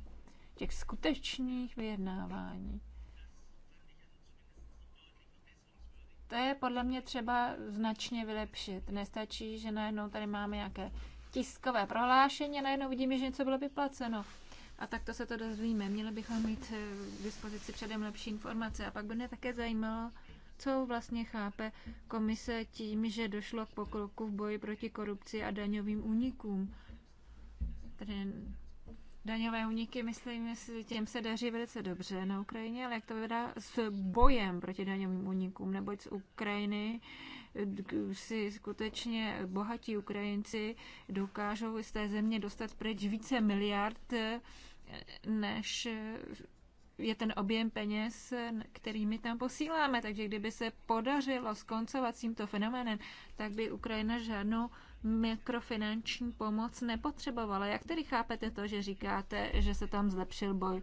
těch skutečných vyjednávání. To je podle mě třeba značně vylepšit. Nestačí, že najednou tady máme nějaké tiskové prohlášení a najednou vidíme, že něco bylo vyplaceno. A takto se to dozvíme. Měli bychom mít eh, k dispozici předem lepší informace. A pak by mě také zajímalo, co vlastně chápe komise tím, že došlo k pokroku v boji proti korupci a daňovým únikům. Tady daňové uniky, myslím, těm se daří velice dobře na Ukrajině, ale jak to vypadá s bojem proti daňovým unikům neboť z Ukrajiny eh, si skutečně bohatí Ukrajinci dokážou z té země dostat pryč více miliard, eh, než eh, je ten objem peněz, kterými tam posíláme. Takže kdyby se podařilo skoncovat s tímto fenoménem, tak by Ukrajina žádnou mikrofinanční pomoc nepotřebovala. Jak tedy chápete to, že říkáte, že se tam zlepšil boj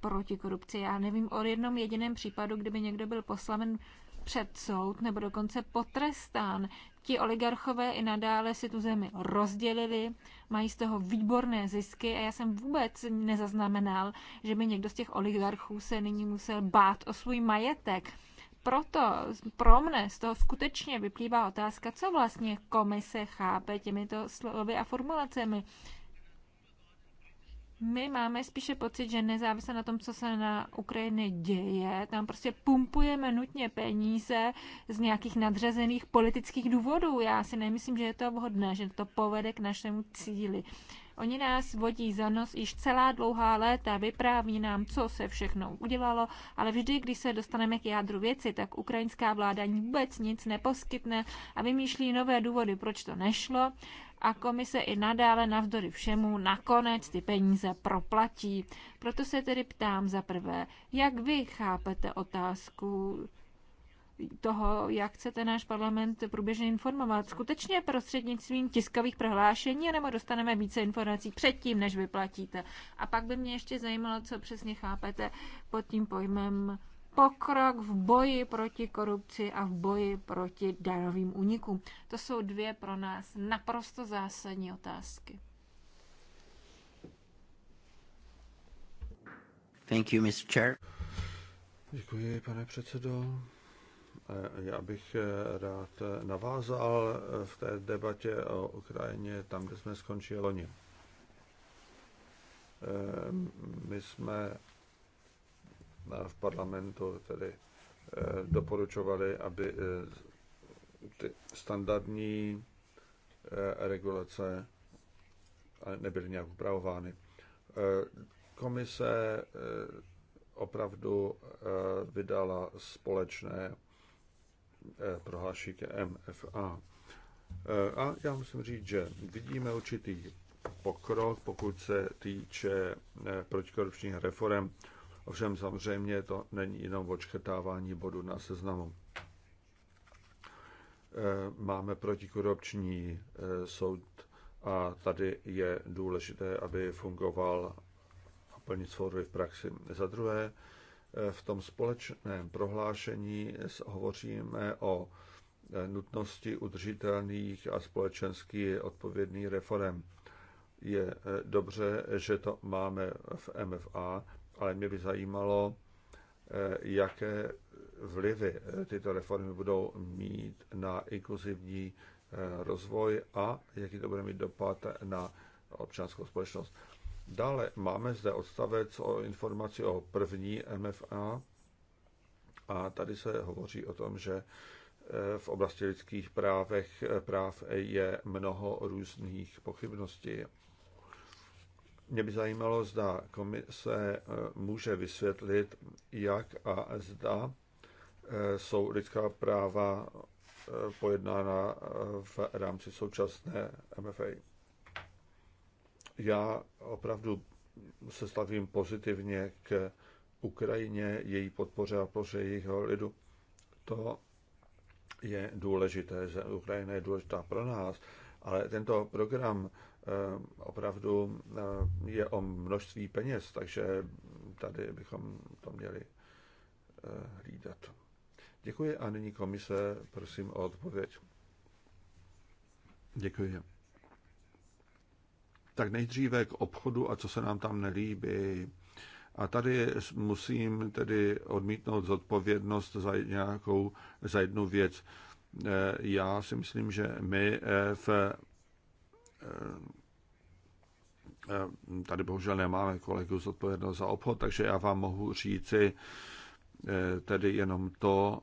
proti korupci? Já nevím o jednom jediném případu, kdyby někdo byl poslaven před soud nebo dokonce potrestán. Ti oligarchové i nadále si tu zemi rozdělili, mají z toho výborné zisky a já jsem vůbec nezaznamenal, že by někdo z těch oligarchů se nyní musel bát o svůj majetek proto pro mne z toho skutečně vyplývá otázka, co vlastně komise chápe těmito slovy a formulacemi. My máme spíše pocit, že nezávisle na tom, co se na Ukrajině děje, tam prostě pumpujeme nutně peníze z nějakých nadřazených politických důvodů. Já si nemyslím, že je to vhodné, že to povede k našemu cíli. Oni nás vodí za nos již celá dlouhá léta, vypráví nám, co se všechno udělalo, ale vždy, když se dostaneme k jádru věci, tak ukrajinská vláda vůbec nic neposkytne a vymýšlí nové důvody, proč to nešlo a komise i nadále navzdory všemu nakonec ty peníze proplatí. Proto se tedy ptám za prvé, jak vy chápete otázku toho, jak chcete náš parlament průběžně informovat. Skutečně prostřednictvím tiskových prohlášení, nebo dostaneme více informací předtím, než vyplatíte. A pak by mě ještě zajímalo, co přesně chápete pod tím pojmem pokrok v boji proti korupci a v boji proti daňovým únikům. To jsou dvě pro nás naprosto zásadní otázky. Thank you, Mr. Chair. Děkuji, pane předsedo. Eh, já bych eh, rád eh, navázal v té debatě o Ukrajině tam, kde jsme skončili loni. My jsme v parlamentu tedy doporučovali, aby ty standardní regulace nebyly nějak upravovány. Komise opravdu vydala společné Eh, prohláší MFA. Eh, a já musím říct, že vidíme určitý pokrok, pokud se týče eh, protikorupčních reform. Ovšem samozřejmě to není jenom očkrtávání bodu na seznamu. Máme protikorupční soud a tady je důležité, aby fungoval a plnit svou v praxi. Za druhé, v tom společném prohlášení hovoříme o eh, nutnosti udržitelných a společensky odpovědných reform. Je eh, dobře, že to máme v MFA, ale mě by zajímalo, eh, jaké vlivy tyto reformy budou mít na inkluzivní rozvoj a jaký to bude mít dopad na občanskou společnost. Dále máme zde odstavec o informaci o první MFA a tady se hovoří o tom, že eh, v oblasti lidských právech, eh, práv je mnoho různých pochybností. Mě by zajímalo, zda komise eh, může vysvětlit, jak a zda jsou lidská práva pojednána v rámci současné MFA já opravdu se stavím pozitivně k Ukrajině, její podpoře a podpoře jejího lidu. To je důležité, že Ukrajina je důležitá pro nás, ale tento program eh, opravdu eh, je o množství peněz, takže tady bychom to měli eh, hlídat. Děkuji a nyní komise, prosím o odpověď. Děkuji tak nejdříve k obchodu a co se nám tam nelíbí. A tady musím tedy odmítnout zodpovědnost za, nějakou, za jednu věc. Eh, já si myslím, že my eh, v eh, tady bohužel nemáme kolegu zodpovědnost za obchod, takže já vám mohu říci tedy jenom to,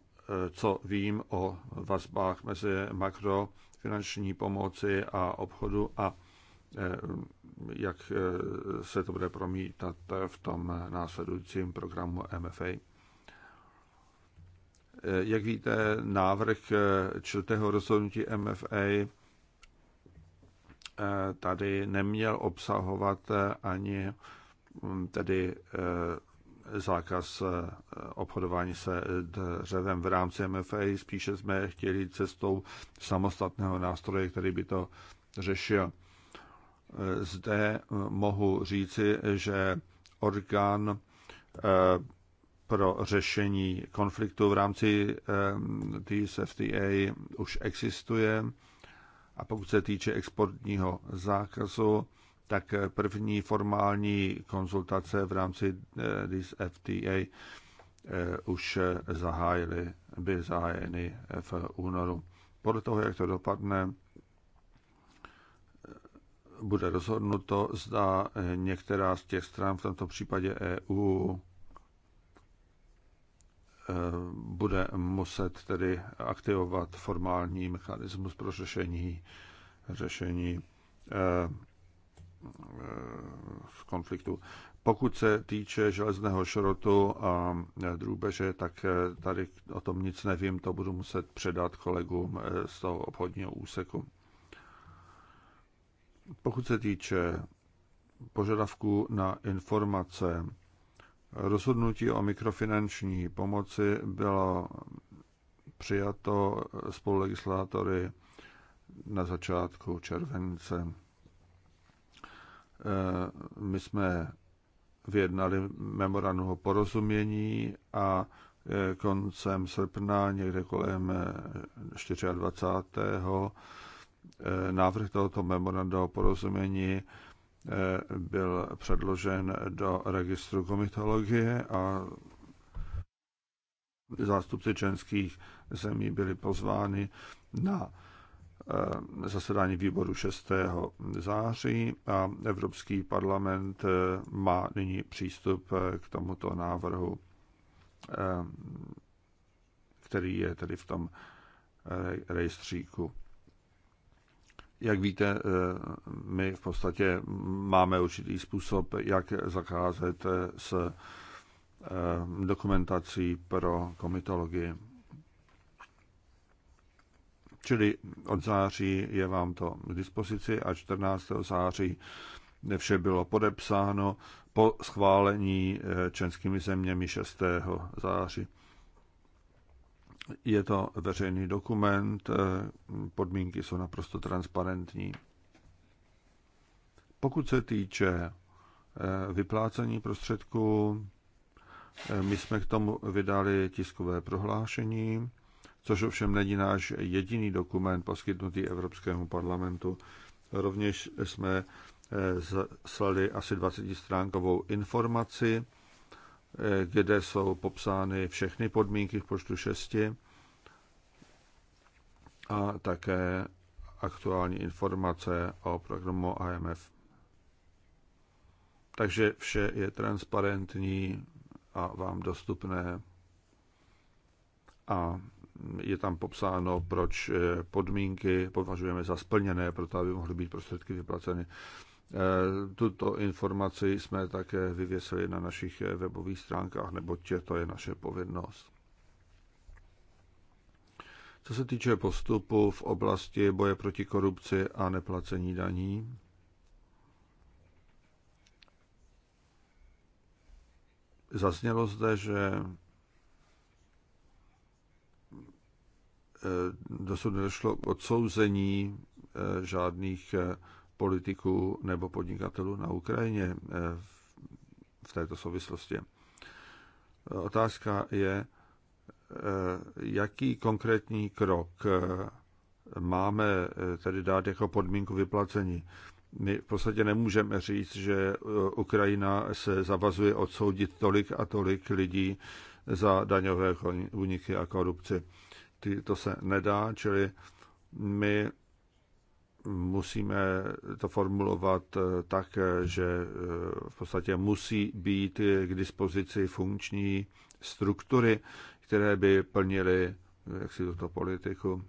co vím o vazbách mezi makrofinanční pomoci a obchodu a Eh, jak eh, se to bude promítat v tom následujícím programu MFA. Eh, jak víte, návrh čtvrtého rozhodnutí MFA tady neměl obsahovat ani hm, tedy zákaz obchodování se dřevem v rámci MFA. Spíše jsme chtěli cestou samostatného nástroje, který by to řešil. Zde eh, mohu říci, že orgán eh, pro řešení konfliktu v rámci eh, TSFTA už existuje. A pokud se týče exportního zákazu, tak první formální konzultace v rámci DSFTA už zahájily, by zahájeny v únoru. Podle toho, jak to dopadne, bude rozhodnuto, zda eh, některá z těch stran, v tomto případě EU, eh, bude muset tedy aktivovat formální mechanismus pro řešení, řešení v eh, konfliktu. Pokud se týče železného šrotu a drůbeže, tak tady o tom nic nevím, to budu muset předat kolegům z toho obchodního úseku. Pokud se týče požadavku na informace, rozhodnutí o mikrofinanční pomoci bylo přijato spolulegislátory na začátku července. Eh, my jsme vyjednali memorandum o porozumění a eh, koncem srpna, někde kolem 24. Eh, Eh, návrh tohoto memoranda o porozumění eh, byl předložen do registru komitologie a zástupci členských zemí byli pozváni na eh, zasedání výboru 6. září a Evropský parlament má nyní přístup k tomuto návrhu, který je tedy v tom rejstříku. Jak víte, eh, my v podstatě máme určitý způsob, jak zacházet eh, s eh, dokumentací pro komitologii. Čili od září je vám to k dispozici a 14. září vše bylo podepsáno po schválení členskými zeměmi 6. září. Je to veřejný dokument, eh, podmínky jsou naprosto transparentní. Pokud se týče eh, vyplácení prostředků, eh, my jsme k tomu vydali tiskové prohlášení, což ovšem není náš jediný dokument poskytnutý Evropskému parlamentu. Rovněž jsme slali asi 20 stránkovou informaci Eh, kde jsou popsány všechny podmínky v počtu šesti a také aktuální informace o programu IMF. Takže vše je transparentní a vám dostupné a je tam popsáno, proč eh, podmínky považujeme za splněné, proto aby mohly být prostředky vyplaceny. Eh, tuto informaci jsme také vyvěsili na našich webových stránkách, neboť to je naše povinnost. Co se týče postupu v oblasti boje proti korupci a neplacení daní, zaznělo zde, že eh, dosud nedošlo k odsouzení eh, žádných politiků nebo podnikatelů na Ukrajině eh, v této souvislosti. Otázka je, eh, jaký konkrétní krok eh, máme tedy dát jako podmínku vyplacení. My v podstatě nemůžeme říct, že Ukrajina se zavazuje odsoudit tolik a tolik lidí za daňové úniky a korupci. Ty, to se nedá, čili my musíme to formulovat eh, tak, eh, že eh, v podstatě musí být k dispozici funkční struktury, které by plnily jaksi tuto politiku.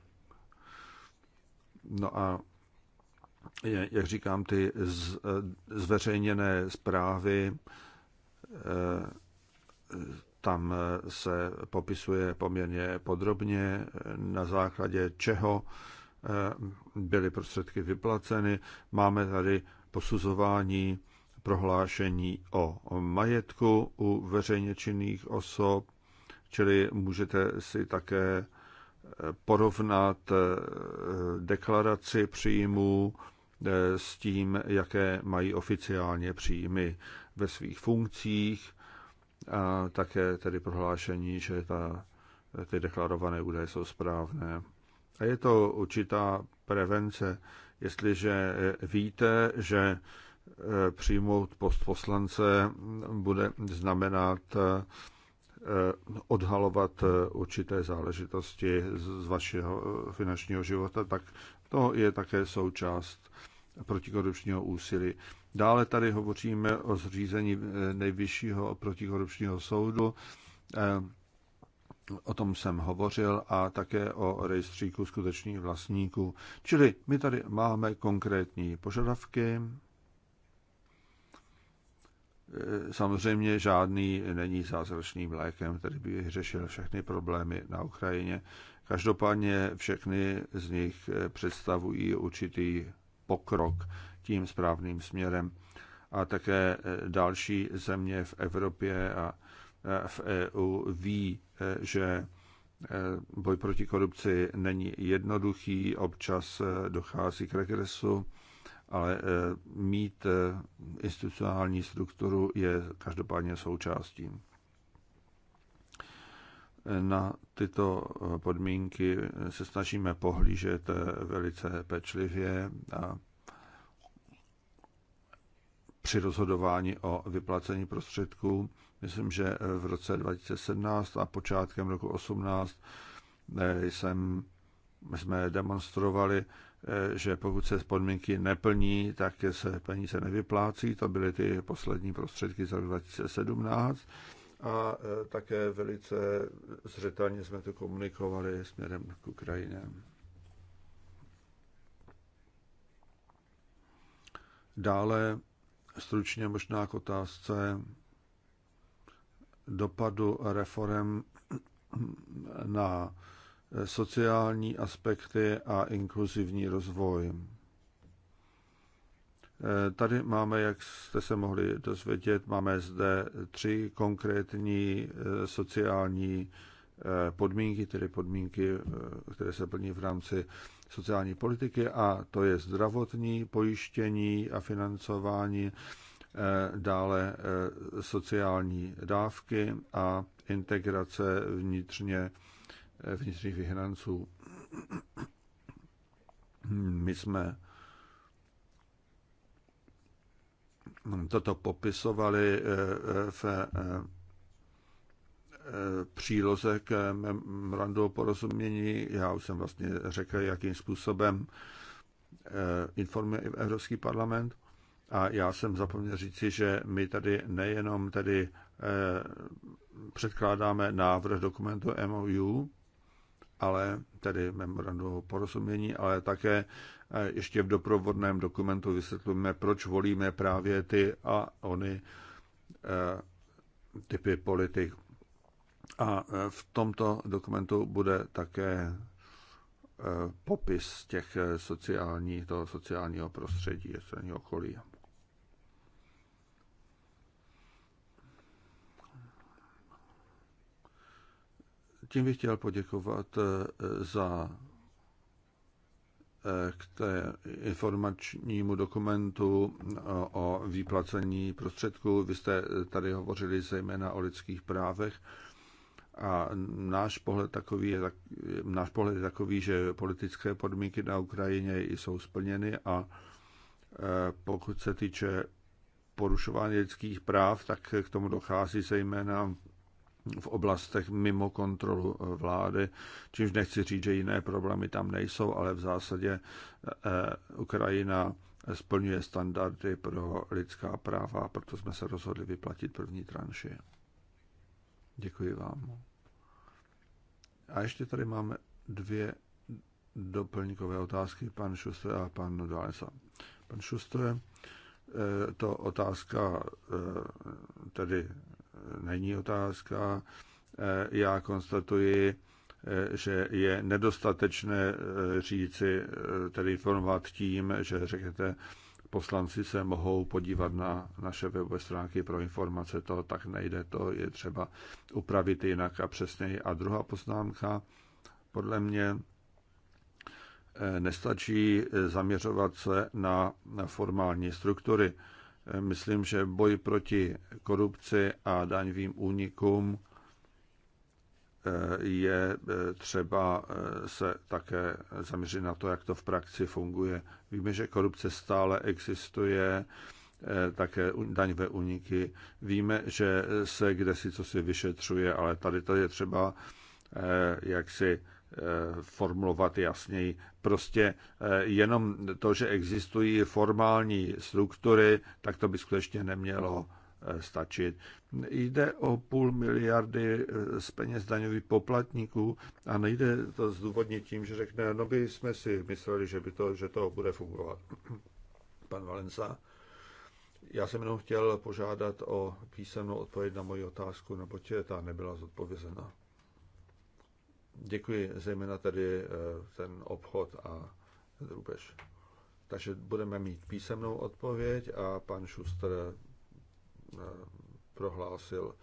No a jak říkám, ty zveřejněné zprávy, tam se popisuje poměrně podrobně, na základě čeho Eh, byly prostředky vyplaceny. Máme tady posuzování prohlášení o majetku u veřejně činných osob, čili můžete si také eh, porovnat eh, deklaraci příjmů s tím, jaké mají oficiálně příjmy ve svých funkcích a také tedy prohlášení, že ta, ty deklarované údaje jsou správné. A je to určitá prevence. Jestliže víte, že e, přijmout post poslance bude znamenat e, odhalovat e, určité záležitosti z vašeho finančního života, tak to je také součást protikorupčního úsilí. Dále tady hovoříme o zřízení nejvyššího protikorupčního soudu. O tom jsem hovořil a také o rejstříku skutečných vlastníků. Čili my tady máme konkrétní požadavky. E, samozřejmě žádný není zázračným lékem, který by řešil všechny problémy na Ukrajině. Každopádně všechny z nich e, představují určitý pokrok tím správným směrem. A také e, další země v Evropě a v EU ví, eh, že eh, boj proti korupci není jednoduchý, občas eh, dochází k regresu, ale mít institucionální strukturu je každopádně součástí. Na tyto podmínky se snažíme pohlížet velice pečlivě a při rozhodování o vyplacení prostředků myslím, že eh, v roce 2017 a počátkem roku 2018 eh, jsem, jsme demonstrovali, eh, že pokud se podmínky neplní, tak se peníze nevyplácí. To byly ty poslední prostředky za 2017. A také velice zřetelně jsme to komunikovali směrem k Ukrajině. Dále stručně možná k otázce dopadu reform na sociální aspekty a inkluzivní rozvoj. Eh, tady máme, jak jste se mohli dozvědět, máme zde tři konkrétní eh, sociální eh, podmínky, tedy podmínky, které se plní v rámci sociální politiky a to je zdravotní pojištění a financování Eh, dále eh, sociální dávky a integrace vnitřně, eh, vnitřních vyhnanců. My jsme toto popisovali v příloze k memorandu o porozumění. Já už jsem vlastně řekl, jakým způsobem informuje Evropský parlament. A já jsem zapomněl říci, že my tady nejenom tady eh, předkládáme návrh dokumentu MOU, ale tedy memorandum o porozumění, ale také eh, ještě v doprovodném dokumentu vysvětlujeme, proč volíme právě ty a ony eh, typy politik. A v tomto dokumentu bude také popis těch sociální, toho sociálního prostředí, sociálního okolí. Tím bych chtěl poděkovat eh, za eh, k té informačnímu dokumentu eh, o výplacení prostředků. Vy jste tady hovořili zejména o lidských právech a náš pohled, takový je, náš pohled je takový, že politické podmínky na Ukrajině jsou splněny a pokud se týče porušování lidských práv, tak k tomu dochází zejména v oblastech mimo kontrolu eh, vlády, čímž nechci říct, že jiné problémy tam nejsou, ale v zásadě eh, eh, Ukrajina splňuje standardy pro lidská práva, proto jsme se rozhodli vyplatit první tranši. Děkuji vám. A ještě tady máme dvě doplňkové otázky, pan Šustr a pan Dalesa. Pan Šustr, to otázka tedy není otázka. E, já konstatuji, e, že je nedostatečné e, říci, tedy informovat tím, že řeknete, poslanci se mohou podívat na naše webové stránky pro informace, to tak nejde, to je třeba upravit jinak a přesněji. A druhá poznámka, podle mě nestačí zaměřovat se na formální struktury. Myslím, že boj proti korupci a daňovým únikům eh, je eh, třeba eh, se také zaměřit na to, jak to v praxi funguje. Víme, že korupce stále existuje, také daňové úniky. Víme, že se kde si co si vyšetřuje, ale tady, to je třeba jak si Eh, formulovat jasněji. Prostě eh, jenom to, že existují formální struktury, tak to by skutečně nemělo eh, stačit. Jde o půl miliardy z peněz daňových poplatníků a nejde to zdůvodnit tím, že řekne, no by jsme si mysleli, že, by to, že to bude fungovat. Pan Valenza, já jsem jenom chtěl požádat o písemnou odpověď na moji otázku, nebo tě ta nebyla zodpovězena. Děkuji zejména tady eh, ten obchod a růbež. Takže budeme mít písemnou odpověď a pan Šuster eh, prohlásil,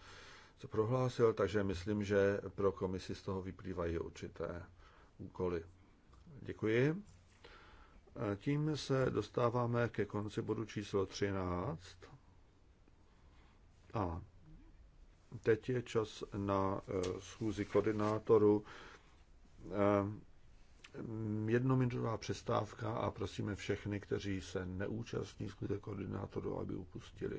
co prohlásil, takže myslím, že pro komisi z toho vyplývají určité úkoly. Děkuji. Tím se dostáváme ke konci bodu číslo 13. A Teď je čas na eh, schůzi koordinátoru. Eh, jednominutová přestávka a prosíme všechny, kteří se neúčastní schůze koordinátoru, aby upustili.